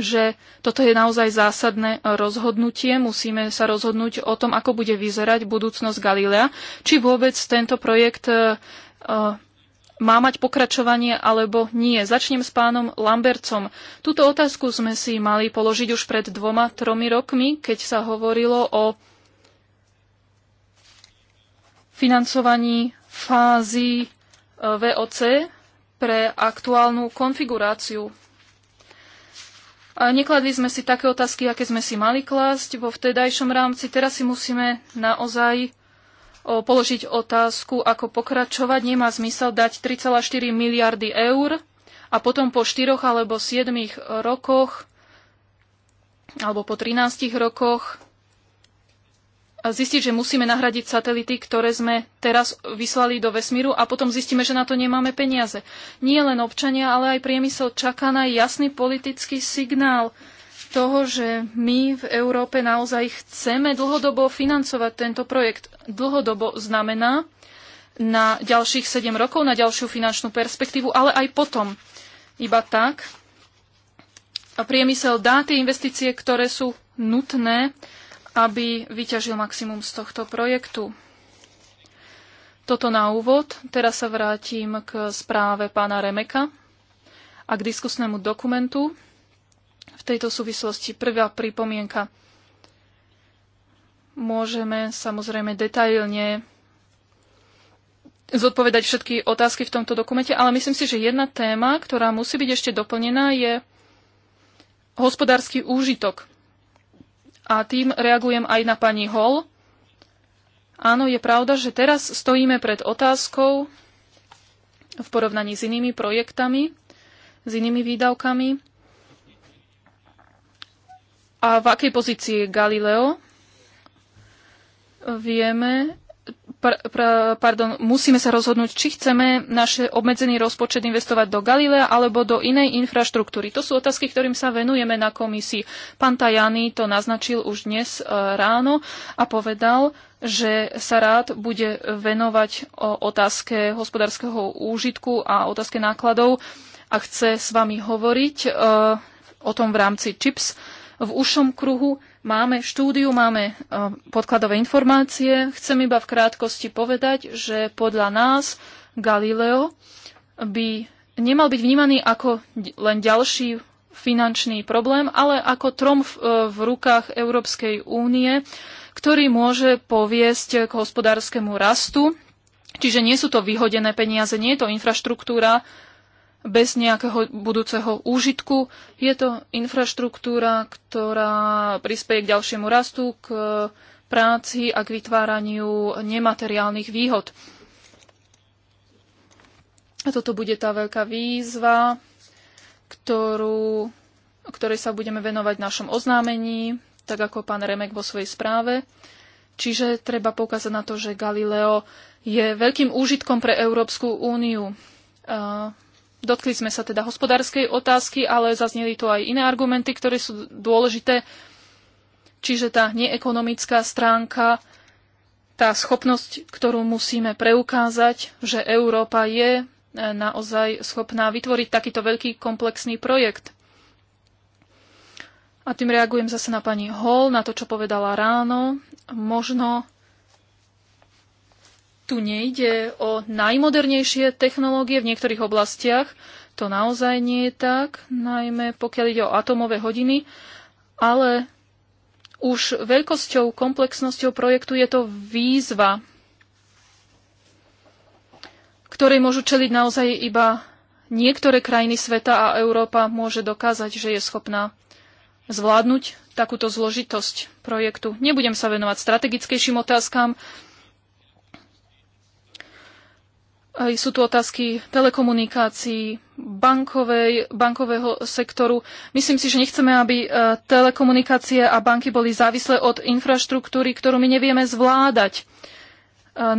že toto je naozaj zásadné rozhodnutie. Musíme sa rozhodnúť o tom, ako bude vyzerať budúcnosť Galilea, či vôbec tento projekt e, e, má mať pokračovanie alebo nie. Začnem s pánom Lambercom. Túto otázku sme si mali položiť už pred dvoma, tromi rokmi, keď sa hovorilo o financovaní fázy e, VOC, pre aktuálnu konfiguráciu. A nekladli sme si také otázky, aké sme si mali klásť vo vtedajšom rámci. Teraz si musíme naozaj položiť otázku, ako pokračovať. Nemá zmysel dať 3,4 miliardy eur a potom po 4 alebo 7 rokoch alebo po 13 rokoch zistiť, že musíme nahradiť satelity, ktoré sme teraz vyslali do vesmíru a potom zistíme, že na to nemáme peniaze. Nie len občania, ale aj priemysel čaká na jasný politický signál toho, že my v Európe naozaj chceme dlhodobo financovať tento projekt. Dlhodobo znamená na ďalších 7 rokov, na ďalšiu finančnú perspektívu, ale aj potom. Iba tak. A priemysel dá tie investície, ktoré sú nutné, aby vyťažil maximum z tohto projektu. Toto na úvod. Teraz sa vrátim k správe pána Remeka a k diskusnému dokumentu. V tejto súvislosti prvá pripomienka. Môžeme samozrejme detailne zodpovedať všetky otázky v tomto dokumente, ale myslím si, že jedna téma, ktorá musí byť ešte doplnená, je hospodársky úžitok a tým reagujem aj na pani Hall. Áno, je pravda, že teraz stojíme pred otázkou v porovnaní s inými projektami, s inými výdavkami. A v akej pozícii je Galileo? Vieme, pra, pra, pardon, musíme sa rozhodnúť, či chceme náš obmedzený rozpočet investovať do Galilea alebo do inej infraštruktúry. To sú otázky, ktorým sa venujeme na komisii. Pán Tajani to naznačil už dnes e, ráno a povedal, že sa rád bude venovať o otázke hospodárskeho úžitku a otázke nákladov a chce s vami hovoriť e, o tom v rámci CHIPS v ušom kruhu Máme štúdiu, máme e, podkladové informácie. Chcem iba v krátkosti povedať, že podľa nás Galileo by nemal byť vnímaný ako len ďalší finančný problém, ale ako trom v, e, v rukách Európskej únie, ktorý môže poviesť k hospodárskemu rastu. Čiže nie sú to vyhodené peniaze, nie je to infraštruktúra, bez nejakého budúceho úžitku. Je to infraštruktúra, ktorá prispieje k ďalšiemu rastu, k práci a k vytváraniu nemateriálnych výhod. A toto bude tá veľká výzva, ktorú, ktorej sa budeme venovať v našom oznámení, tak ako pán Remek vo svojej správe. Čiže treba poukázať na to, že Galileo je veľkým úžitkom pre Európsku úniu. Uh, Dotkli sme sa teda hospodárskej otázky, ale zazneli tu aj iné argumenty, ktoré sú dôležité. Čiže tá neekonomická stránka, tá schopnosť, ktorú musíme preukázať, že Európa je e, naozaj schopná vytvoriť takýto veľký komplexný projekt. A tým reagujem zase na pani Hall, na to, čo povedala ráno. Možno tu nejde o najmodernejšie technológie v niektorých oblastiach. To naozaj nie je tak, najmä pokiaľ ide o atomové hodiny, ale už veľkosťou, komplexnosťou projektu je to výzva, ktorej môžu čeliť naozaj iba niektoré krajiny sveta a Európa môže dokázať, že je schopná zvládnuť takúto zložitosť projektu. Nebudem sa venovať strategickejším otázkam, sú tu otázky telekomunikácií, bankovej, bankového sektoru. Myslím si, že nechceme, aby e, telekomunikácie a banky boli závislé od infraštruktúry, ktorú my nevieme zvládať. E,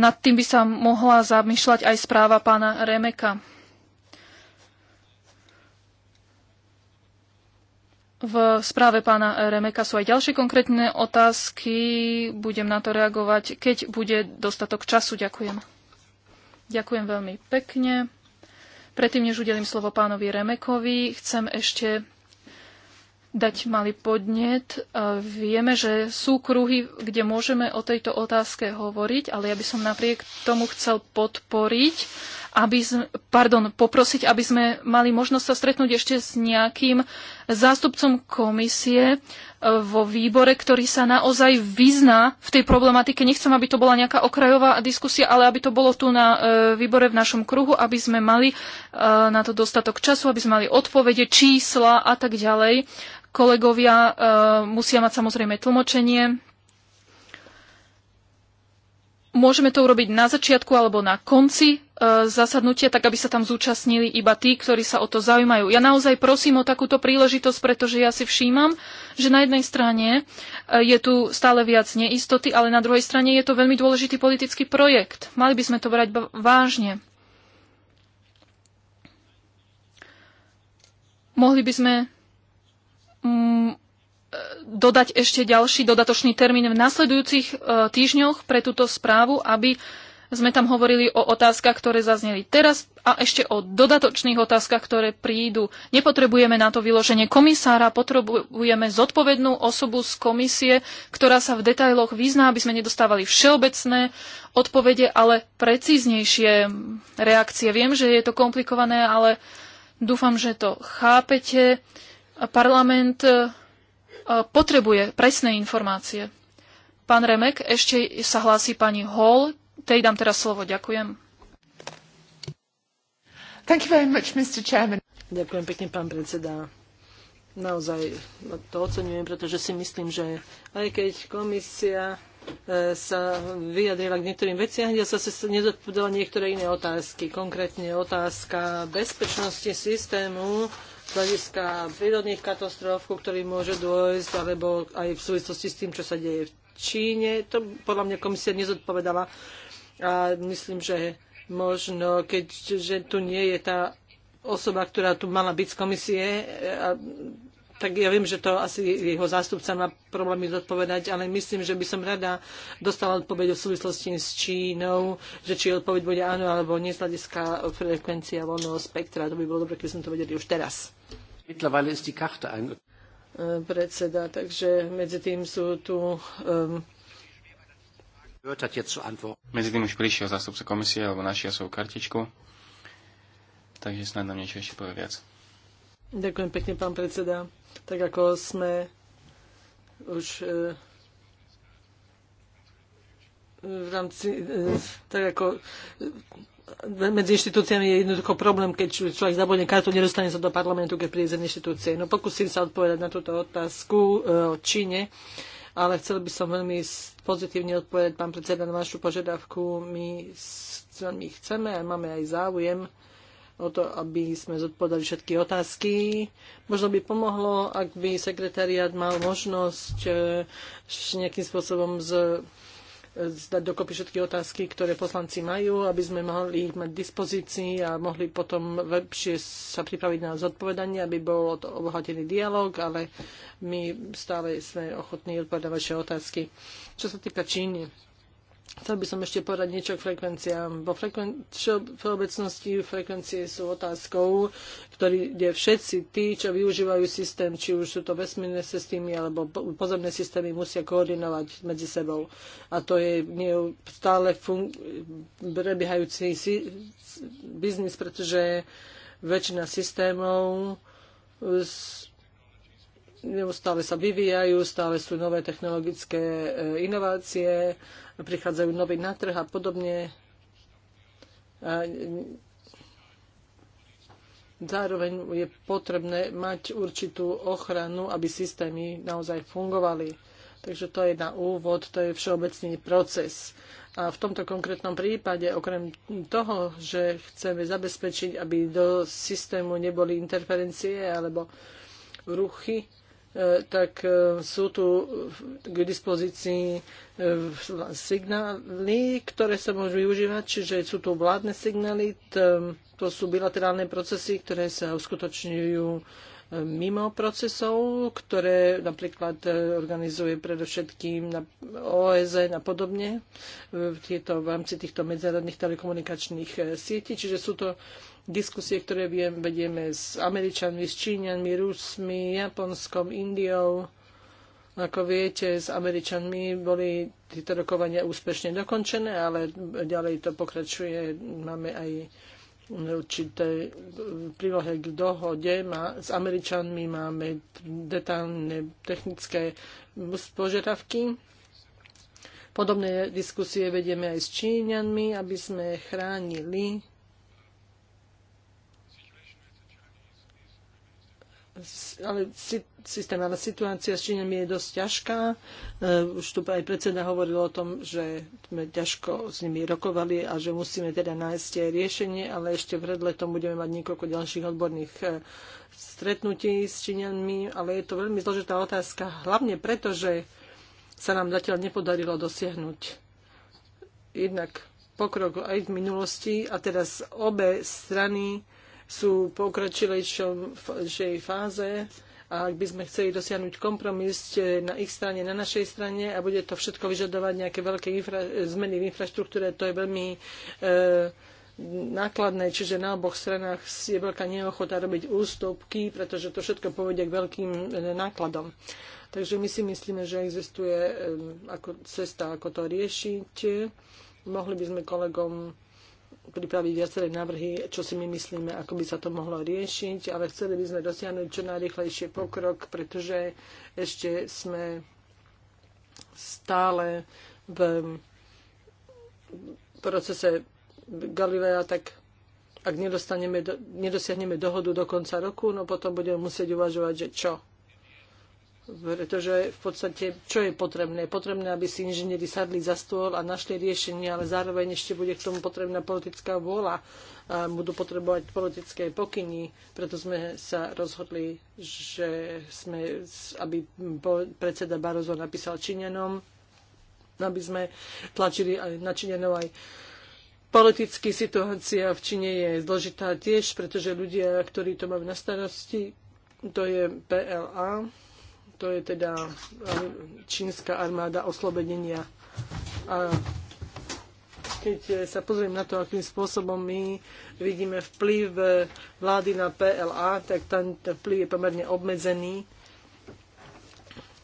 nad tým by sa mohla zamýšľať aj správa pána Remeka. V správe pána Remeka sú aj ďalšie konkrétne otázky. Budem na to reagovať, keď bude dostatok času. Ďakujem. Ďakujem veľmi pekne. Predtým, než udelím slovo pánovi Remekovi, chcem ešte dať malý podnet. E, vieme, že sú kruhy, kde môžeme o tejto otázke hovoriť, ale ja by som napriek tomu chcel podporiť, aby sme, pardon, poprosiť, aby sme mali možnosť sa stretnúť ešte s nejakým zástupcom komisie vo výbore, ktorý sa naozaj vyzná v tej problematike. Nechcem, aby to bola nejaká okrajová diskusia, ale aby to bolo tu na e, výbore v našom kruhu, aby sme mali e, na to dostatok času, aby sme mali odpovede, čísla a tak ďalej. Kolegovia e, musia mať samozrejme tlmočenie. Môžeme to urobiť na začiatku alebo na konci E, zasadnutie, tak aby sa tam zúčastnili iba tí, ktorí sa o to zaujímajú. Ja naozaj prosím o takúto príležitosť, pretože ja si všímam, že na jednej strane e, je tu stále viac neistoty, ale na druhej strane je to veľmi dôležitý politický projekt. Mali by sme to brať vážne. Mohli by sme mm, e, dodať ešte ďalší dodatočný termín v nasledujúcich týždňoch pre túto správu, aby sme tam hovorili o otázkach, ktoré zazneli teraz a ešte o dodatočných otázkach, ktoré prídu. Nepotrebujeme na to vyloženie komisára, potrebujeme zodpovednú osobu z komisie, ktorá sa v detailoch vyzná, aby sme nedostávali všeobecné odpovede, ale precíznejšie reakcie. Viem, že je to komplikované, ale dúfam, že to chápete. Parlament e, potrebuje presné informácie. Pán Remek, ešte sa hlási pani Hall, Tej dám teraz slovo. Ďakujem. Thank you very much, Mr. Chairman. Ďakujem pekne, pán predseda. Naozaj to oceňujem, pretože si myslím, že aj keď komisia e, sa vyjadrila k niektorým veciam, kde sa nezodpovedala niektoré iné otázky. Konkrétne otázka bezpečnosti systému z hľadiska prírodných katastrof, ku ktorým môže dôjsť, alebo aj v súvislosti s tým, čo sa deje v Číne. To podľa mňa komisia nezodpovedala a myslím, že možno, keďže tu nie je tá osoba, ktorá tu mala byť z komisie, e, a, tak ja viem, že to asi jeho zástupca má problémy zodpovedať, ale myslím, že by som rada dostala odpoveď o súvislosti s Čínou, že či odpoveď bude áno alebo nie z hľadiska frekvencia voľného spektra. To by bolo dobre, keby sme to vedeli už teraz. Predseda, takže medzi tým sú tu um, medzi tým už prišiel zástupca komisie alebo našia svoju kartičku, takže snad nám niečo ešte povie viac. Ďakujem pekne, pán predseda. Tak ako sme už e, v rámci, e, tak ako e, medzi inštitúciami je jednoducho problém, keď človek zabudne kartu, nedostane sa do parlamentu, keď príde z inštitúcie. No pokúsim sa odpovedať na túto otázku o Číne ale chcel by som veľmi pozitívne odpovedať, pán predseda, na vašu požiadavku. My, my chceme a máme aj záujem o to, aby sme zodpovedali všetky otázky. Možno by pomohlo, ak by sekretariat mal možnosť eh, nejakým spôsobom z zdať dokopy všetky otázky, ktoré poslanci majú, aby sme mohli ich mať v dispozícii a mohli potom lepšie sa pripraviť na zodpovedanie, aby bol to obohatený dialog, ale my stále sme ochotní odpovedať vaše otázky. Čo sa týka Číny, Chcel by som ešte povedať niečo k frekvenciám. Vo frekven- obecnosti frekvencie sú otázkou, ktorý kde všetci tí, čo využívajú systém, či už sú to vesmírne systémy alebo pozemné systémy, musia koordinovať medzi sebou. A to je stále fun- prebiehajúci si- biznis, pretože väčšina systémov neustále sa vyvíjajú, stále sú nové technologické e, inovácie, prichádzajú nový na trh a podobne. zároveň je potrebné mať určitú ochranu, aby systémy naozaj fungovali. Takže to je na úvod, to je všeobecný proces. A v tomto konkrétnom prípade, okrem toho, že chceme zabezpečiť, aby do systému neboli interferencie alebo ruchy, tak e, sú tu k dispozícii e, signály, ktoré sa môžu využívať, čiže sú tu vládne signály, to sú bilaterálne procesy, ktoré sa uskutočňujú mimo procesov, ktoré napríklad e, organizuje predovšetkým na OSN e a podobne e, tieto, v rámci týchto medzinárodných telekomunikačných sietí. Čiže sú to diskusie, ktoré viem, vedieme s Američanmi, s Číňanmi, Rusmi, Japonskom, Indiou. Ako viete, s Američanmi boli tieto rokovania úspešne dokončené, ale ďalej to pokračuje. Máme aj určité eh, prílohe k dohode. Má, s Američanmi máme detálne technické požiadavky. Podobné diskusie vedieme aj s Číňanmi, aby sme chránili ale, systém, ale situácia s Číňami je dosť ťažká. E, už tu aj predseda hovoril o tom, že sme ťažko s nimi rokovali a že musíme teda nájsť riešenie, ale ešte v redle budeme mať niekoľko ďalších odborných e, stretnutí s Číňanmi, ale je to veľmi zložitá otázka, hlavne preto, že sa nám zatiaľ nepodarilo dosiahnuť jednak pokrok aj v minulosti a teraz obe strany sú pokročilejšej fáze a ak by sme chceli dosiahnuť kompromis e, na ich strane, na našej strane a bude to všetko vyžadovať nejaké veľké infra- zmeny v infraštruktúre, to je veľmi e, nákladné, čiže na oboch stranách je veľká neochota robiť ústupky, pretože to všetko povedie k veľkým e, nákladom. Takže my si myslíme, že existuje e, ako cesta, ako to riešiť. Mohli by sme kolegom pripraviť viaceré návrhy, čo si my myslíme, ako by sa to mohlo riešiť, ale chceli by sme dosiahnuť čo najrychlejšie pokrok, pretože ešte sme stále v procese Galilea, tak ak nedosiahneme dohodu do konca roku, no potom budeme musieť uvažovať, že čo pretože v podstate čo je potrebné? Potrebné, aby si inžinieri sadli za stôl a našli riešenie, ale zároveň ešte bude k tomu potrebná politická vôľa a budú potrebovať politické pokyny. Preto sme sa rozhodli, že sme, aby predseda Barozo napísal Číňanom, aby sme tlačili aj na Číňanov aj politicky situácia v Číne je zložitá tiež, pretože ľudia, ktorí to majú na starosti, to je PLA, to je teda eh, čínska armáda oslobodenia. A keď eh, sa pozriem na to, akým spôsobom my vidíme vplyv eh, vlády na PLA, tak ten vplyv je pomerne obmedzený.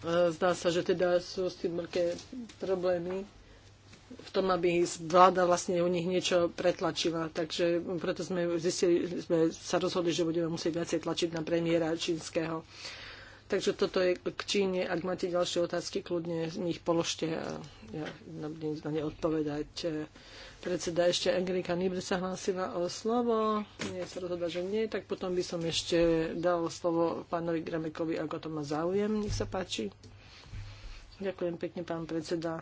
Zdá sa, že teda sú s tým veľké problémy v tom, aby vláda vlastne u nich niečo pretlačila. Takže preto sme, zistili, sme sa rozhodli, že budeme musieť viacej tlačiť na premiéra čínskeho. Uh, Takže toto je k Číne. Ak máte ďalšie otázky, kľudne ich položte a ja budem na ne odpovedať. Predseda ešte Angelika Nibr sa hlásila o slovo. Nie sa rozhodla, že nie, tak potom by som ešte dal slovo pánovi Gramekovi, ako to má záujem. Nech sa páči. Ďakujem pekne, pán predseda.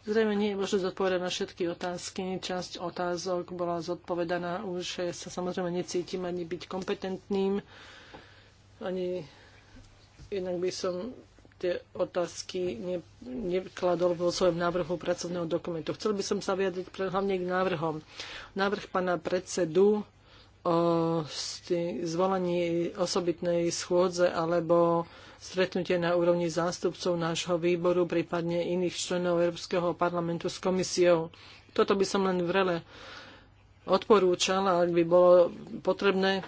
Zrejme nie je možné zodpovedať na všetky otázky. Časť otázok bola zodpovedaná už. Ja sa samozrejme necítim ani byť kompetentným, ani jednak by som tie otázky ne, nekladol vo svojom návrhu pracovného dokumentu. Chcel by som sa vyjadriť hlavne k návrhom. Návrh pána predsedu o zvolení osobitnej schôdze alebo stretnutie na úrovni zástupcov nášho výboru, prípadne iných členov Európskeho parlamentu s komisiou. Toto by som len vrele odporúčala, ak by bolo potrebné.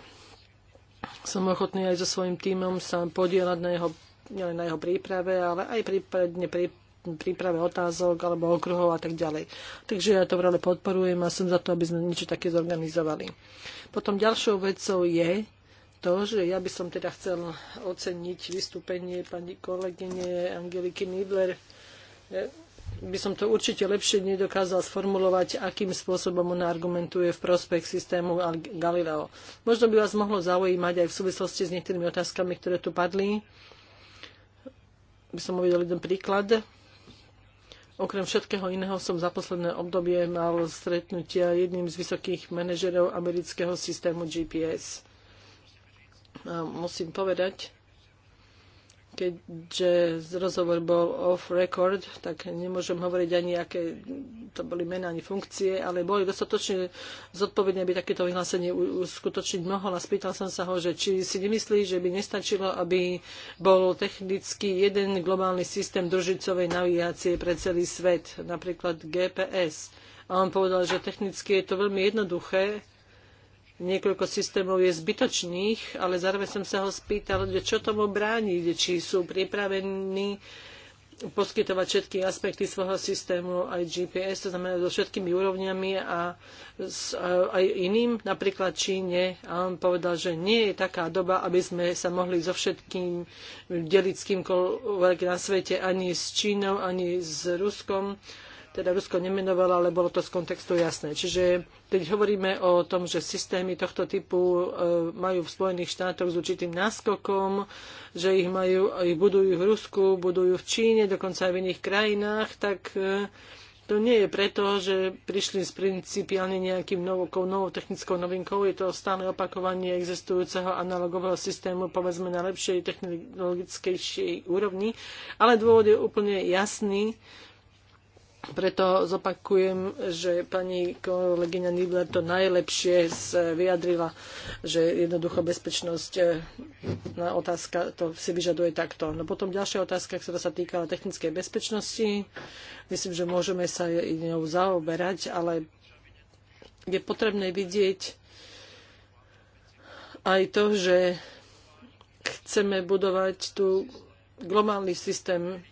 Som ochotný aj so svojím tímom sa podielať na jeho, nielen na jeho príprave, ale aj prípadne pri príprave otázok alebo okruhov a tak ďalej. Takže ja to veľmi podporujem a som za to, aby sme niečo také zorganizovali. Potom ďalšou vecou je, to, že ja by som teda chcel oceniť vystúpenie pani kolegyne Angeliky Nibler. By som to určite lepšie nedokázal sformulovať, akým spôsobom ona argumentuje v prospech systému Galileo. Možno by vás mohlo zaujímať aj v súvislosti s niektorými otázkami, ktoré tu padli. By som uvedel jeden príklad. Okrem všetkého iného som za posledné obdobie mal stretnutia jedným z vysokých manažerov amerického systému GPS. A musím povedať, keďže rozhovor bol off record, tak nemôžem hovoriť ani, aké to boli mená, ani funkcie, ale boli dostatočne zodpovedné, aby takéto vyhlásenie uskutočniť mohol. A spýtal som sa ho, že či si nemyslí, že by nestačilo, aby bol technicky jeden globálny systém družicovej navigácie pre celý svet, napríklad GPS. A on povedal, že technicky je to veľmi jednoduché, niekoľko systémov je zbytočných, ale zároveň som sa ho spýtal, čo tomu bráni, či sú pripravení poskytovať všetky aspekty svojho systému, aj GPS, to znamená so všetkými úrovňami a s, aj iným, napríklad Číne. A on povedal, že nie je taká doba, aby sme sa mohli so všetkým deliť s kýmkoľvek na svete, ani s Čínou, ani s Ruskom teda Rusko nemenovalo, ale bolo to z kontextu jasné. Čiže keď hovoríme o tom, že systémy tohto typu e, majú v Spojených štátoch s určitým náskokom, že ich, majú, ich budujú v Rusku, budujú v Číne, dokonca aj v iných krajinách, tak e, to nie je preto, že prišli s principiálne nejakým novokou, novou technickou novinkou. Je to stále opakovanie existujúceho analogového systému, povedzme na lepšej technologickejšej úrovni. Ale dôvod je úplne jasný, preto zopakujem, že pani kolegyňa Nibler to najlepšie vyjadrila, že jednoducho bezpečnosť eh, na otázka to si vyžaduje takto. No potom ďalšia otázka, ktorá sa týkala technickej bezpečnosti. Myslím, že môžeme sa ňou zaoberať, ale je potrebné vidieť aj to, že chceme budovať tu globálny systém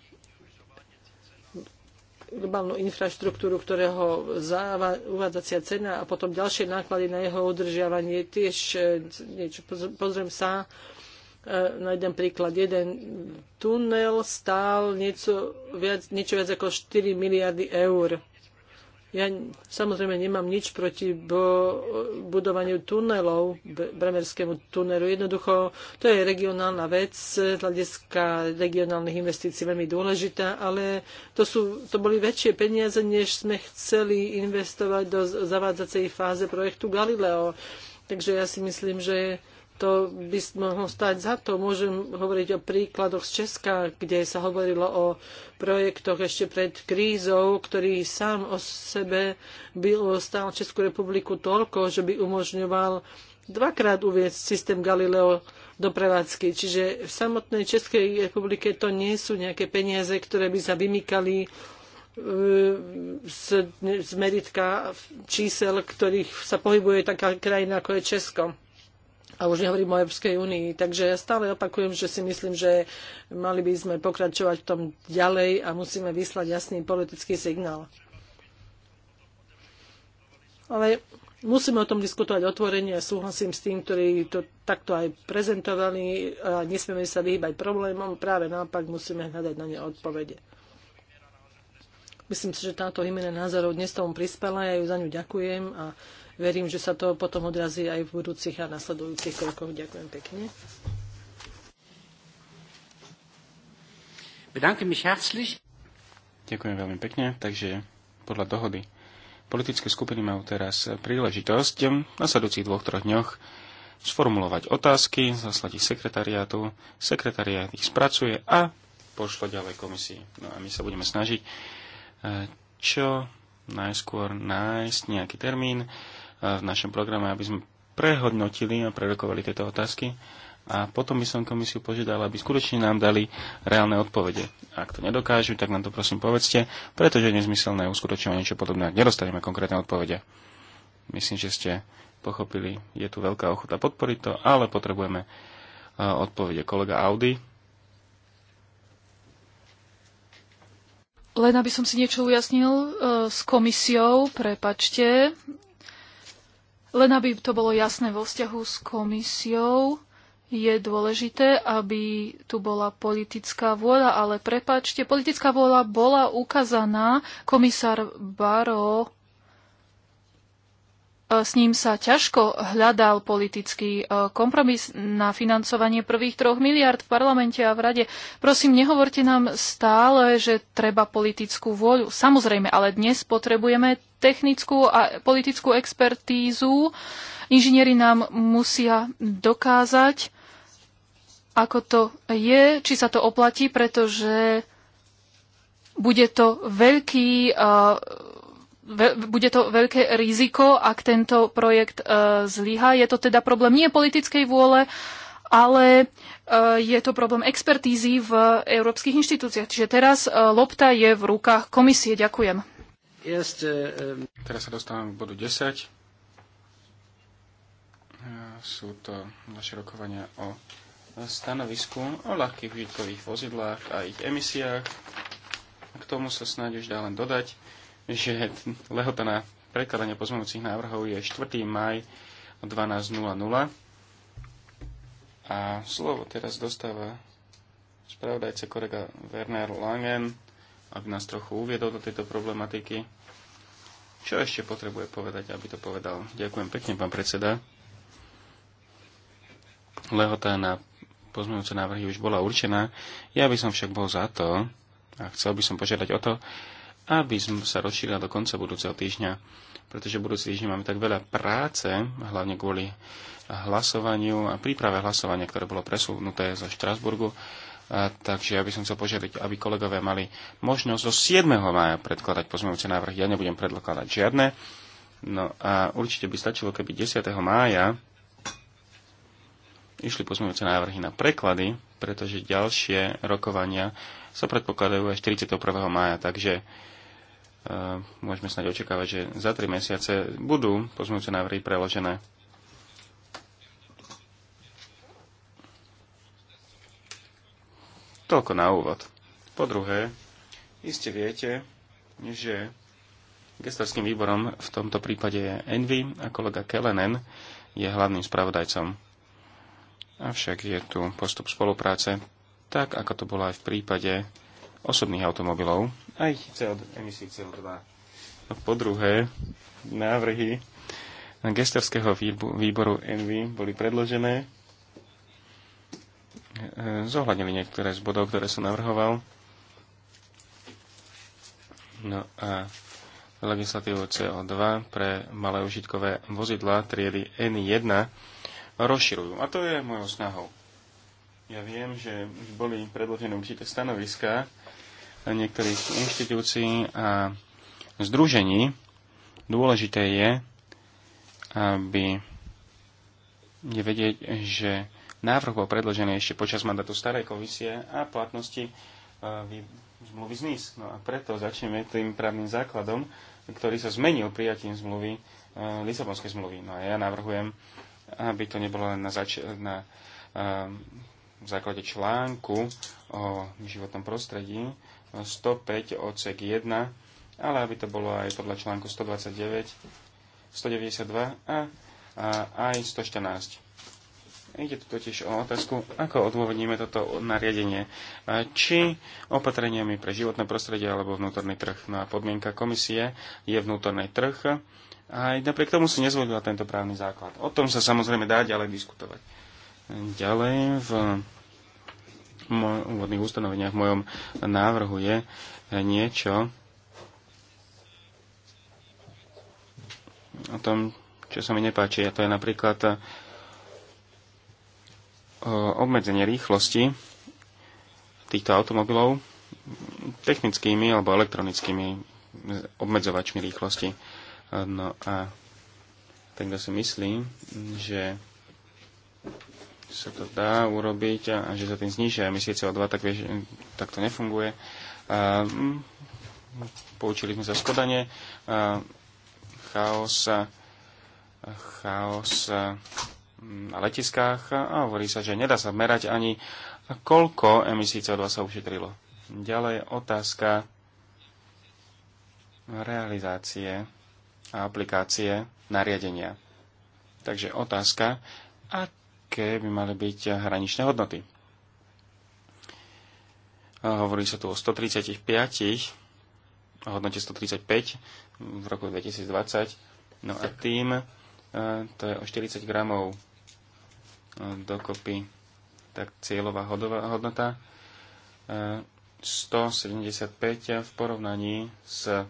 globálnu infraštruktúru, ktorého uvádzacia cena a potom ďalšie náklady na jeho udržiavanie tiež e, niečo. Pozriem sa e, na jeden príklad. Jeden tunel stál niečo viac, niečo viac ako 4 miliardy eur. Ja samozrejme nemám nič proti budovaniu tunelov, bremerskému tunelu. Jednoducho, to je regionálna vec, z hľadiska regionálnych investícií veľmi dôležitá, ale to, sú, to boli väčšie peniaze, než sme chceli investovať do zavádzacej fáze projektu Galileo. Takže ja si myslím, že to by mohlo stať za to. Môžem hovoriť o príkladoch z Česka, kde sa hovorilo o projektoch ešte pred krízou, ktorý sám o sebe by stal Českú republiku toľko, že by umožňoval dvakrát uviec systém Galileo do prevádzky. Čiže v samotnej Českej republike to nie sú nejaké peniaze, ktoré by sa vymykali e, z, z meritka čísel, ktorých sa pohybuje taká krajina ako je Česko. A už nehovorím o Európskej únii. Takže ja stále opakujem, že si myslím, že mali by sme pokračovať v tom ďalej a musíme vyslať jasný politický signál. Ale musíme o tom diskutovať otvorene a súhlasím s tým, ktorí to takto aj prezentovali a nesmieme sa vyhýbať problémom, práve naopak musíme hľadať na ne odpovede. Myslím si, že táto výmena názorov dnes tomu prispela, ja ju za ňu ďakujem a verím, že sa to potom odrazí aj v budúcich a nasledujúcich krokoch. Ďakujem pekne. Ďakujem veľmi pekne. Takže podľa dohody politické skupiny majú teraz príležitosť v nasledujúcich dvoch, troch dňoch sformulovať otázky, zaslať ich sekretariátu, sekretariát ich spracuje a pošlo ďalej komisii. No a my sa budeme snažiť eh, čo najskôr nájsť nejaký termín, v našom programe, aby sme prehodnotili a prerokovali tieto otázky a potom by som komisiu požiadal, aby skutočne nám dali reálne odpovede. Ak to nedokážu, tak nám to prosím povedzte, pretože je nezmyselné uskutočňovať niečo podobné, ak nedostaneme konkrétne odpovede. Myslím, že ste pochopili, je tu veľká ochota podporiť to, ale potrebujeme e, odpovede. Kolega Audi. Len aby som si niečo ujasnil e, s komisiou, prepačte, len aby to bolo jasné vo vzťahu s komisiou, je dôležité, aby tu bola politická vôľa, ale prepáčte, politická vôľa bola ukázaná. Komisár Baro s ním sa ťažko hľadal politický e, kompromis na financovanie prvých troch miliard v parlamente a v rade. Prosím, nehovorte nám stále, že treba politickú vôľu. Samozrejme, ale dnes potrebujeme technickú a politickú expertízu. Inžinieri nám musia dokázať, ako to je, či sa to oplatí, pretože bude to veľký uh, bude to veľké riziko, ak tento projekt e, zlyha. Je to teda problém nie politickej vôle, ale e, je to problém expertízy v európskych inštitúciách. Čiže teraz e, lopta je v rukách komisie. Ďakujem. Uh, um, teraz sa dostávam k bodu 10. Sú to naše rokovania o stanovisku o ľahkých užitkových vozidlách a ich emisiách. K tomu sa snáď už dá len dodať, že lehota na prekladanie pozmeňujúcich návrhov je 4. maj 12.00. A slovo teraz dostáva spravodajca kolega Werner Langen, aby nás trochu uviedol do tejto problematiky. Čo ešte potrebuje povedať, aby to povedal? Ďakujem pekne, pán predseda. Lehota na pozmeňujúce návrhy už bola určená. Ja by som však bol za to, a chcel by som požiadať o to, aby sa rozšírila do konca budúceho týždňa, pretože budúci týždeň máme tak veľa práce, hlavne kvôli hlasovaniu a príprave hlasovania, ktoré bolo presunuté zo Štrasburgu. A, takže ja by som chcel požiadať, aby kolegové mali možnosť do 7. mája predkladať pozmeňujúce návrhy. Ja nebudem predkladať žiadne. No a určite by stačilo, keby 10. mája išli pozmeňujúce návrhy na preklady, pretože ďalšie rokovania sa predpokladajú až 31. mája. Takže môžeme snáď očakávať, že za tri mesiace budú pozmúce návrhy preložené. Toľko na úvod. Po druhé, iste viete, že gestorským výborom v tomto prípade je Envy a kolega Kelenen je hlavným spravodajcom. Avšak je tu postup spolupráce, tak ako to bolo aj v prípade osobných automobilov aj CO2, emisí CO2. A po druhé, návrhy gestorského výboru ENVY boli predložené, e, zohľadnili niektoré z bodov, ktoré som navrhoval. No a legislatívu CO2 pre malé užitkové vozidlá triedy N1 rozširujú. A to je mojou snahou. Ja viem, že boli predložené určité stanoviská niektorých inštitúcií a združení. Dôležité je, aby je vedieť, že návrh bol predložený ešte počas mandátu starej komisie a platnosti e, zmluvy z NIS. No a preto začneme tým právnym základom, ktorý sa zmenil prijatím zmluvy, e, Lisabonskej zmluvy. No a ja navrhujem, aby to nebolo len na, zač- na um, základe článku o životnom prostredí, 105 odsek 1, ale aby to bolo aj podľa článku 129, 192 a, a aj 114. Ide tu totiž o otázku, ako odôvodníme toto nariadenie. Či opatreniami pre životné prostredie alebo vnútorný trh. No a podmienka komisie je vnútorný trh. Aj napriek tomu si nezvolila tento právny základ. O tom sa samozrejme dá ďalej diskutovať. Ďalej v úvodných ustanoveniach v mojom návrhu je eh, niečo o tom, čo sa mi nepáči. A to je napríklad eh, obmedzenie rýchlosti týchto automobilov technickými alebo elektronickými eh, obmedzovačmi rýchlosti. No a tak, si myslím, že sa to dá urobiť a, a že sa tým znižia emisie CO2, tak, vieš, tak to nefunguje. A, m, mm, poučili sme sa skodanie, a, chaos, a, chaos a, mm, na letiskách a hovorí sa, že nedá sa merať ani koľko emisí CO2 sa ušetrilo. Ďalej otázka realizácie a aplikácie nariadenia. Takže otázka, aké by mali byť hraničné hodnoty. Hovorí sa tu o 135, o hodnote 135 v roku 2020. No a tým e, to je o 40 gramov e, dokopy tak cieľová hodnota 175 e, v porovnaní s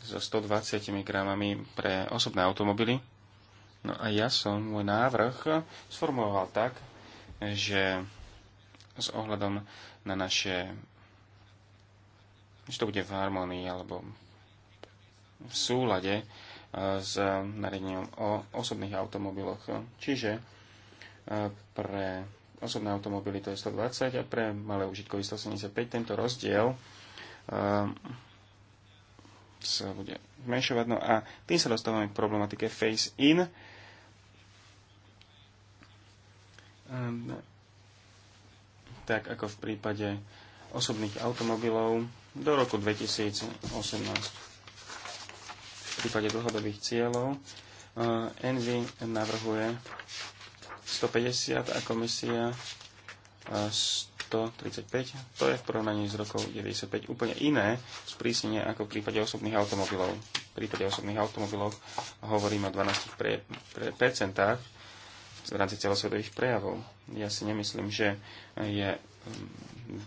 so 120 gramami pre osobné automobily. No a ja som môj návrh sformuloval tak, že s ohľadom na naše, že to bude v harmonii alebo v súlade e, s nariadením o osobných automobiloch. Čiže e, pre osobné automobily to je 120 a pre malé užitkové 175. Tento rozdiel e, sa bude zmenšovať. No a tým sa dostávame k problematike face-in, Ehm, tak ako v prípade osobných automobilov do roku 2018. V prípade dlhodobých cieľov eh, Envy navrhuje 150 a komisia 135. Eh, to je v porovnaní s rokov 95 úplne iné sprísnenie ako v prípade osobných automobilov. V prípade osobných automobilov hovoríme o 12 percentách, v rámci celosvetových prejavov. Ja si nemyslím, že je mm,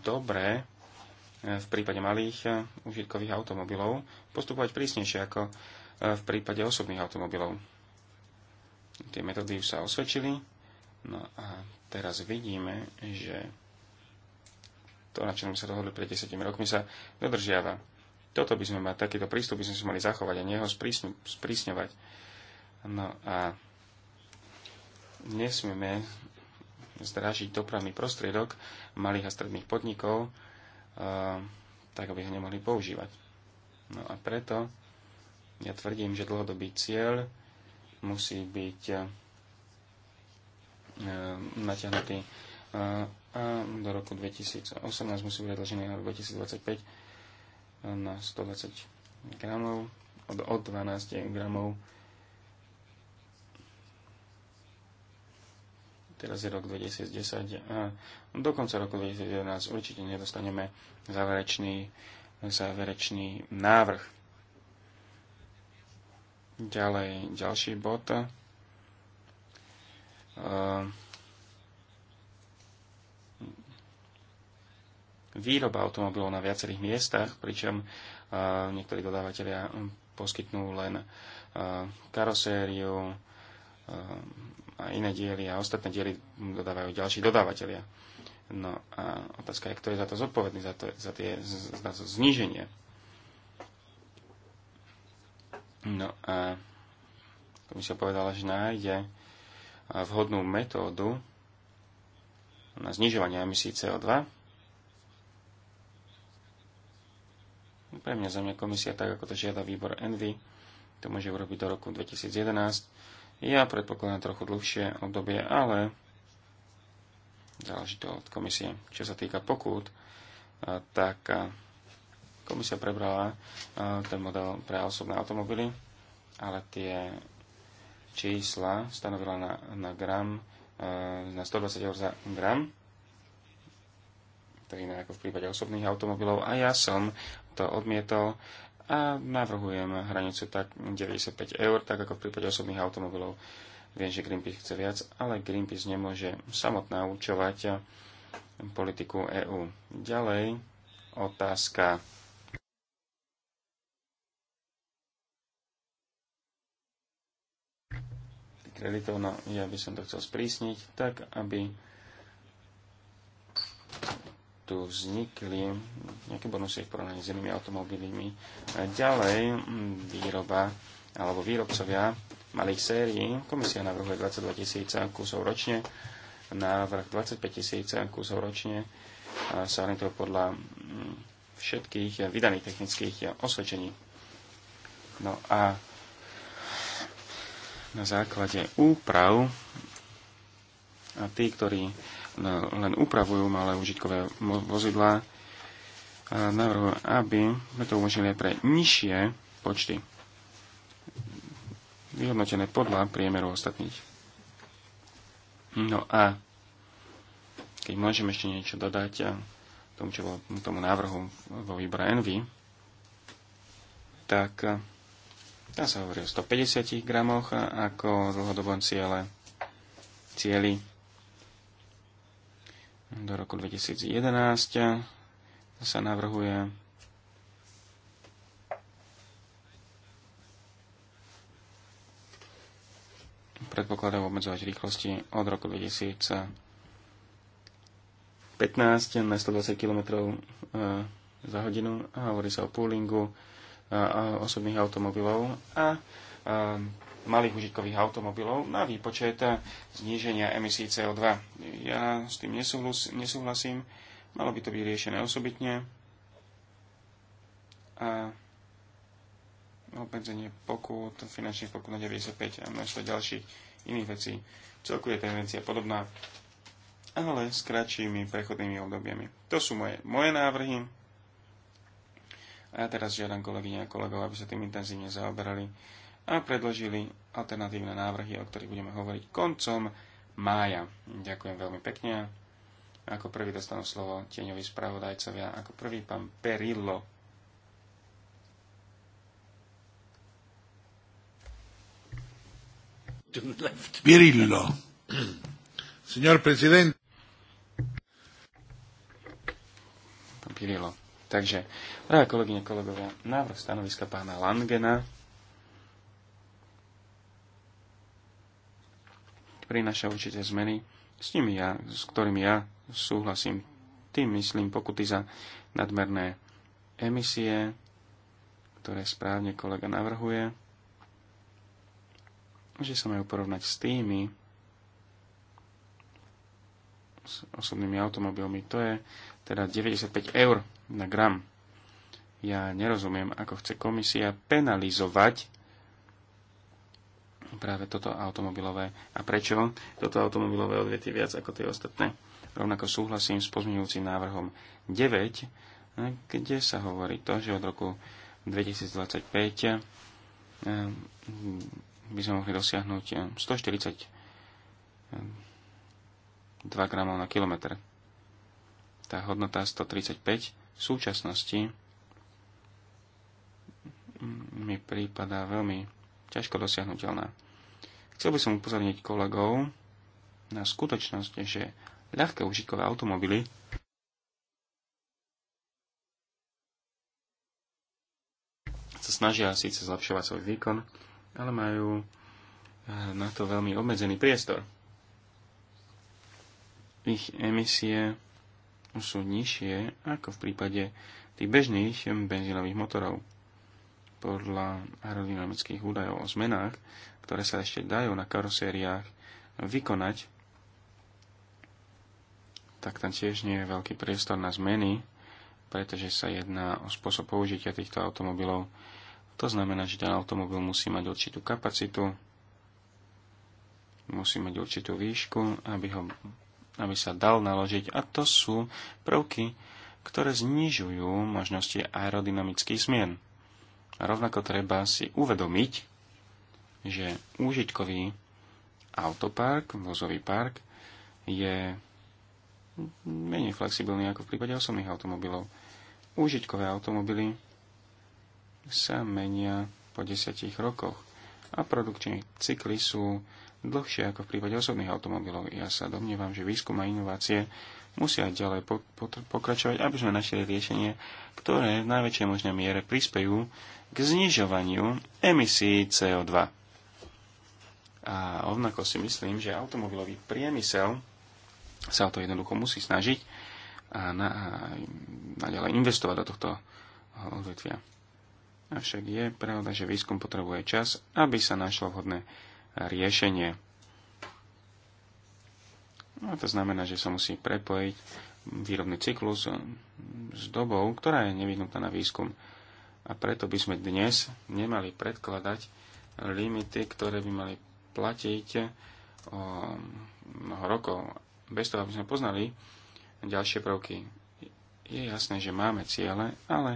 dobré eh, v prípade malých eh, užitkových automobilov postupovať prísnejšie ako eh, v prípade osobných automobilov. Tie metódy už sa osvedčili, no a teraz vidíme, že to, na čom sa dohodli pred 10 rokmi, sa dodržiava. Toto by sme mali, takýto prístup by sme si mali zachovať a neho sprísňovať. No a nesmieme zdražiť dopravný prostriedok malých a stredných podnikov, eh, tak aby ho nemohli používať. No a preto ja tvrdím, že dlhodobý cieľ musí byť eh, natiahnutý eh, a do roku 2018 musí byť odložený na rok 2025 na 120 gramov, od, od 12 gramov teraz je rok 2010 a do konca roku 2011 určite nedostaneme záverečný, záverečný návrh. Ďalej, ďalší bod. E, výroba automobilov na viacerých miestach, pričom e, niektorí dodávateľia poskytnú len e, karosériu, a iné diely a ostatné diely dodávajú ďalší dodávateľia. No a otázka je, kto je za to zodpovedný, za, to, za tie za to zníženie. No a komisia povedala, že nájde vhodnú metódu na znižovanie emisí CO2. Pre mňa za mňa komisia, tak ako to žiada výbor Envy, to môže urobiť do roku 2011, ja predpokladám trochu dlhšie obdobie, ale záleží to od komisie. Čo sa týka pokút, tak komisia prebrala ten model pre osobné automobily, ale tie čísla stanovila na, na gram, na 120 eur za gram, to iné ako v prípade osobných automobilov a ja som to odmietol a navrhujem hranicu tak 95 eur, tak ako v prípade osobných automobilov. Viem, že Greenpeace chce viac, ale Greenpeace nemôže samotná určovať politiku EÚ. Ďalej otázka kreditov, no ja by som to chcel sprísniť, tak aby tu vznikli nejaké bonusy v porovnaní s inými automobilmi. Ďalej mm, výroba alebo výrobcovia malých sérií. Komisia navrhuje 22 tisíc kusov ročne, návrh 25 tisíc kusov ročne sa orientuje podľa mm, všetkých vydaných technických osvedčení. No a na základe úprav a tí, ktorí No, len upravujú malé užitkové vozidlá. Navrhujú, aby sme to umožnili pre nižšie počty, vyhodnotené podľa priemeru ostatných. No a keď môžem ešte niečo dodať eh, tomu, čo bolo tomu návrhu vo výbore Envy, tak eh, tam sa hovorí o 150 gramoch ako dlhodobom ciele, cieli do roku 2011 sa navrhuje predpokladov obmedzovať rýchlosti od roku 2015 na 120 km e, za hodinu a hovorí sa o poolingu e, osobných automobilov a malých užitkových automobilov na výpočet zníženia emisí CO2. Ja s tým nesúhlasím. Malo by to byť riešené osobitne. A obmedzenie pokút, finančných pokút na 95 a množstvo ďalších iných vecí. Celku je tendencia podobná, ale s kratšími prechodnými obdobiami. To sú moje, moje návrhy. A ja teraz žiadam kolegyne a kolegov, aby sa tým intenzívne zaoberali a predložili alternatívne návrhy, o ktorých budeme hovoriť koncom mája. Ďakujem veľmi pekne. Ako prvý dostanú slovo tieňoví spravodajcovia, ako prvý pán Perillo. Perillo. Signor Presidente. Pán Perillo. Takže, drahé kolegyne, kolegovia, návrh stanoviska pána Langena prináša určité zmeny, s, nimi ja, s ktorými ja súhlasím. Tým myslím pokuty za nadmerné emisie, ktoré správne kolega navrhuje, že sa majú porovnať s tými s osobnými automobilmi. To je teda 95 eur na gram. Ja nerozumiem, ako chce komisia penalizovať práve toto automobilové a prečo toto automobilové odvetie viac ako tie ostatné. Rovnako súhlasím s pozmeňujúcim návrhom 9, kde sa hovorí to, že od roku 2025 eh, by sme mohli dosiahnuť 142 eh, eh, gramov na kilometr. Tá hodnota 135 v súčasnosti mi prípada veľmi ťažko dosiahnutelná. Chcel by som upozorniť kolegov na skutočnosť, že ľahké užitkové automobily sa snažia síce zlepšovať svoj výkon, ale majú eh, na to veľmi obmedzený priestor. Ich emisie sú nižšie ako v prípade tých bežných benzínových motorov podľa aerodynamických údajov o zmenách, ktoré sa ešte dajú na karosériách vykonať, tak tam tiež nie je veľký priestor na zmeny, pretože sa jedná o spôsob použitia týchto automobilov. To znamená, že ten automobil musí mať určitú kapacitu, musí mať určitú výšku, aby, ho, aby sa dal naložiť. A to sú prvky, ktoré znižujú možnosti aerodynamických zmien. A rovnako treba si uvedomiť, že úžitkový autopark, vozový park, je menej flexibilný ako v prípade osobných automobilov. Úžitkové automobily sa menia po desiatich rokoch a produkčné cykly sú dlhšie ako v prípade osobných automobilov. Ja sa domnievam, že výskum a inovácie musia ďalej po, po, pokračovať, aby sme našli riešenie, ktoré v najväčšej možnej miere prispejú k znižovaniu emisí CO2. A rovnako si myslím, že automobilový priemysel sa o to jednoducho musí snažiť a, na, a naďalej investovať do tohto odvetvia. Avšak je pravda, že výskum potrebuje čas, aby sa našlo vhodné riešenie. No a to znamená, že sa musí prepojiť výrobný cyklus s dobou, ktorá je nevyhnutá na výskum. A preto by sme dnes nemali predkladať limity, ktoré by mali platiť o mnoho rokov, bez toho, aby sme poznali ďalšie prvky. Je jasné, že máme ciele, ale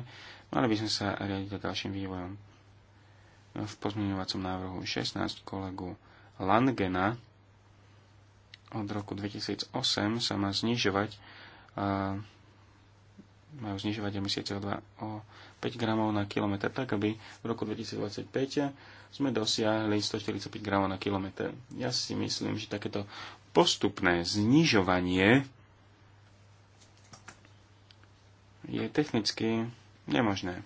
mali by sme sa riadiť ďalším vývojom v pozmeňovacom návrhu 16 kolegu Langena od roku 2008 sa má znižovať majú znižovať emisie CO2 o 5 gramov na kilometr, tak aby v roku 2025 sme dosiahli 145 gramov na kilometr. Ja si myslím, že takéto postupné znižovanie je technicky nemožné.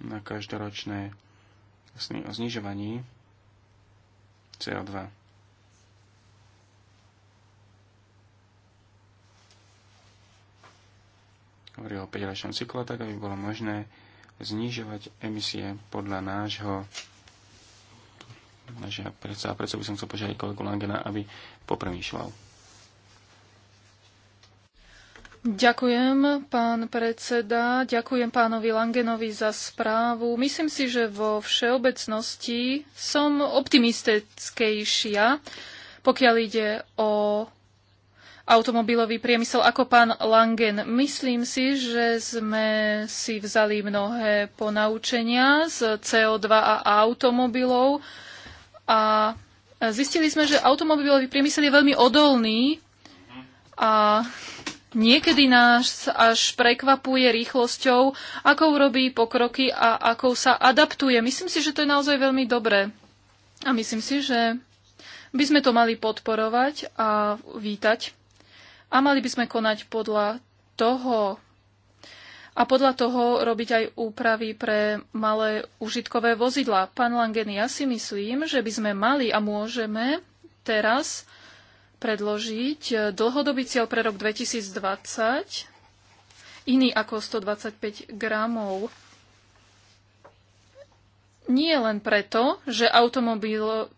na každoročné o znižovaní CO2. Hovorí o 5-ročnom cykle, tak aby bolo možné znižovať emisie podľa nášho Takže predsa, predsa by som chcel požiadať kolegu Langena, aby popremýšľal. Ďakujem, pán predseda. Ďakujem pánovi Langenovi za správu. Myslím si, že vo všeobecnosti som optimistickejšia, pokiaľ ide o automobilový priemysel ako pán Langen. Myslím si, že sme si vzali mnohé ponaučenia z CO2 a automobilov a zistili sme, že automobilový priemysel je veľmi odolný a Niekedy nás až prekvapuje rýchlosťou, ako urobí pokroky a ako sa adaptuje. Myslím si, že to je naozaj veľmi dobré. A myslím si, že by sme to mali podporovať a vítať. A mali by sme konať podľa toho a podľa toho robiť aj úpravy pre malé užitkové vozidla. Pán Langen, ja si myslím, že by sme mali a môžeme teraz predložiť e, dlhodobý cieľ pre rok 2020, iný ako 125 gramov. Nie len preto, že automobilový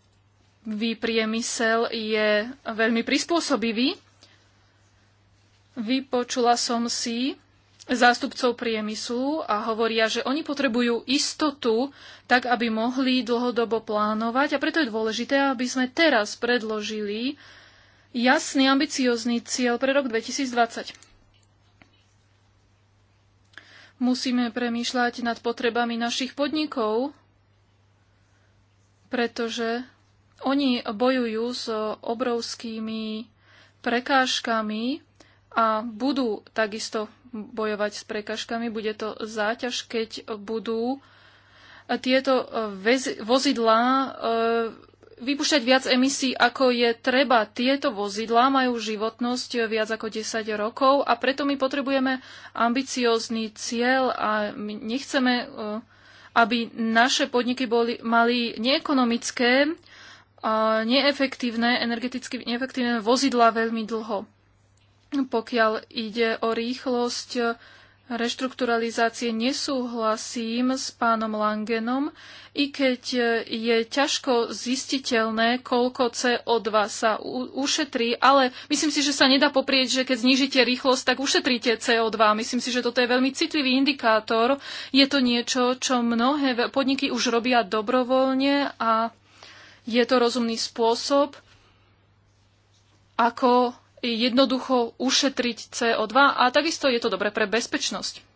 priemysel je veľmi prispôsobivý. Vypočula som si zástupcov priemyslu a hovoria, že oni potrebujú istotu, tak aby mohli dlhodobo plánovať a preto je dôležité, aby sme teraz predložili uh, jasný, ambiciózny cieľ pre rok 2020. Musíme premýšľať nad potrebami našich podnikov, pretože oni bojujú s obrovskými prekážkami a budú takisto bojovať s prekážkami. Bude to záťaž, keď budú tieto vozidlá e, vypúšťať viac emisí, ako je treba. Tieto vozidlá majú životnosť viac ako 10 rokov a preto my potrebujeme ambiciózny cieľ a my nechceme, eh, aby naše podniky boli, mali neekonomické, neefektívne, energeticky neefektívne vozidlá veľmi dlho. Pokiaľ ide o rýchlosť, reštrukturalizácie nesúhlasím s pánom Langenom, i keď je ťažko zistiteľné, koľko CO2 sa ušetrí, ale myslím si, že sa nedá poprieť, že keď znížite rýchlosť, tak ušetríte CO2. Myslím si, že toto je veľmi citlivý indikátor. Je to niečo, čo mnohé podniky už robia dobrovoľne a je to rozumný spôsob, ako jednoducho ušetriť CO2 a takisto je to dobre pre bezpečnosť.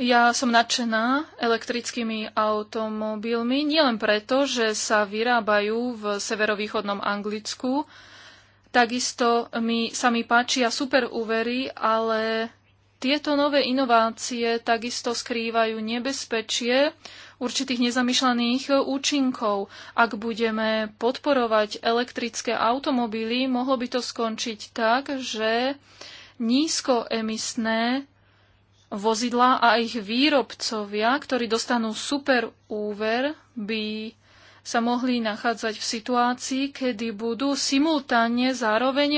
Ja som nadšená elektrickými automobilmi, nielen preto, že sa vyrábajú v severovýchodnom Anglicku, takisto mi, sa mi páčia super úvery, ale tieto nové inovácie takisto skrývajú nebezpečie určitých nezamýšľaných účinkov. Ak budeme podporovať elektrické automobily, mohlo by to skončiť tak, že nízkoemisné vozidlá a ich výrobcovia, ktorí dostanú super úver, by sa mohli nachádzať v situácii, kedy budú simultánne zároveň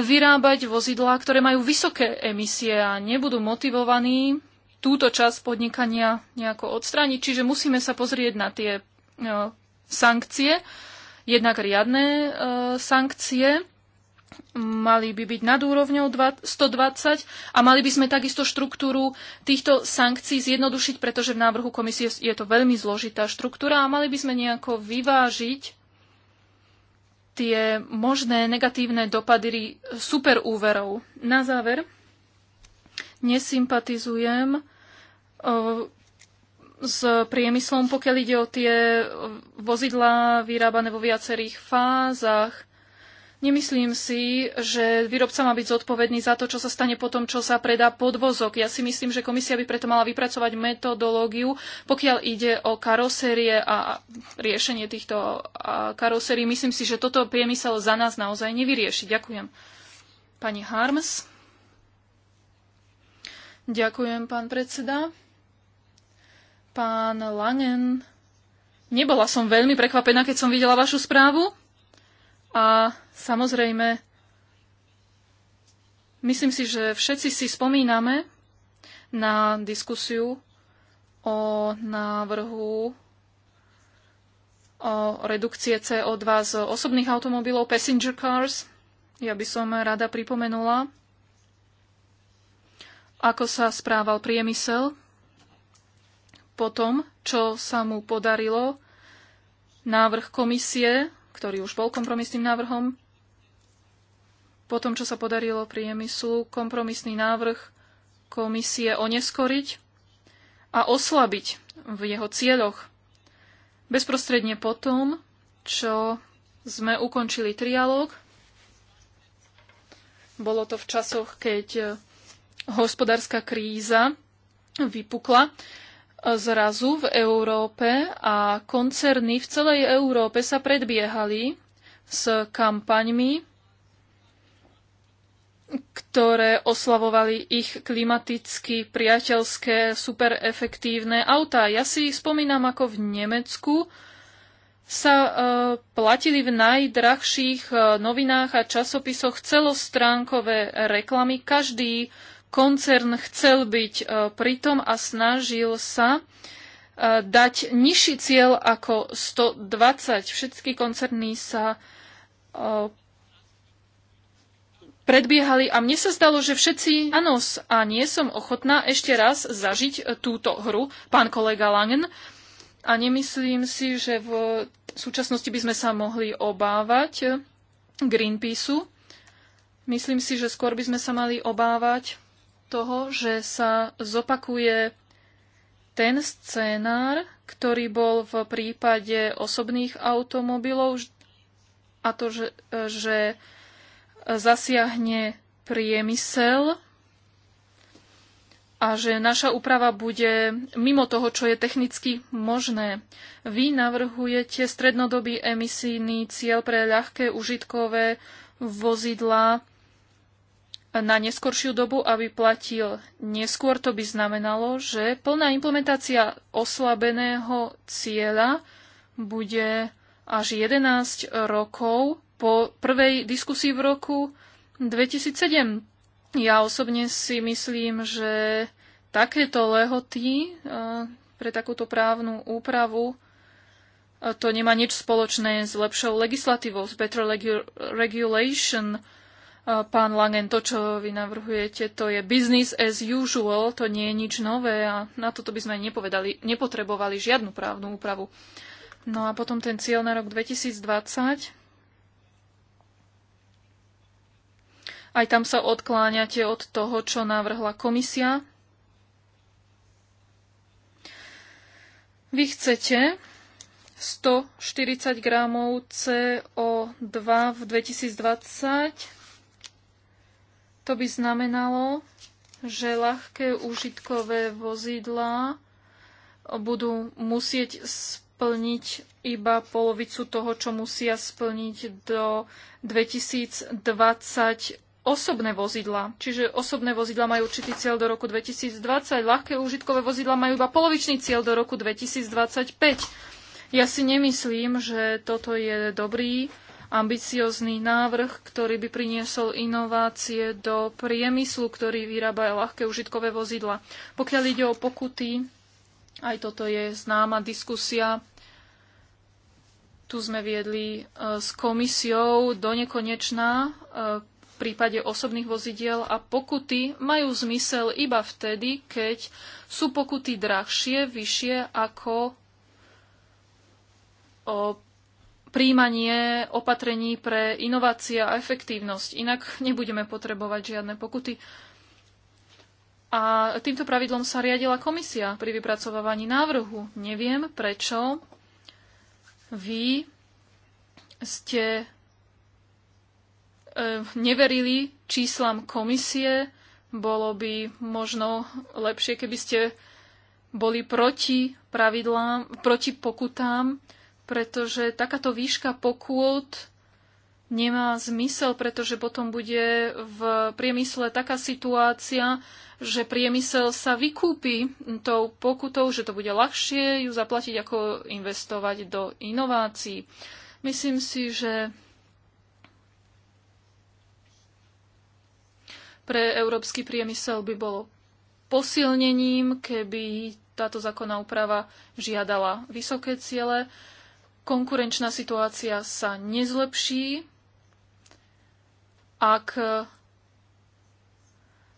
vyrábať vozidlá, ktoré majú vysoké emisie a nebudú motivovaní túto časť podnikania nejako odstrániť. Čiže musíme sa pozrieť na tie e, sankcie, jednak riadne e, sankcie, mali by byť nad úrovňou 120 a mali by sme takisto štruktúru týchto sankcií zjednodušiť, pretože v návrhu komisie je to veľmi zložitá štruktúra a mali by sme nejako vyvážiť tie možné negatívne dopady superúverov. Na záver, nesympatizujem e, s priemyslom, pokiaľ ide o tie vozidlá vyrábané vo viacerých fázach. Nemyslím si, že výrobca má byť zodpovedný za to, čo sa stane potom, čo sa predá podvozok. Ja si myslím, že komisia by preto mala vypracovať metodológiu, pokiaľ ide o karosérie a riešenie týchto karosérií. Myslím si, že toto priemysel za nás naozaj nevyrieši. Ďakujem. Pani Harms. Ďakujem, pán predseda. Pán Langen. Nebola som veľmi prekvapená, keď som videla vašu správu. A samozrejme, myslím si, že všetci si spomíname na diskusiu o návrhu o redukcie CO2 z osobných automobilov, passenger cars. Ja by som rada pripomenula, ako sa správal priemysel po tom, čo sa mu podarilo návrh komisie ktorý už bol kompromisným návrhom. Po tom, čo sa podarilo priemyslu, kompromisný návrh komisie oneskoriť a oslabiť v jeho cieľoch. Bezprostredne po tom, čo sme ukončili trialóg, bolo to v časoch, keď hospodárska kríza vypukla zrazu v Európe a koncerny v celej Európe sa predbiehali s kampaňmi, ktoré oslavovali ich klimaticky priateľské, superefektívne autá. Ja si spomínam, ako v Nemecku sa e, platili v najdrahších e, novinách a časopisoch celostránkové reklamy. Každý koncern chcel byť e, pritom a snažil sa e, dať nižší cieľ ako 120. Všetky koncerny sa e, predbiehali a mne sa zdalo, že všetci áno a nie som ochotná ešte raz zažiť túto hru, pán kolega Langen. A nemyslím si, že v súčasnosti by sme sa mohli obávať Greenpeaceu. Myslím si, že skôr by sme sa mali obávať toho, že sa zopakuje ten scénár, ktorý bol v prípade osobných automobilov a to, že, že zasiahne priemysel a že naša úprava bude mimo toho, čo je technicky možné. Vy navrhujete strednodobý emisijný cieľ pre ľahké užitkové vozidlá na neskoršiu dobu, aby platil neskôr, to by znamenalo, že plná implementácia oslabeného cieľa bude až 11 rokov po prvej diskusii v roku 2007. Ja osobne si myslím, že takéto lehoty e, pre takúto právnu úpravu e, to nemá nič spoločné s lepšou legislatívou, s better regulation, pán Langen, to, čo vy navrhujete, to je business as usual, to nie je nič nové a na toto by sme nepovedali, nepotrebovali žiadnu právnu úpravu. No a potom ten cieľ na rok 2020. Aj tam sa odkláňate od toho, čo navrhla komisia. Vy chcete 140 gramov CO2 v 2020 to by znamenalo, že ľahké užitkové vozidlá budú musieť splniť iba polovicu toho, čo musia splniť do 2020 osobné vozidla. Čiže osobné vozidla majú určitý cieľ do roku 2020, ľahké užitkové vozidla majú iba polovičný cieľ do roku 2025. Ja si nemyslím, že toto je dobrý ambiciózny návrh, ktorý by priniesol inovácie do priemyslu, ktorý vyrába ľahké užitkové vozidla. Pokiaľ ide o pokuty, aj toto je známa diskusia. Tu sme viedli e, s komisiou do nekonečná e, v prípade osobných vozidiel a pokuty majú zmysel iba vtedy, keď sú pokuty drahšie, vyššie ako príjmanie opatrení pre inovácia a efektívnosť. Inak nebudeme potrebovať žiadne pokuty. A týmto pravidlom sa riadila komisia pri vypracovávaní návrhu. Neviem, prečo vy ste e, neverili číslam komisie. Bolo by možno lepšie, keby ste boli proti pravidlám, proti pokutám, pretože takáto výška pokút nemá zmysel, pretože potom bude v priemysle taká situácia, že priemysel sa vykúpi tou pokutou, že to bude ľahšie ju zaplatiť, ako investovať do inovácií. Myslím si, že pre európsky priemysel by bolo posilnením, keby táto zákonná úprava žiadala vysoké ciele konkurenčná situácia sa nezlepší, ak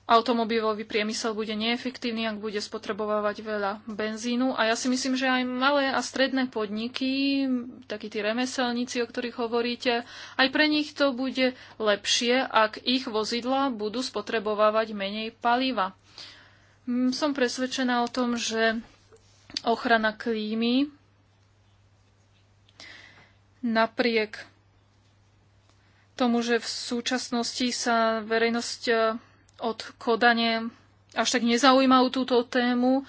automobilový priemysel bude neefektívny, ak bude spotrebovať veľa benzínu. A ja si myslím, že aj malé a stredné podniky, takí tí remeselníci, o ktorých hovoríte, aj pre nich to bude lepšie, ak ich vozidla budú spotrebovať menej paliva. Mm, som presvedčená o tom, že ochrana klímy napriek tomu, že v súčasnosti sa verejnosť e, od Kodane až tak nezaujíma o túto tému,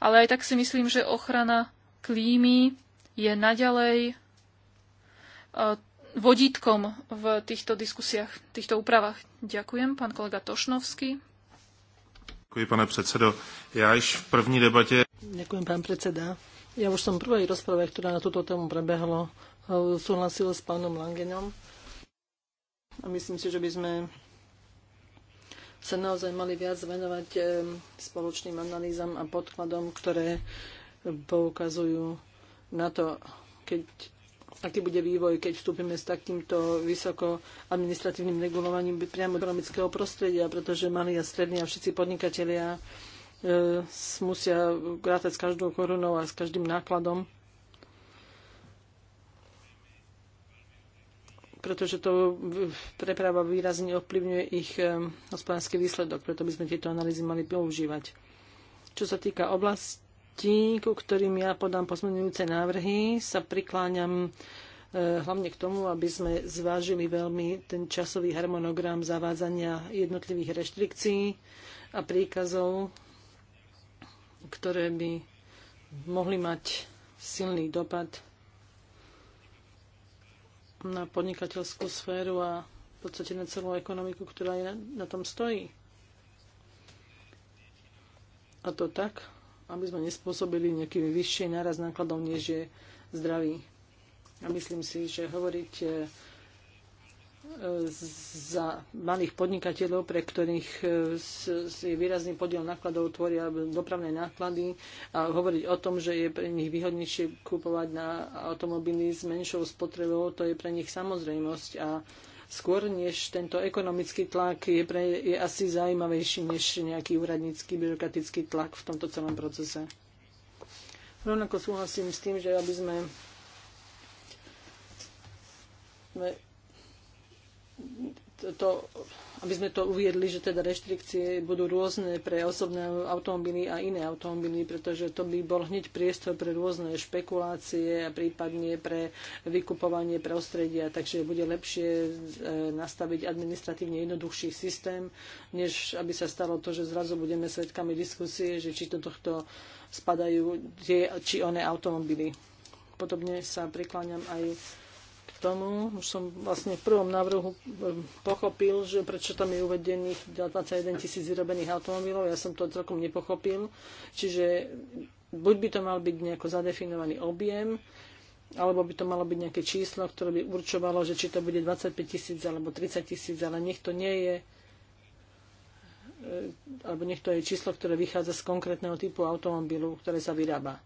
ale aj tak si myslím, že ochrana klímy je naďalej e, vodítkom v týchto diskusiách, týchto úpravách. Ďakujem, pán kolega Tošnovský. Ďakujem, pane predsedo. Ja iš v první debate... Ďakujem, pán predseda. Ja už som v prvej rozprave, ktorá na túto tému prebehlo, súhlasilo s pánom Langenom. A myslím si, že by sme sa naozaj mali viac venovať eh, spoločným analýzam a podkladom, ktoré poukazujú na to, keď, aký bude vývoj, keď vstúpime s takýmto vysoko administratívnym regulovaním priamo ekonomického prostredia, pretože mali a strední a všetci podnikatelia e, musia grátať s každou korunou a s každým nákladom. pretože to preprava výrazne ovplyvňuje ich hospodársky výsledok, preto by sme tieto analýzy mali používať. Čo sa týka oblastí, ku ktorým ja podám posmenujúce návrhy, sa prikláňam eh, hlavne k tomu, aby sme zvážili veľmi ten časový harmonogram zavádzania jednotlivých reštrikcií a príkazov, ktoré by mohli mať silný dopad na podnikateľskú sféru a v podstate na celú ekonomiku, ktorá je na, na tom stojí. A to tak, aby sme nespôsobili nejaký vyšší náraz nákladov, než je zdravý. A myslím si, že hovoríte. Eh, E, za malých podnikateľov, pre ktorých e, je výrazný podiel nákladov tvoria dopravné náklady a hovoriť o tom, že je pre nich výhodnejšie kupovať na automobily s menšou spotrebou, to je pre nich samozrejmosť a skôr než tento ekonomický tlak je, pre, je asi zaujímavejší než nejaký úradnícky byrokratický tlak v tomto celom procese. Rovnako súhlasím s tým, že aby sme to, aby sme to uviedli, že teda reštrikcie budú rôzne pre osobné automobily a iné automobily, pretože to by bol hneď priestor pre rôzne špekulácie a prípadne pre vykupovanie prostredia, takže bude lepšie e, nastaviť administratívne jednoduchší systém, než aby sa stalo to, že zrazu budeme svedkami diskusie, že či do tohto spadajú tie či oné automobily. Podobne sa prikláňam aj tomu, už som vlastne v prvom návrhu ehm, pochopil, že prečo tam je uvedených 21 tisíc vyrobených automobilov, ja som to celkom nepochopil. Čiže buď by to mal byť nejako zadefinovaný objem, alebo by to malo byť nejaké číslo, ktoré by určovalo, že či to bude 25 tisíc alebo 30 tisíc, ale nech to nie je ehm, alebo nech to je číslo, ktoré vychádza z konkrétneho typu automobilu, ktoré sa vyrába.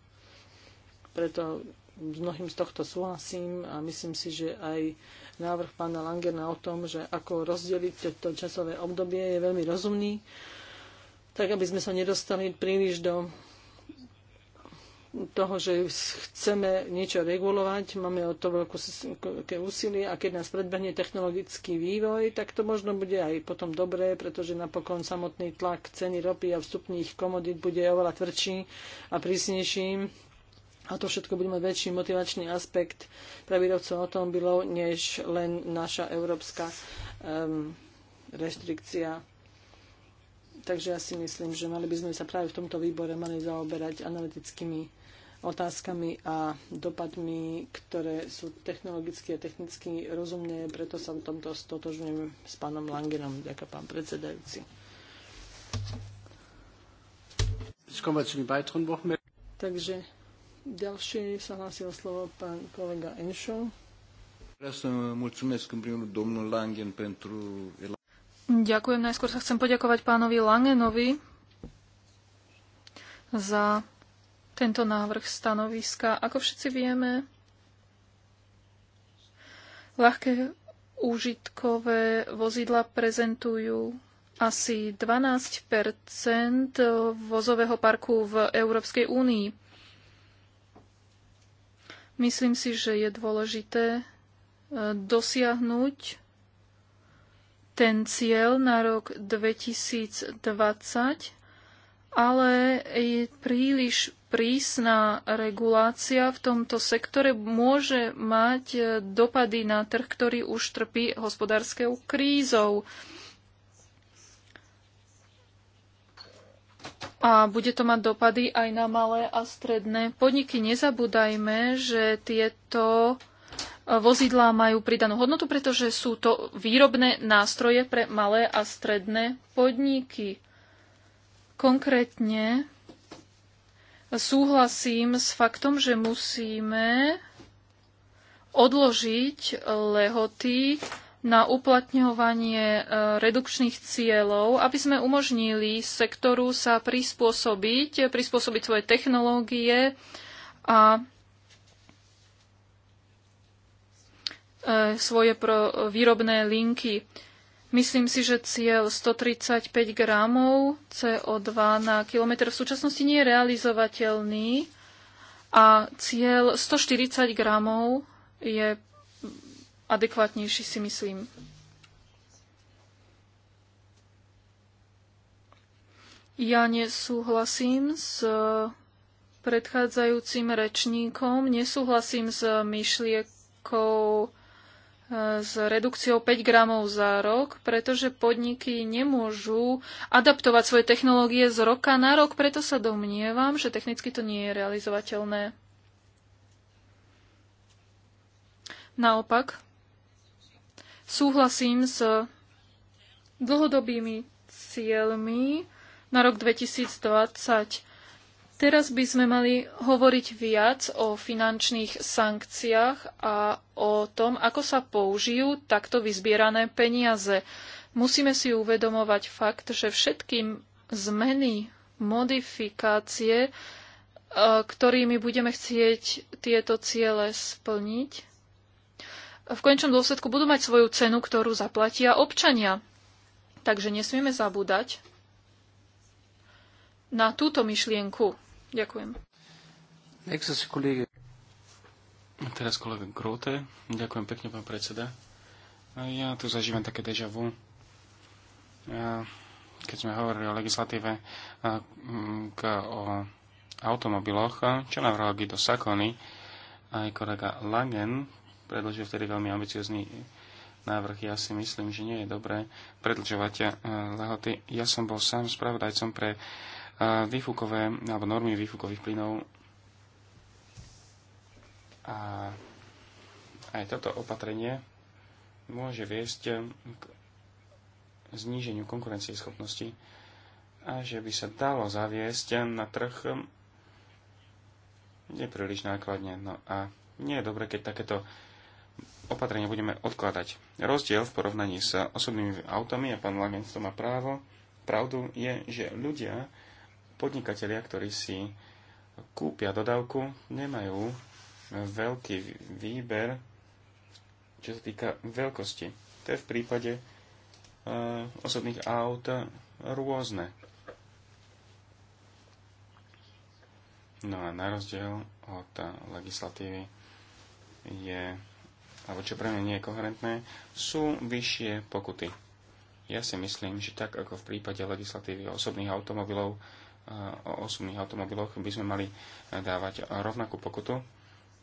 Preto s mnohým z tohto súhlasím a myslím si, že aj návrh pána Langena o tom, že ako rozdeliť toto časové obdobie je veľmi rozumný, tak aby sme sa nedostali príliš do toho, že chceme niečo regulovať, máme o to veľké úsilie a keď nás predbehne technologický vývoj, tak to možno bude aj potom dobré, pretože napokon samotný tlak ceny ropy a vstupných komodít bude oveľa tvrdší a prísnejší a to všetko bude mať väčší motivačný aspekt pre výrobcov automobilov, než len naša európska um, reštrikcia. Takže ja si myslím, že mali by sme sa práve v tomto výbore mali zaoberať analytickými otázkami a dopadmi, ktoré sú technologicky a technicky rozumné, preto sa v tomto stotožňujem s pánom Langenom. Ďakujem, pán predsedajúci. Takže ďalší sa hlásil slovo pán kolega Enšo. Ďakujem. Najskôr sa chcem poďakovať pánovi Langenovi za tento návrh stanoviska. Ako všetci vieme, ľahké úžitkové vozidla prezentujú asi 12 vozového parku v Európskej únii. Myslím si, že je dôležité e, dosiahnuť ten cieľ na rok 2020, ale je príliš prísna regulácia v tomto sektore môže mať e, dopady na trh, ktorý už trpí hospodárskou krízou. A bude to mať dopady aj na malé a stredné podniky. Nezabúdajme, že tieto e, vozidlá majú pridanú hodnotu, pretože sú to výrobné nástroje pre malé a stredné podniky. Konkrétne súhlasím s faktom, že musíme odložiť lehoty na uplatňovanie e, redukčných cieľov, aby sme umožnili sektoru sa prispôsobiť, prispôsobiť svoje technológie a e, svoje výrobné linky. Myslím si, že cieľ 135 gramov CO2 na kilometr v súčasnosti nie je realizovateľný a cieľ 140 gramov je adekvátnejší, si myslím. Ja nesúhlasím s predchádzajúcim rečníkom, nesúhlasím s myšliekou e, s redukciou 5 gramov za rok, pretože podniky nemôžu adaptovať svoje technológie z roka na rok, preto sa domnievam, že technicky to nie je realizovateľné. Naopak, Súhlasím s dlhodobými cieľmi na rok 2020. Teraz by sme mali hovoriť viac o finančných sankciách a o tom, ako sa použijú takto vyzbierané peniaze. Musíme si uvedomovať fakt, že všetky zmeny, modifikácie, e, ktorými budeme chcieť tieto ciele splniť, v končnom dôsledku budú mať svoju cenu, ktorú zaplatia občania. Takže nesmieme zabúdať na túto myšlienku. Ďakujem. Teraz kolega Grote. Ďakujem pekne, pán predseda. Ja tu zažívam také deja vu. Ja, keď sme hovorili o legislatíve mm, k, o automobiloch, čo navrhol Guido Sakony, aj kolega Langen predložil vtedy veľmi ambiciozný návrh. Ja si myslím, že nie je dobré predlžovať eh, lehoty. Ja som bol sám spravodajcom pre eh, výfukové, alebo normy výfukových plynov a aj toto opatrenie môže viesť eh, k zníženiu konkurencieschopnosti a že by sa dalo zaviesť na trh nepríliš nákladne. No a nie je dobre, keď takéto opatrenia budeme odkladať. Rozdiel v porovnaní s osobnými autami, a pán Lagenc to má právo, pravdu je, že ľudia, podnikatelia, ktorí si kúpia dodávku, nemajú veľký výber, čo sa týka veľkosti. To je v prípade e, osobných aut rôzne. No a na rozdiel od legislatívy je alebo čo pre mňa nie je koherentné, sú vyššie pokuty. Ja si myslím, že tak ako v prípade legislatívy osobných automobilov, eh, o osobných automobiloch by sme mali eh, dávať rovnakú pokutu.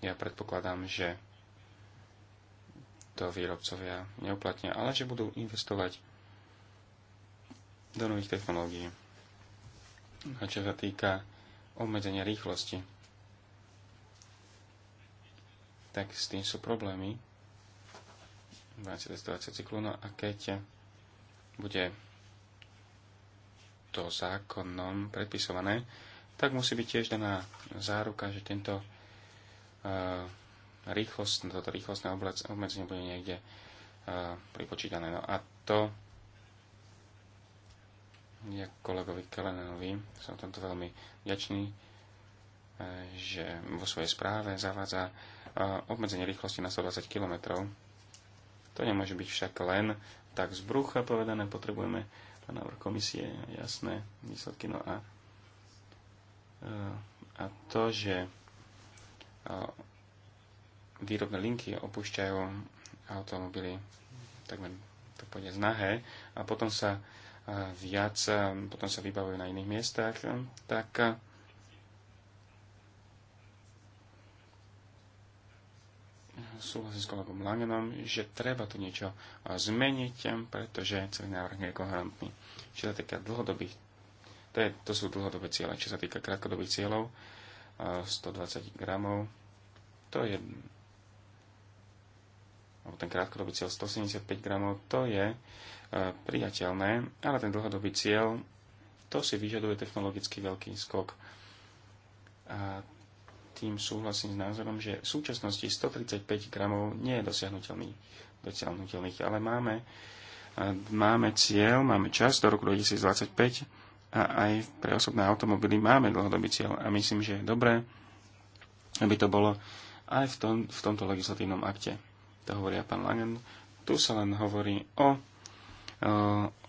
Ja predpokladám, že to výrobcovia neuplatnia, ale že budú investovať do nových technológií. A čo sa týka obmedzenia rýchlosti, tak s tým sú problémy, v rámci testovacieho cyklu. No a keď bude to zákonom predpisované, tak musí byť tiež daná záruka, že tento uh, eh, rýchlosť, toto rýchlostné obmedzenie bude niekde uh, pripočítané. No a to ja kolegovi Kelenovi som tomto veľmi vďačný, eh, že vo svojej správe zavádza obmedzenie rýchlosti na 120 km to nemôže byť však len tak z brucha povedané, potrebujeme návrh komisie, jasné výsledky. No a, e, a to, že e, výrobné linky opúšťajú automobily takmer to pôjde znahé a potom sa e, viac, potom sa vybavujú na iných miestach, tak súhlasím s kolegom Langenom, že treba tu niečo zmeniť, pretože celý návrh nie je koherentný. Čo sa týka dlhodobých, to, je, to sú dlhodobé ciele. Čo sa týka krátkodobých cieľov, 120 gramov, to je alebo ten krátkodobý cieľ 175 gramov, to je e, priateľné, ale ten dlhodobý cieľ, to si vyžaduje technologicky veľký skok. A tým súhlasím s názorom, že v súčasnosti 135 gramov nie je dosiahnutelný, dosiahnutelných, ale máme, máme cieľ, máme čas do roku 2025 a aj pre osobné automobily máme dlhodobý cieľ a myslím, že je dobré, aby to bolo aj v, tom, v tomto legislatívnom akte. To hovoria pán Langen. Tu sa len hovorí o, o,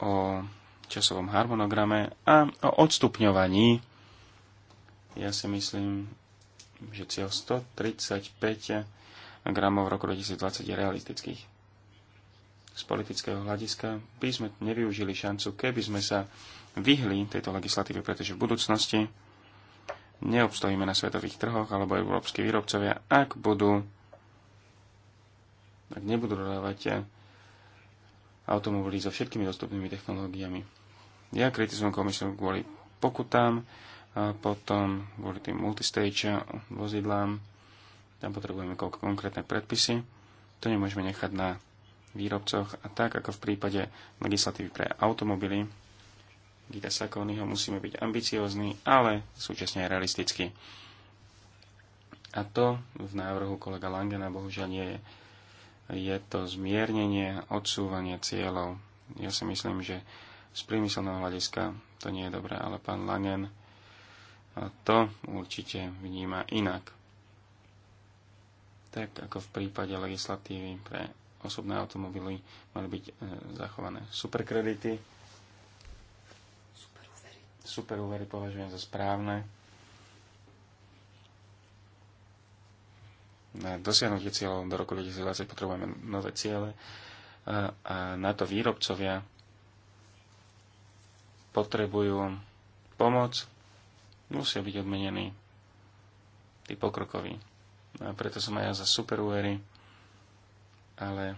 o časovom harmonograme a o odstupňovaní. Ja si myslím, že cieľ 135 gramov v roku 2020 je realistických. Z politického hľadiska by sme nevyužili šancu, keby sme sa vyhli tejto legislatíve, pretože v budúcnosti neobstojíme na svetových trhoch alebo európsky výrobcovia, ak budú ak nebudú dodávať automobily so všetkými dostupnými technológiami. Ja kritizujem komisiu kvôli pokutám, a potom kvôli tým multistage vozidlám, tam potrebujeme koľko konkrétne predpisy. To nemôžeme nechať na výrobcoch a tak ako v prípade legislatívy pre automobily Gita Sakonyho musíme byť ambiciózni, ale súčasne aj realistickí. A to v návrhu kolega Langena bohužiaľ nie je. Je to zmiernenie, odsúvanie cieľov. Ja si myslím, že z priemyselného hľadiska to nie je dobré, ale pán Langen to určite vníma inak. Tak ako v prípade legislatívy pre osobné automobily mali byť e, zachované superkredity. Superúvery. Superúvery považujem za správne. Na dosiahnutie cieľov do roku 2020 potrebujeme nové ciele E, a na to výrobcovia potrebujú pomoc musia byť odmenení tí pokrokoví. No a preto som aj ja za superúery, ale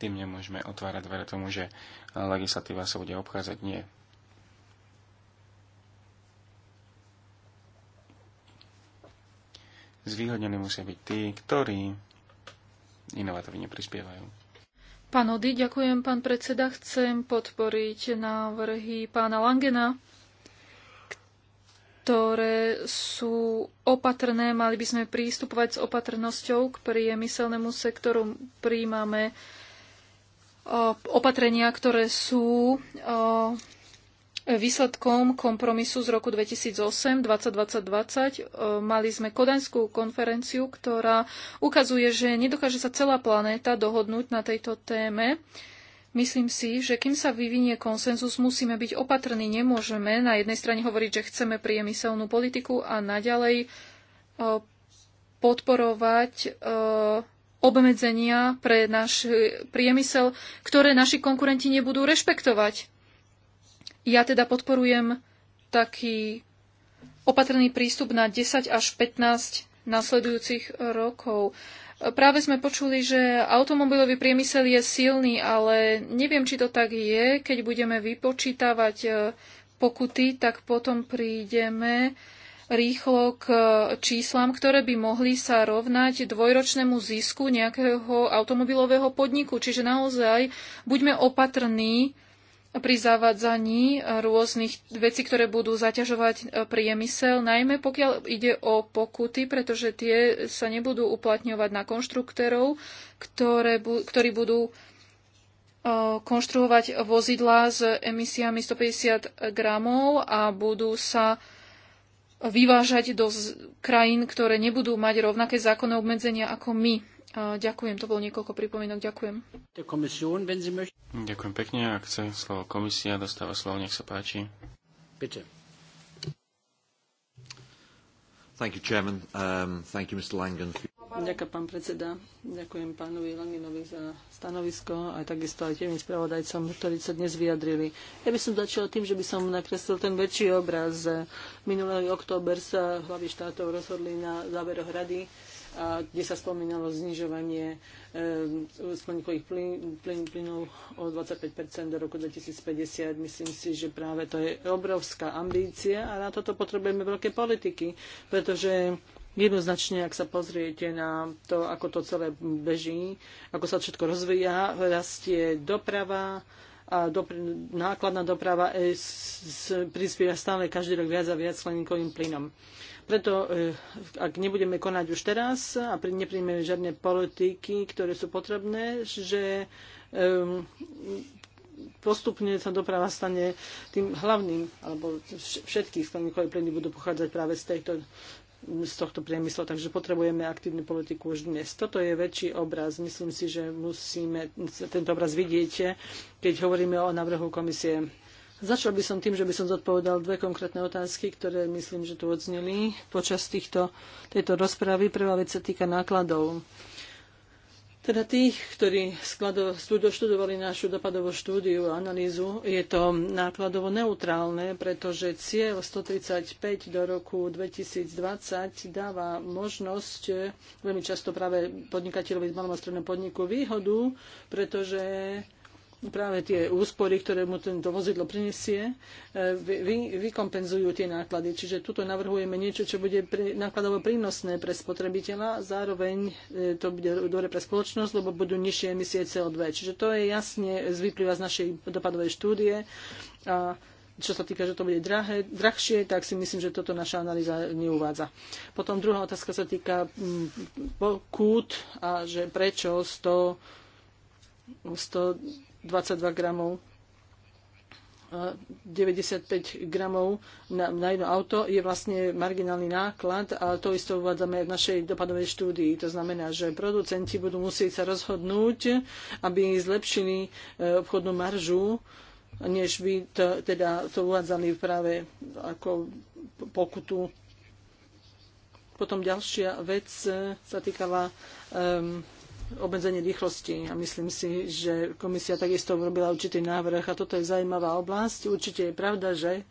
tým nemôžeme otvárať dvere tomu, že legislatíva sa bude obchádzať. Nie. Zvýhodnení musia byť tí, ktorí inovatívne neprispievajú. Pán Ody, ďakujem, pán predseda. Chcem podporiť návrhy pána Langena ktoré sú opatrné, mali by sme prístupovať s opatrnosťou k priemyselnému sektoru. Príjmame opatrenia, ktoré sú výsledkom kompromisu z roku 2008 2020 20, Mali sme Kodaňskú konferenciu, ktorá ukazuje, že nedokáže sa celá planéta dohodnúť na tejto téme. Myslím si, že kým sa vyvinie konsenzus, musíme byť opatrní. Nemôžeme na jednej strane hovoriť, že chceme priemyselnú politiku a naďalej e, podporovať e, obmedzenia pre náš priemysel, ktoré naši konkurenti nebudú rešpektovať. Ja teda podporujem taký opatrný prístup na 10 až 15 nasledujúcich rokov. Práve sme počuli, že automobilový priemysel je silný, ale neviem, či to tak je. Keď budeme vypočítavať e, pokuty, tak potom prídeme rýchlo k e, číslam, ktoré by mohli sa rovnať dvojročnému zisku nejakého automobilového podniku. Čiže naozaj buďme opatrní, pri zavádzaní rôznych vecí, ktoré budú zaťažovať e, priemysel, najmä pokiaľ ide o pokuty, pretože tie sa nebudú uplatňovať na konštruktérov, ktoré, ktorí budú e, konštruovať vozidlá s emisiami 150 gramov a budú sa vyvážať do krajín, ktoré nebudú mať rovnaké zákonné obmedzenia ako my. Eh, ďakujem, to bolo niekoľko pripomienok, ďakujem. Ďakujem pekne, ak chce slovo komisia, dostáva slovo, nech sa páči. Bitte. Thank you, Chairman. Um, thank you, Mr. Langen. Ďakujem, pán predseda. Ďakujem pánovi Langinovi za stanovisko a takisto aj tým spravodajcom, ktorí sa dnes vyjadrili. Ja by som začal tým, že by som nakreslil ten väčší obraz. Minulý október sa hlavy štátov rozhodli na záveroch rady, kde sa spomínalo znižovanie eh, skleníkových plynov o 25 do roku 2050. Myslím si, že práve to je obrovská ambícia a na toto potrebujeme veľké politiky, pretože Jednoznačne, ak sa pozriete na to, ako to celé beží, ako sa všetko rozvíja, rastie doprava, a dopr- nákladná doprava e, s, prispieva stále každý rok viac a viac skleníkovým plynom. Preto, e, ak nebudeme konať už teraz a pri, nepríjmeme žiadne politiky, ktoré sú potrebné, že postupne sa doprava stane tým hlavným, alebo všetky skleníkové plyny budú pochádzať práve z tejto z tohto priemyslu, takže potrebujeme aktívnu politiku už dnes. Toto je väčší obraz. Myslím si, že musíme tento obraz vidieť, keď hovoríme o návrhu komisie. Začal by som tým, že by som zodpovedal dve konkrétne otázky, ktoré myslím, že tu odzneli počas týchto, tejto rozpravy. Prvá vec sa týka nákladov. Teda tých, ktorí študovali našu dopadovú štúdiu a analýzu, je to nákladovo neutrálne, pretože cieľ 135 do roku 2020 dáva možnosť e, veľmi často práve podnikateľovi z malom a strednom podniku výhodu, pretože práve tie úspory, ktoré mu tento vozidlo prinesie, e, vy, vykompenzujú tie náklady. Čiže tuto navrhujeme niečo, čo bude pre, nákladovo prínosné pre spotrebiteľa, zároveň e, to bude dobre pre spoločnosť, lebo budú nižšie emisie CO2. Čiže to je jasne vyplýva z našej dopadovej štúdie. A čo sa týka, že to bude drahé, drahšie, tak si myslím, že toto naša analýza neuvádza. Potom druhá otázka sa týka mm, pokút a že prečo 100 100 22 gramov 95 gramov na, na jedno auto je vlastne marginálny náklad a to isto uvádzame v našej dopadovej štúdii. To znamená, že producenti budú musieť sa rozhodnúť, aby zlepšili e, obchodnú maržu, než by to, teda to uvádzali práve ako pokutu. Potom ďalšia vec e, sa týkala um, obmedzenie rýchlosti. A myslím si, že komisia takisto urobila určitý návrh a toto je zaujímavá oblasť. Určite je pravda, že eh,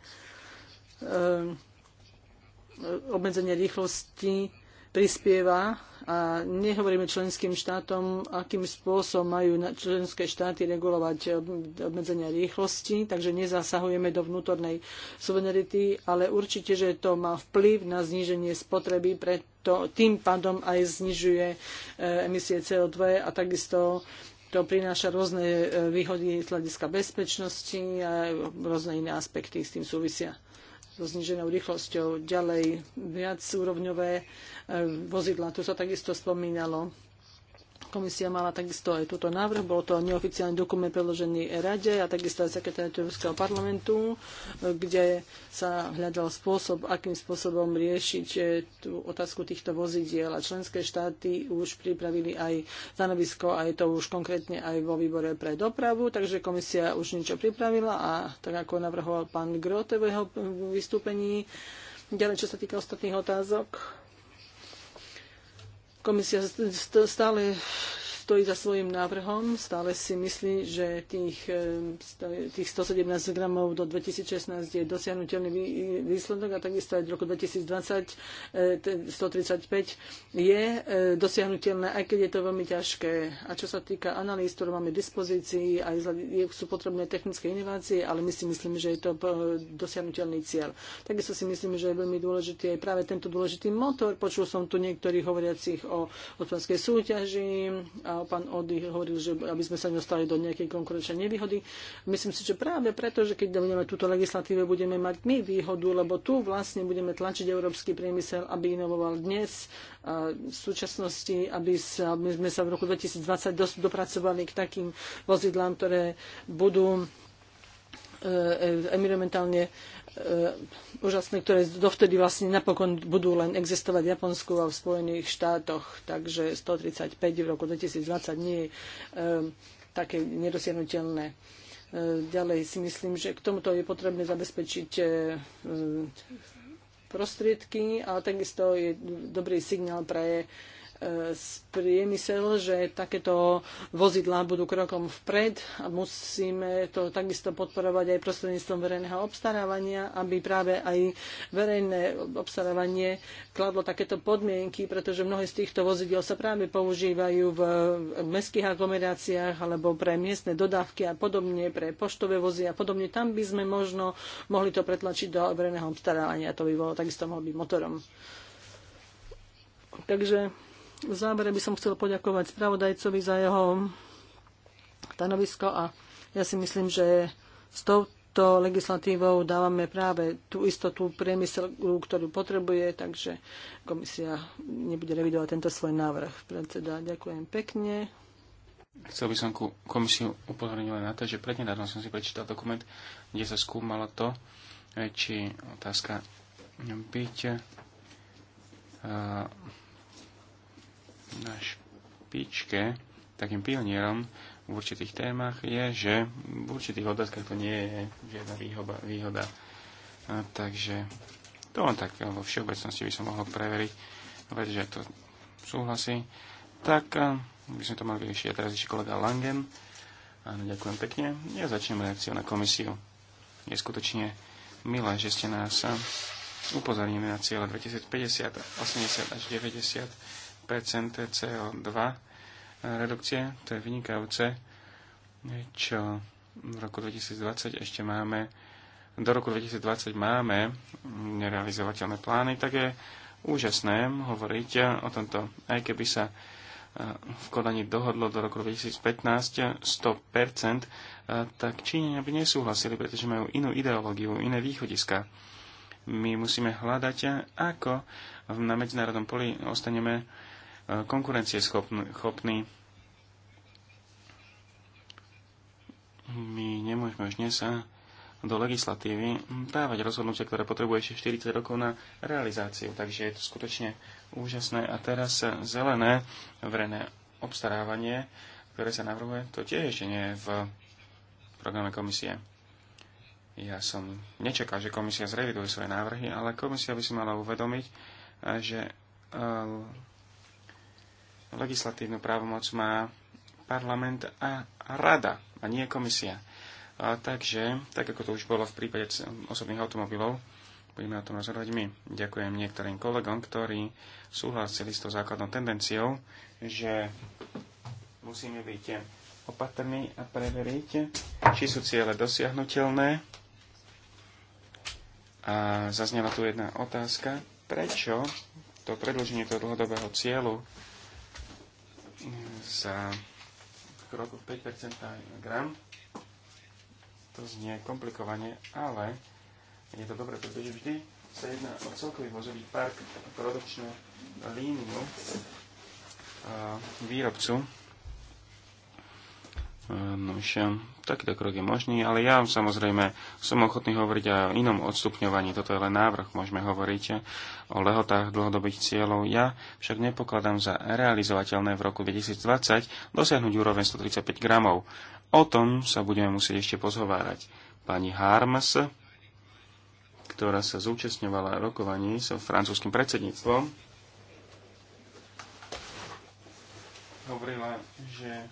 obmedzenie rýchlosti prispieva a nehovoríme členským štátom, akým spôsobom majú členské štáty regulovať obmedzenia rýchlosti, takže nezasahujeme do vnútornej suverenity, ale určite, že to má vplyv na zníženie spotreby, preto tým pádom aj znižuje e, emisie CO2 a takisto to prináša rôzne e, výhody z hľadiska bezpečnosti a rôzne iné aspekty s tým súvisia so zniženou rýchlosťou. Ďalej viacúrovňové eh, vozidla, tu sa takisto spomínalo. Komisia mala takisto aj túto návrh, bol to neoficiálny dokument predložený Rade a takisto aj sekretariatu Európskeho parlamentu, kde sa hľadal spôsob, akým spôsobom riešiť eh, tú otázku týchto vozidiel a členské štáty už pripravili aj stanovisko, aj to už konkrétne aj vo výbore pre dopravu, takže komisia už niečo pripravila a tak ako navrhoval pán Grote v jeho vystúpení, ďalej čo sa týka ostatných otázok. Komisia stále stojí za svojim návrhom, stále si myslí, že tých, e, tých 117 gramov do 2016 je dosiahnutelný výsledok a takisto aj v roku 2020 135 e, je e, dosiahnutelné, aj keď je to veľmi ťažké. A čo sa týka analýz, ktoré máme v dispozícii, aj sú potrebné technické inovácie, ale my si myslíme, že je to dosiahnutelný cieľ. Takisto si myslíme, že je veľmi dôležitý aj práve tento dôležitý motor. Počul som tu niektorých hovoriacich o odpadskej súťaži a pán Ody hovoril, že aby sme sa nedostali do nejakej konkurenčnej nevýhody. Myslím si, že práve preto, že keď budeme túto legislatíve, budeme mať my výhodu, lebo tu vlastne budeme tlačiť európsky priemysel, aby inovoval dnes, a v súčasnosti, aby, sa, aby sme sa v roku 2020 dos- dopracovali k takým vozidlám, ktoré budú e, e, environmentálne E, úžasné, ktoré dovtedy vlastne napokon budú len existovať v Japonsku a v Spojených štátoch. Takže 135 v roku 2020 nie je e, také nedosiahnutelné. E, ďalej si myslím, že k tomuto je potrebné zabezpečiť prostriedky a takisto je dobrý signál pre priemysel, že takéto vozidlá budú krokom vpred a musíme to takisto podporovať aj prostredníctvom verejného obstarávania, aby práve aj verejné obstarávanie kladlo takéto podmienky, pretože mnohé z týchto vozidiel sa práve používajú v mestských aglomeráciách alebo pre miestne dodávky a podobne, pre poštové vozy a podobne. Tam by sme možno mohli to pretlačiť do verejného obstarávania. To by bolo takisto mohlo byť motorom. Takže v závere by som chcel poďakovať spravodajcovi za jeho stanovisko a ja si myslím, že s touto legislatívou dávame práve tú istotu priemysel, ktorú potrebuje, takže komisia nebude revidovať tento svoj návrh. Predseda, ďakujem pekne. Chcel by som ku komisiu upozorniť len na to, že prednedávno som si prečítal dokument, kde sa skúmalo to, či otázka byť uh, na špičke takým pionierom v určitých témach je, že v určitých otázkach to nie je žiadna výhoba, výhoda. A, takže to len tak vo všeobecnosti by som mohol preveriť, že to súhlasí. Tak by sme to mali vyriešiť. A teraz ešte kolega Langen. Áno, ďakujem pekne. Ja začnem reakciou na komisiu. Je skutočne milé, že ste nás upozornili na cieľe 2050, 80 až 90 CO2 redukcie. To je vynikajúce, čo v roku 2020 ešte máme do roku 2020 máme nerealizovateľné plány, tak je úžasné hovoriť o tomto. Aj keby sa e, v Kodani dohodlo do roku 2015 100%, e, tak Číňania by nesúhlasili, pretože majú inú ideológiu, iné východiska. My musíme hľadať, ako na medzinárodnom poli ostaneme konkurencieschopní. My nemôžeme už dnes eh, do legislatívy hm, dávať rozhodnutia, ktoré potrebuje ešte 40 rokov na realizáciu. Takže je to skutočne úžasné. A teraz eh, zelené verejné obstarávanie, ktoré sa navrhuje, to tiež ešte nie je v programe komisie. Ja som nečakal, že komisia zreviduje svoje návrhy, ale komisia by si mala uvedomiť, eh, že legislatívnu právomoc má parlament a rada, a nie komisia. A takže, tak ako to už bolo v prípade osobných automobilov, budeme o tom rozhodovať my. Ďakujem niektorým kolegom, ktorí súhlasili s tou základnou tendenciou, že musíme byť opatrní a preveriť, či sú ciele dosiahnutelné. A zaznela tu jedna otázka, prečo to predlženie toho dlhodobého cieľu za krok 5% gram. To znie komplikovane, ale je to dobré, pretože vždy sa jedná o celkový vozový park, produkčnú líniu e, výrobcu Nož, takýto krok je možný, ale ja samozrejme som ochotný hovoriť aj o inom odstupňovaní. Toto je len návrh, môžeme hovoriť o lehotách dlhodobých cieľov. Ja však nepokladám za realizovateľné v roku 2020 dosiahnuť úroveň 135 gramov. O tom sa budeme musieť ešte pozhovárať. Pani Harms, ktorá sa zúčastňovala rokovaní s so francúzským predsedníctvom, hovorila, že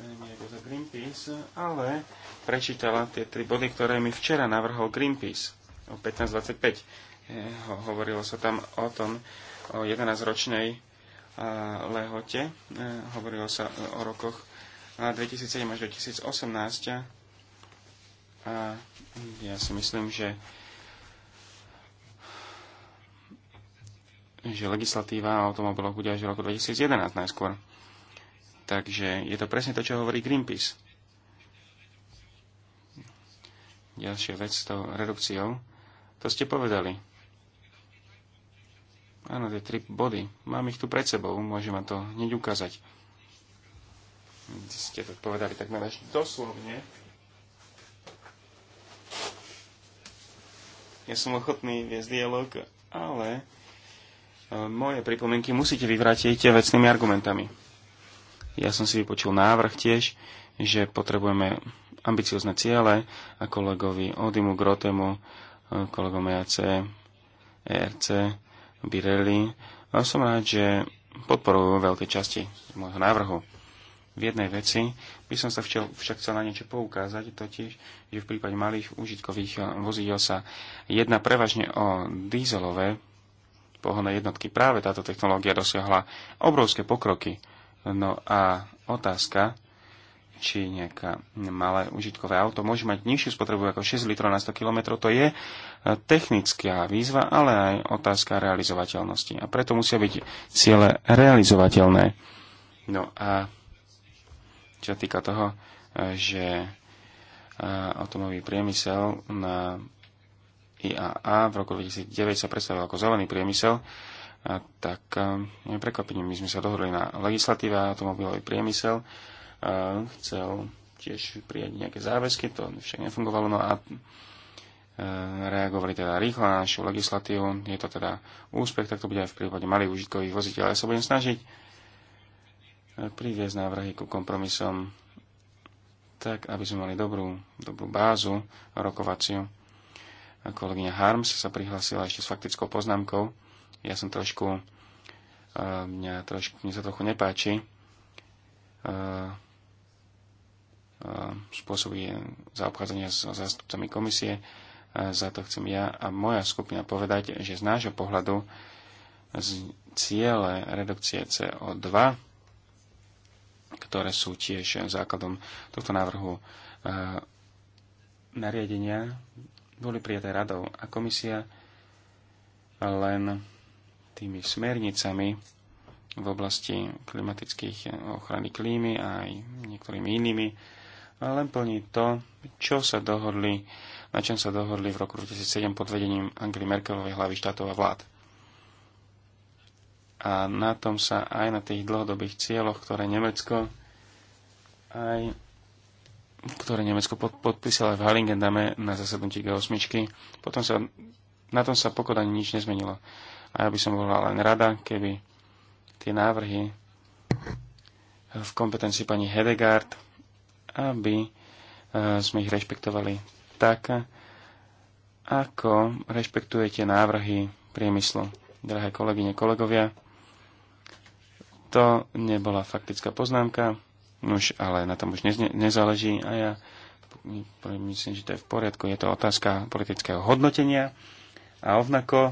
neviem ako za Greenpeace, ale prečítala tie tri body, ktoré mi včera navrhol Greenpeace o 15.25. E, hovorilo sa tam o tom, o 11-ročnej lehote. E, hovorilo sa e, o rokoch 2007 až 2018. A ja si myslím, že že legislatíva o automobiloch bude až v roku 2011 najskôr. Takže je to presne to, čo hovorí Greenpeace. Ďalšia vec s tou redukciou. To ste povedali. Áno, tie tri body. Mám ich tu pred sebou, môžem vám to hneď ukázať. Ste to povedali tak až doslovne. Ja som ochotný viesť dialog, ale e, moje pripomienky musíte vyvrátiť vecnými argumentami. Ja som si vypočul návrh tiež, že potrebujeme ambiciozne ciele a kolegovi Odimu Grotemu, e, kolegom EAC, ERC, Birelli. A som rád, že podporujú veľké časti môjho návrhu. V jednej veci by som sa včel, však chcel na niečo poukázať, totiž, že v prípade malých užitkových e, vozidel sa jedná prevažne o dízelové pohonné jednotky. Práve táto technológia dosiahla obrovské pokroky No a otázka, či nejaká malé užitkové auto môže mať nižšiu spotrebu ako 6 litrov na 100 km, to je e, technická výzva, ale aj otázka realizovateľnosti. A preto musia byť ciele realizovateľné. No a čo týka toho, e, že e, automový priemysel na IAA v roku 2009 sa predstavil ako zelený priemysel, tak e, je prekvapením. My sme sa dohodli na legislatíva automobilový priemysel. E, chcel tiež prijať nejaké záväzky, to však nefungovalo. No a e, reagovali teda rýchlo na našu legislatívu. Je to teda úspech, tak to bude aj v prípade malých užitkových voziteľov. Ja sa budem snažiť priviesť návrhy ku kompromisom tak, aby sme mali dobrú, dobrú bázu rokovaciu. Kolegyňa Harms sa prihlásila ešte s faktickou poznámkou. Ja som trošku, e, mňa trošku, mne sa trochu nepáči e, e, spôsoby zaobchádzania s zástupcami komisie. Za to chcem ja a moja skupina povedať, že z nášho pohľadu z ciele redukcie CO2, ktoré sú tiež základom tohto návrhu nariadenia, boli prijaté radou a komisia len tými smernicami v oblasti klimatických ochrany klímy a aj niektorými inými, ale len plní to, čo sa dohodli, na čom sa dohodli v roku 2007 pod vedením Angely Merkelovej hlavy štátov a vlád. A na tom sa aj na tých dlhodobých cieľoch, ktoré Nemecko aj ktoré Nemecko pod, podpísalo v Halingendame na zasadnutí G8. Potom sa, na tom sa pokodanie nič nezmenilo. A ja by som bola len rada, keby tie návrhy v kompetencii pani Hedegard, aby e, sme ich rešpektovali tak, ako rešpektujete návrhy priemyslu. Drahé kolegyne, kolegovia, to nebola faktická poznámka, už, ale na tom už nez, nezáleží a ja myslím, že to je v poriadku. Je to otázka politického hodnotenia a ovnako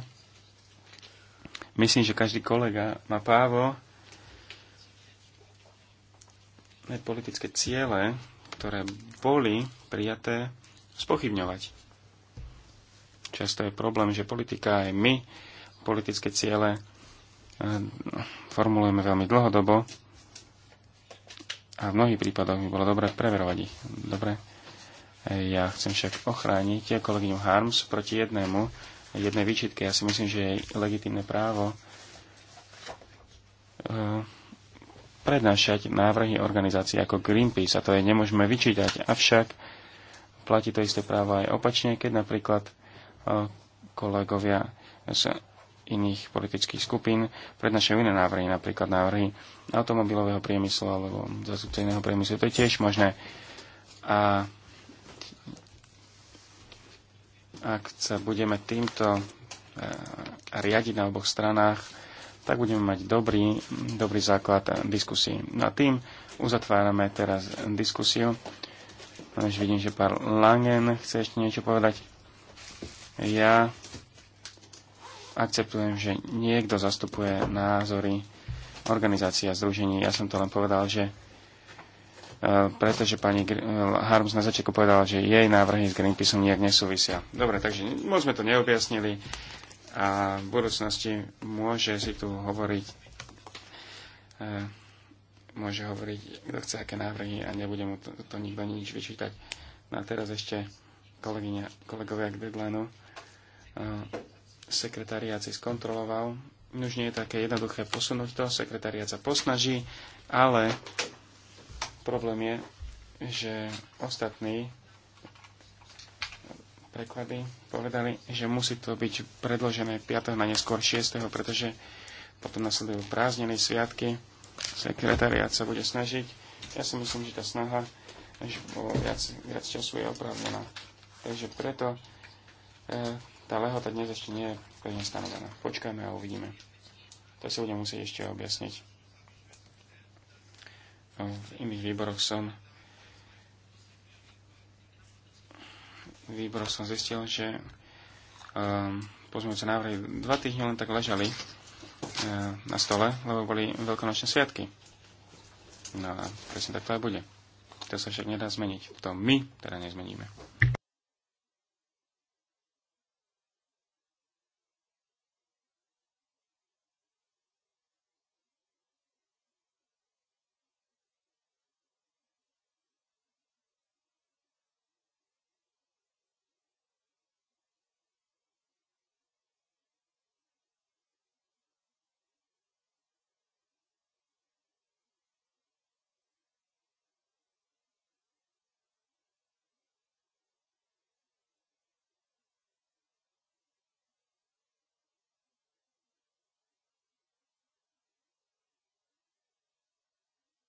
Myslím, že každý kolega má právo politické ciele, ktoré boli prijaté, spochybňovať. Často je problém, že politika aj my politické ciele eh, formulujeme veľmi dlhodobo a v mnohých prípadoch by bolo dobré preverovať ich. Dobre. Ja chcem však ochrániť kolegyňu Harms proti jednému jednej výčitke. Ja si myslím, že je legitímne právo e, prednášať návrhy organizácií ako Greenpeace a to je nemôžeme vyčítať. Avšak platí to isté právo aj opačne, keď napríklad e, kolegovia z iných politických skupín prednášajú iné návrhy, napríklad návrhy automobilového priemyslu alebo zastupce priemyslu. To je tiež možné. A ak sa budeme týmto eh, riadiť na oboch stranách, tak budeme mať dobrý, dobrý základ diskusí. No a tým uzatvárame teraz diskusiu. No, už vidím, že pár Langen chce ešte niečo povedať. Ja akceptujem, že niekto zastupuje názory organizácia združení. Ja som to len povedal, že E, pretože pani Harms na začiatku povedala, že jej návrhy s Greenpeaceom nejak nesúvisia. Dobre, takže moc sme to neobjasnili a v budúcnosti môže si tu hovoriť e, môže hovoriť, kto chce aké návrhy a nebude mu to, to nikto nič vyčítať. No a teraz ešte kolegyňa, kolegovia k deadlineu. E, sekretariát si skontroloval. Už nie je také jednoduché posunúť to, sekretariát sa posnaží, ale Problém je, že ostatní preklady povedali, že musí to byť predložené 5. na neskôr 6. pretože potom nasledujú prázdniny, sviatky, sekretariat sa bude snažiť. Ja si myslím, že tá snaha, že bolo viac, viac času je oprávnená. Takže preto e, tá lehota dnes ešte nie je pevne stanovená. Počkajme a uvidíme. To si budem musieť ešte objasniť v iných výboroch som výboroch som zistil, že um, pozmeňujúce návrhy dva týždne len tak ležali uh, na stole, lebo boli veľkonočné sviatky. No a presne tak to aj bude. To sa však nedá zmeniť. To my teda nezmeníme.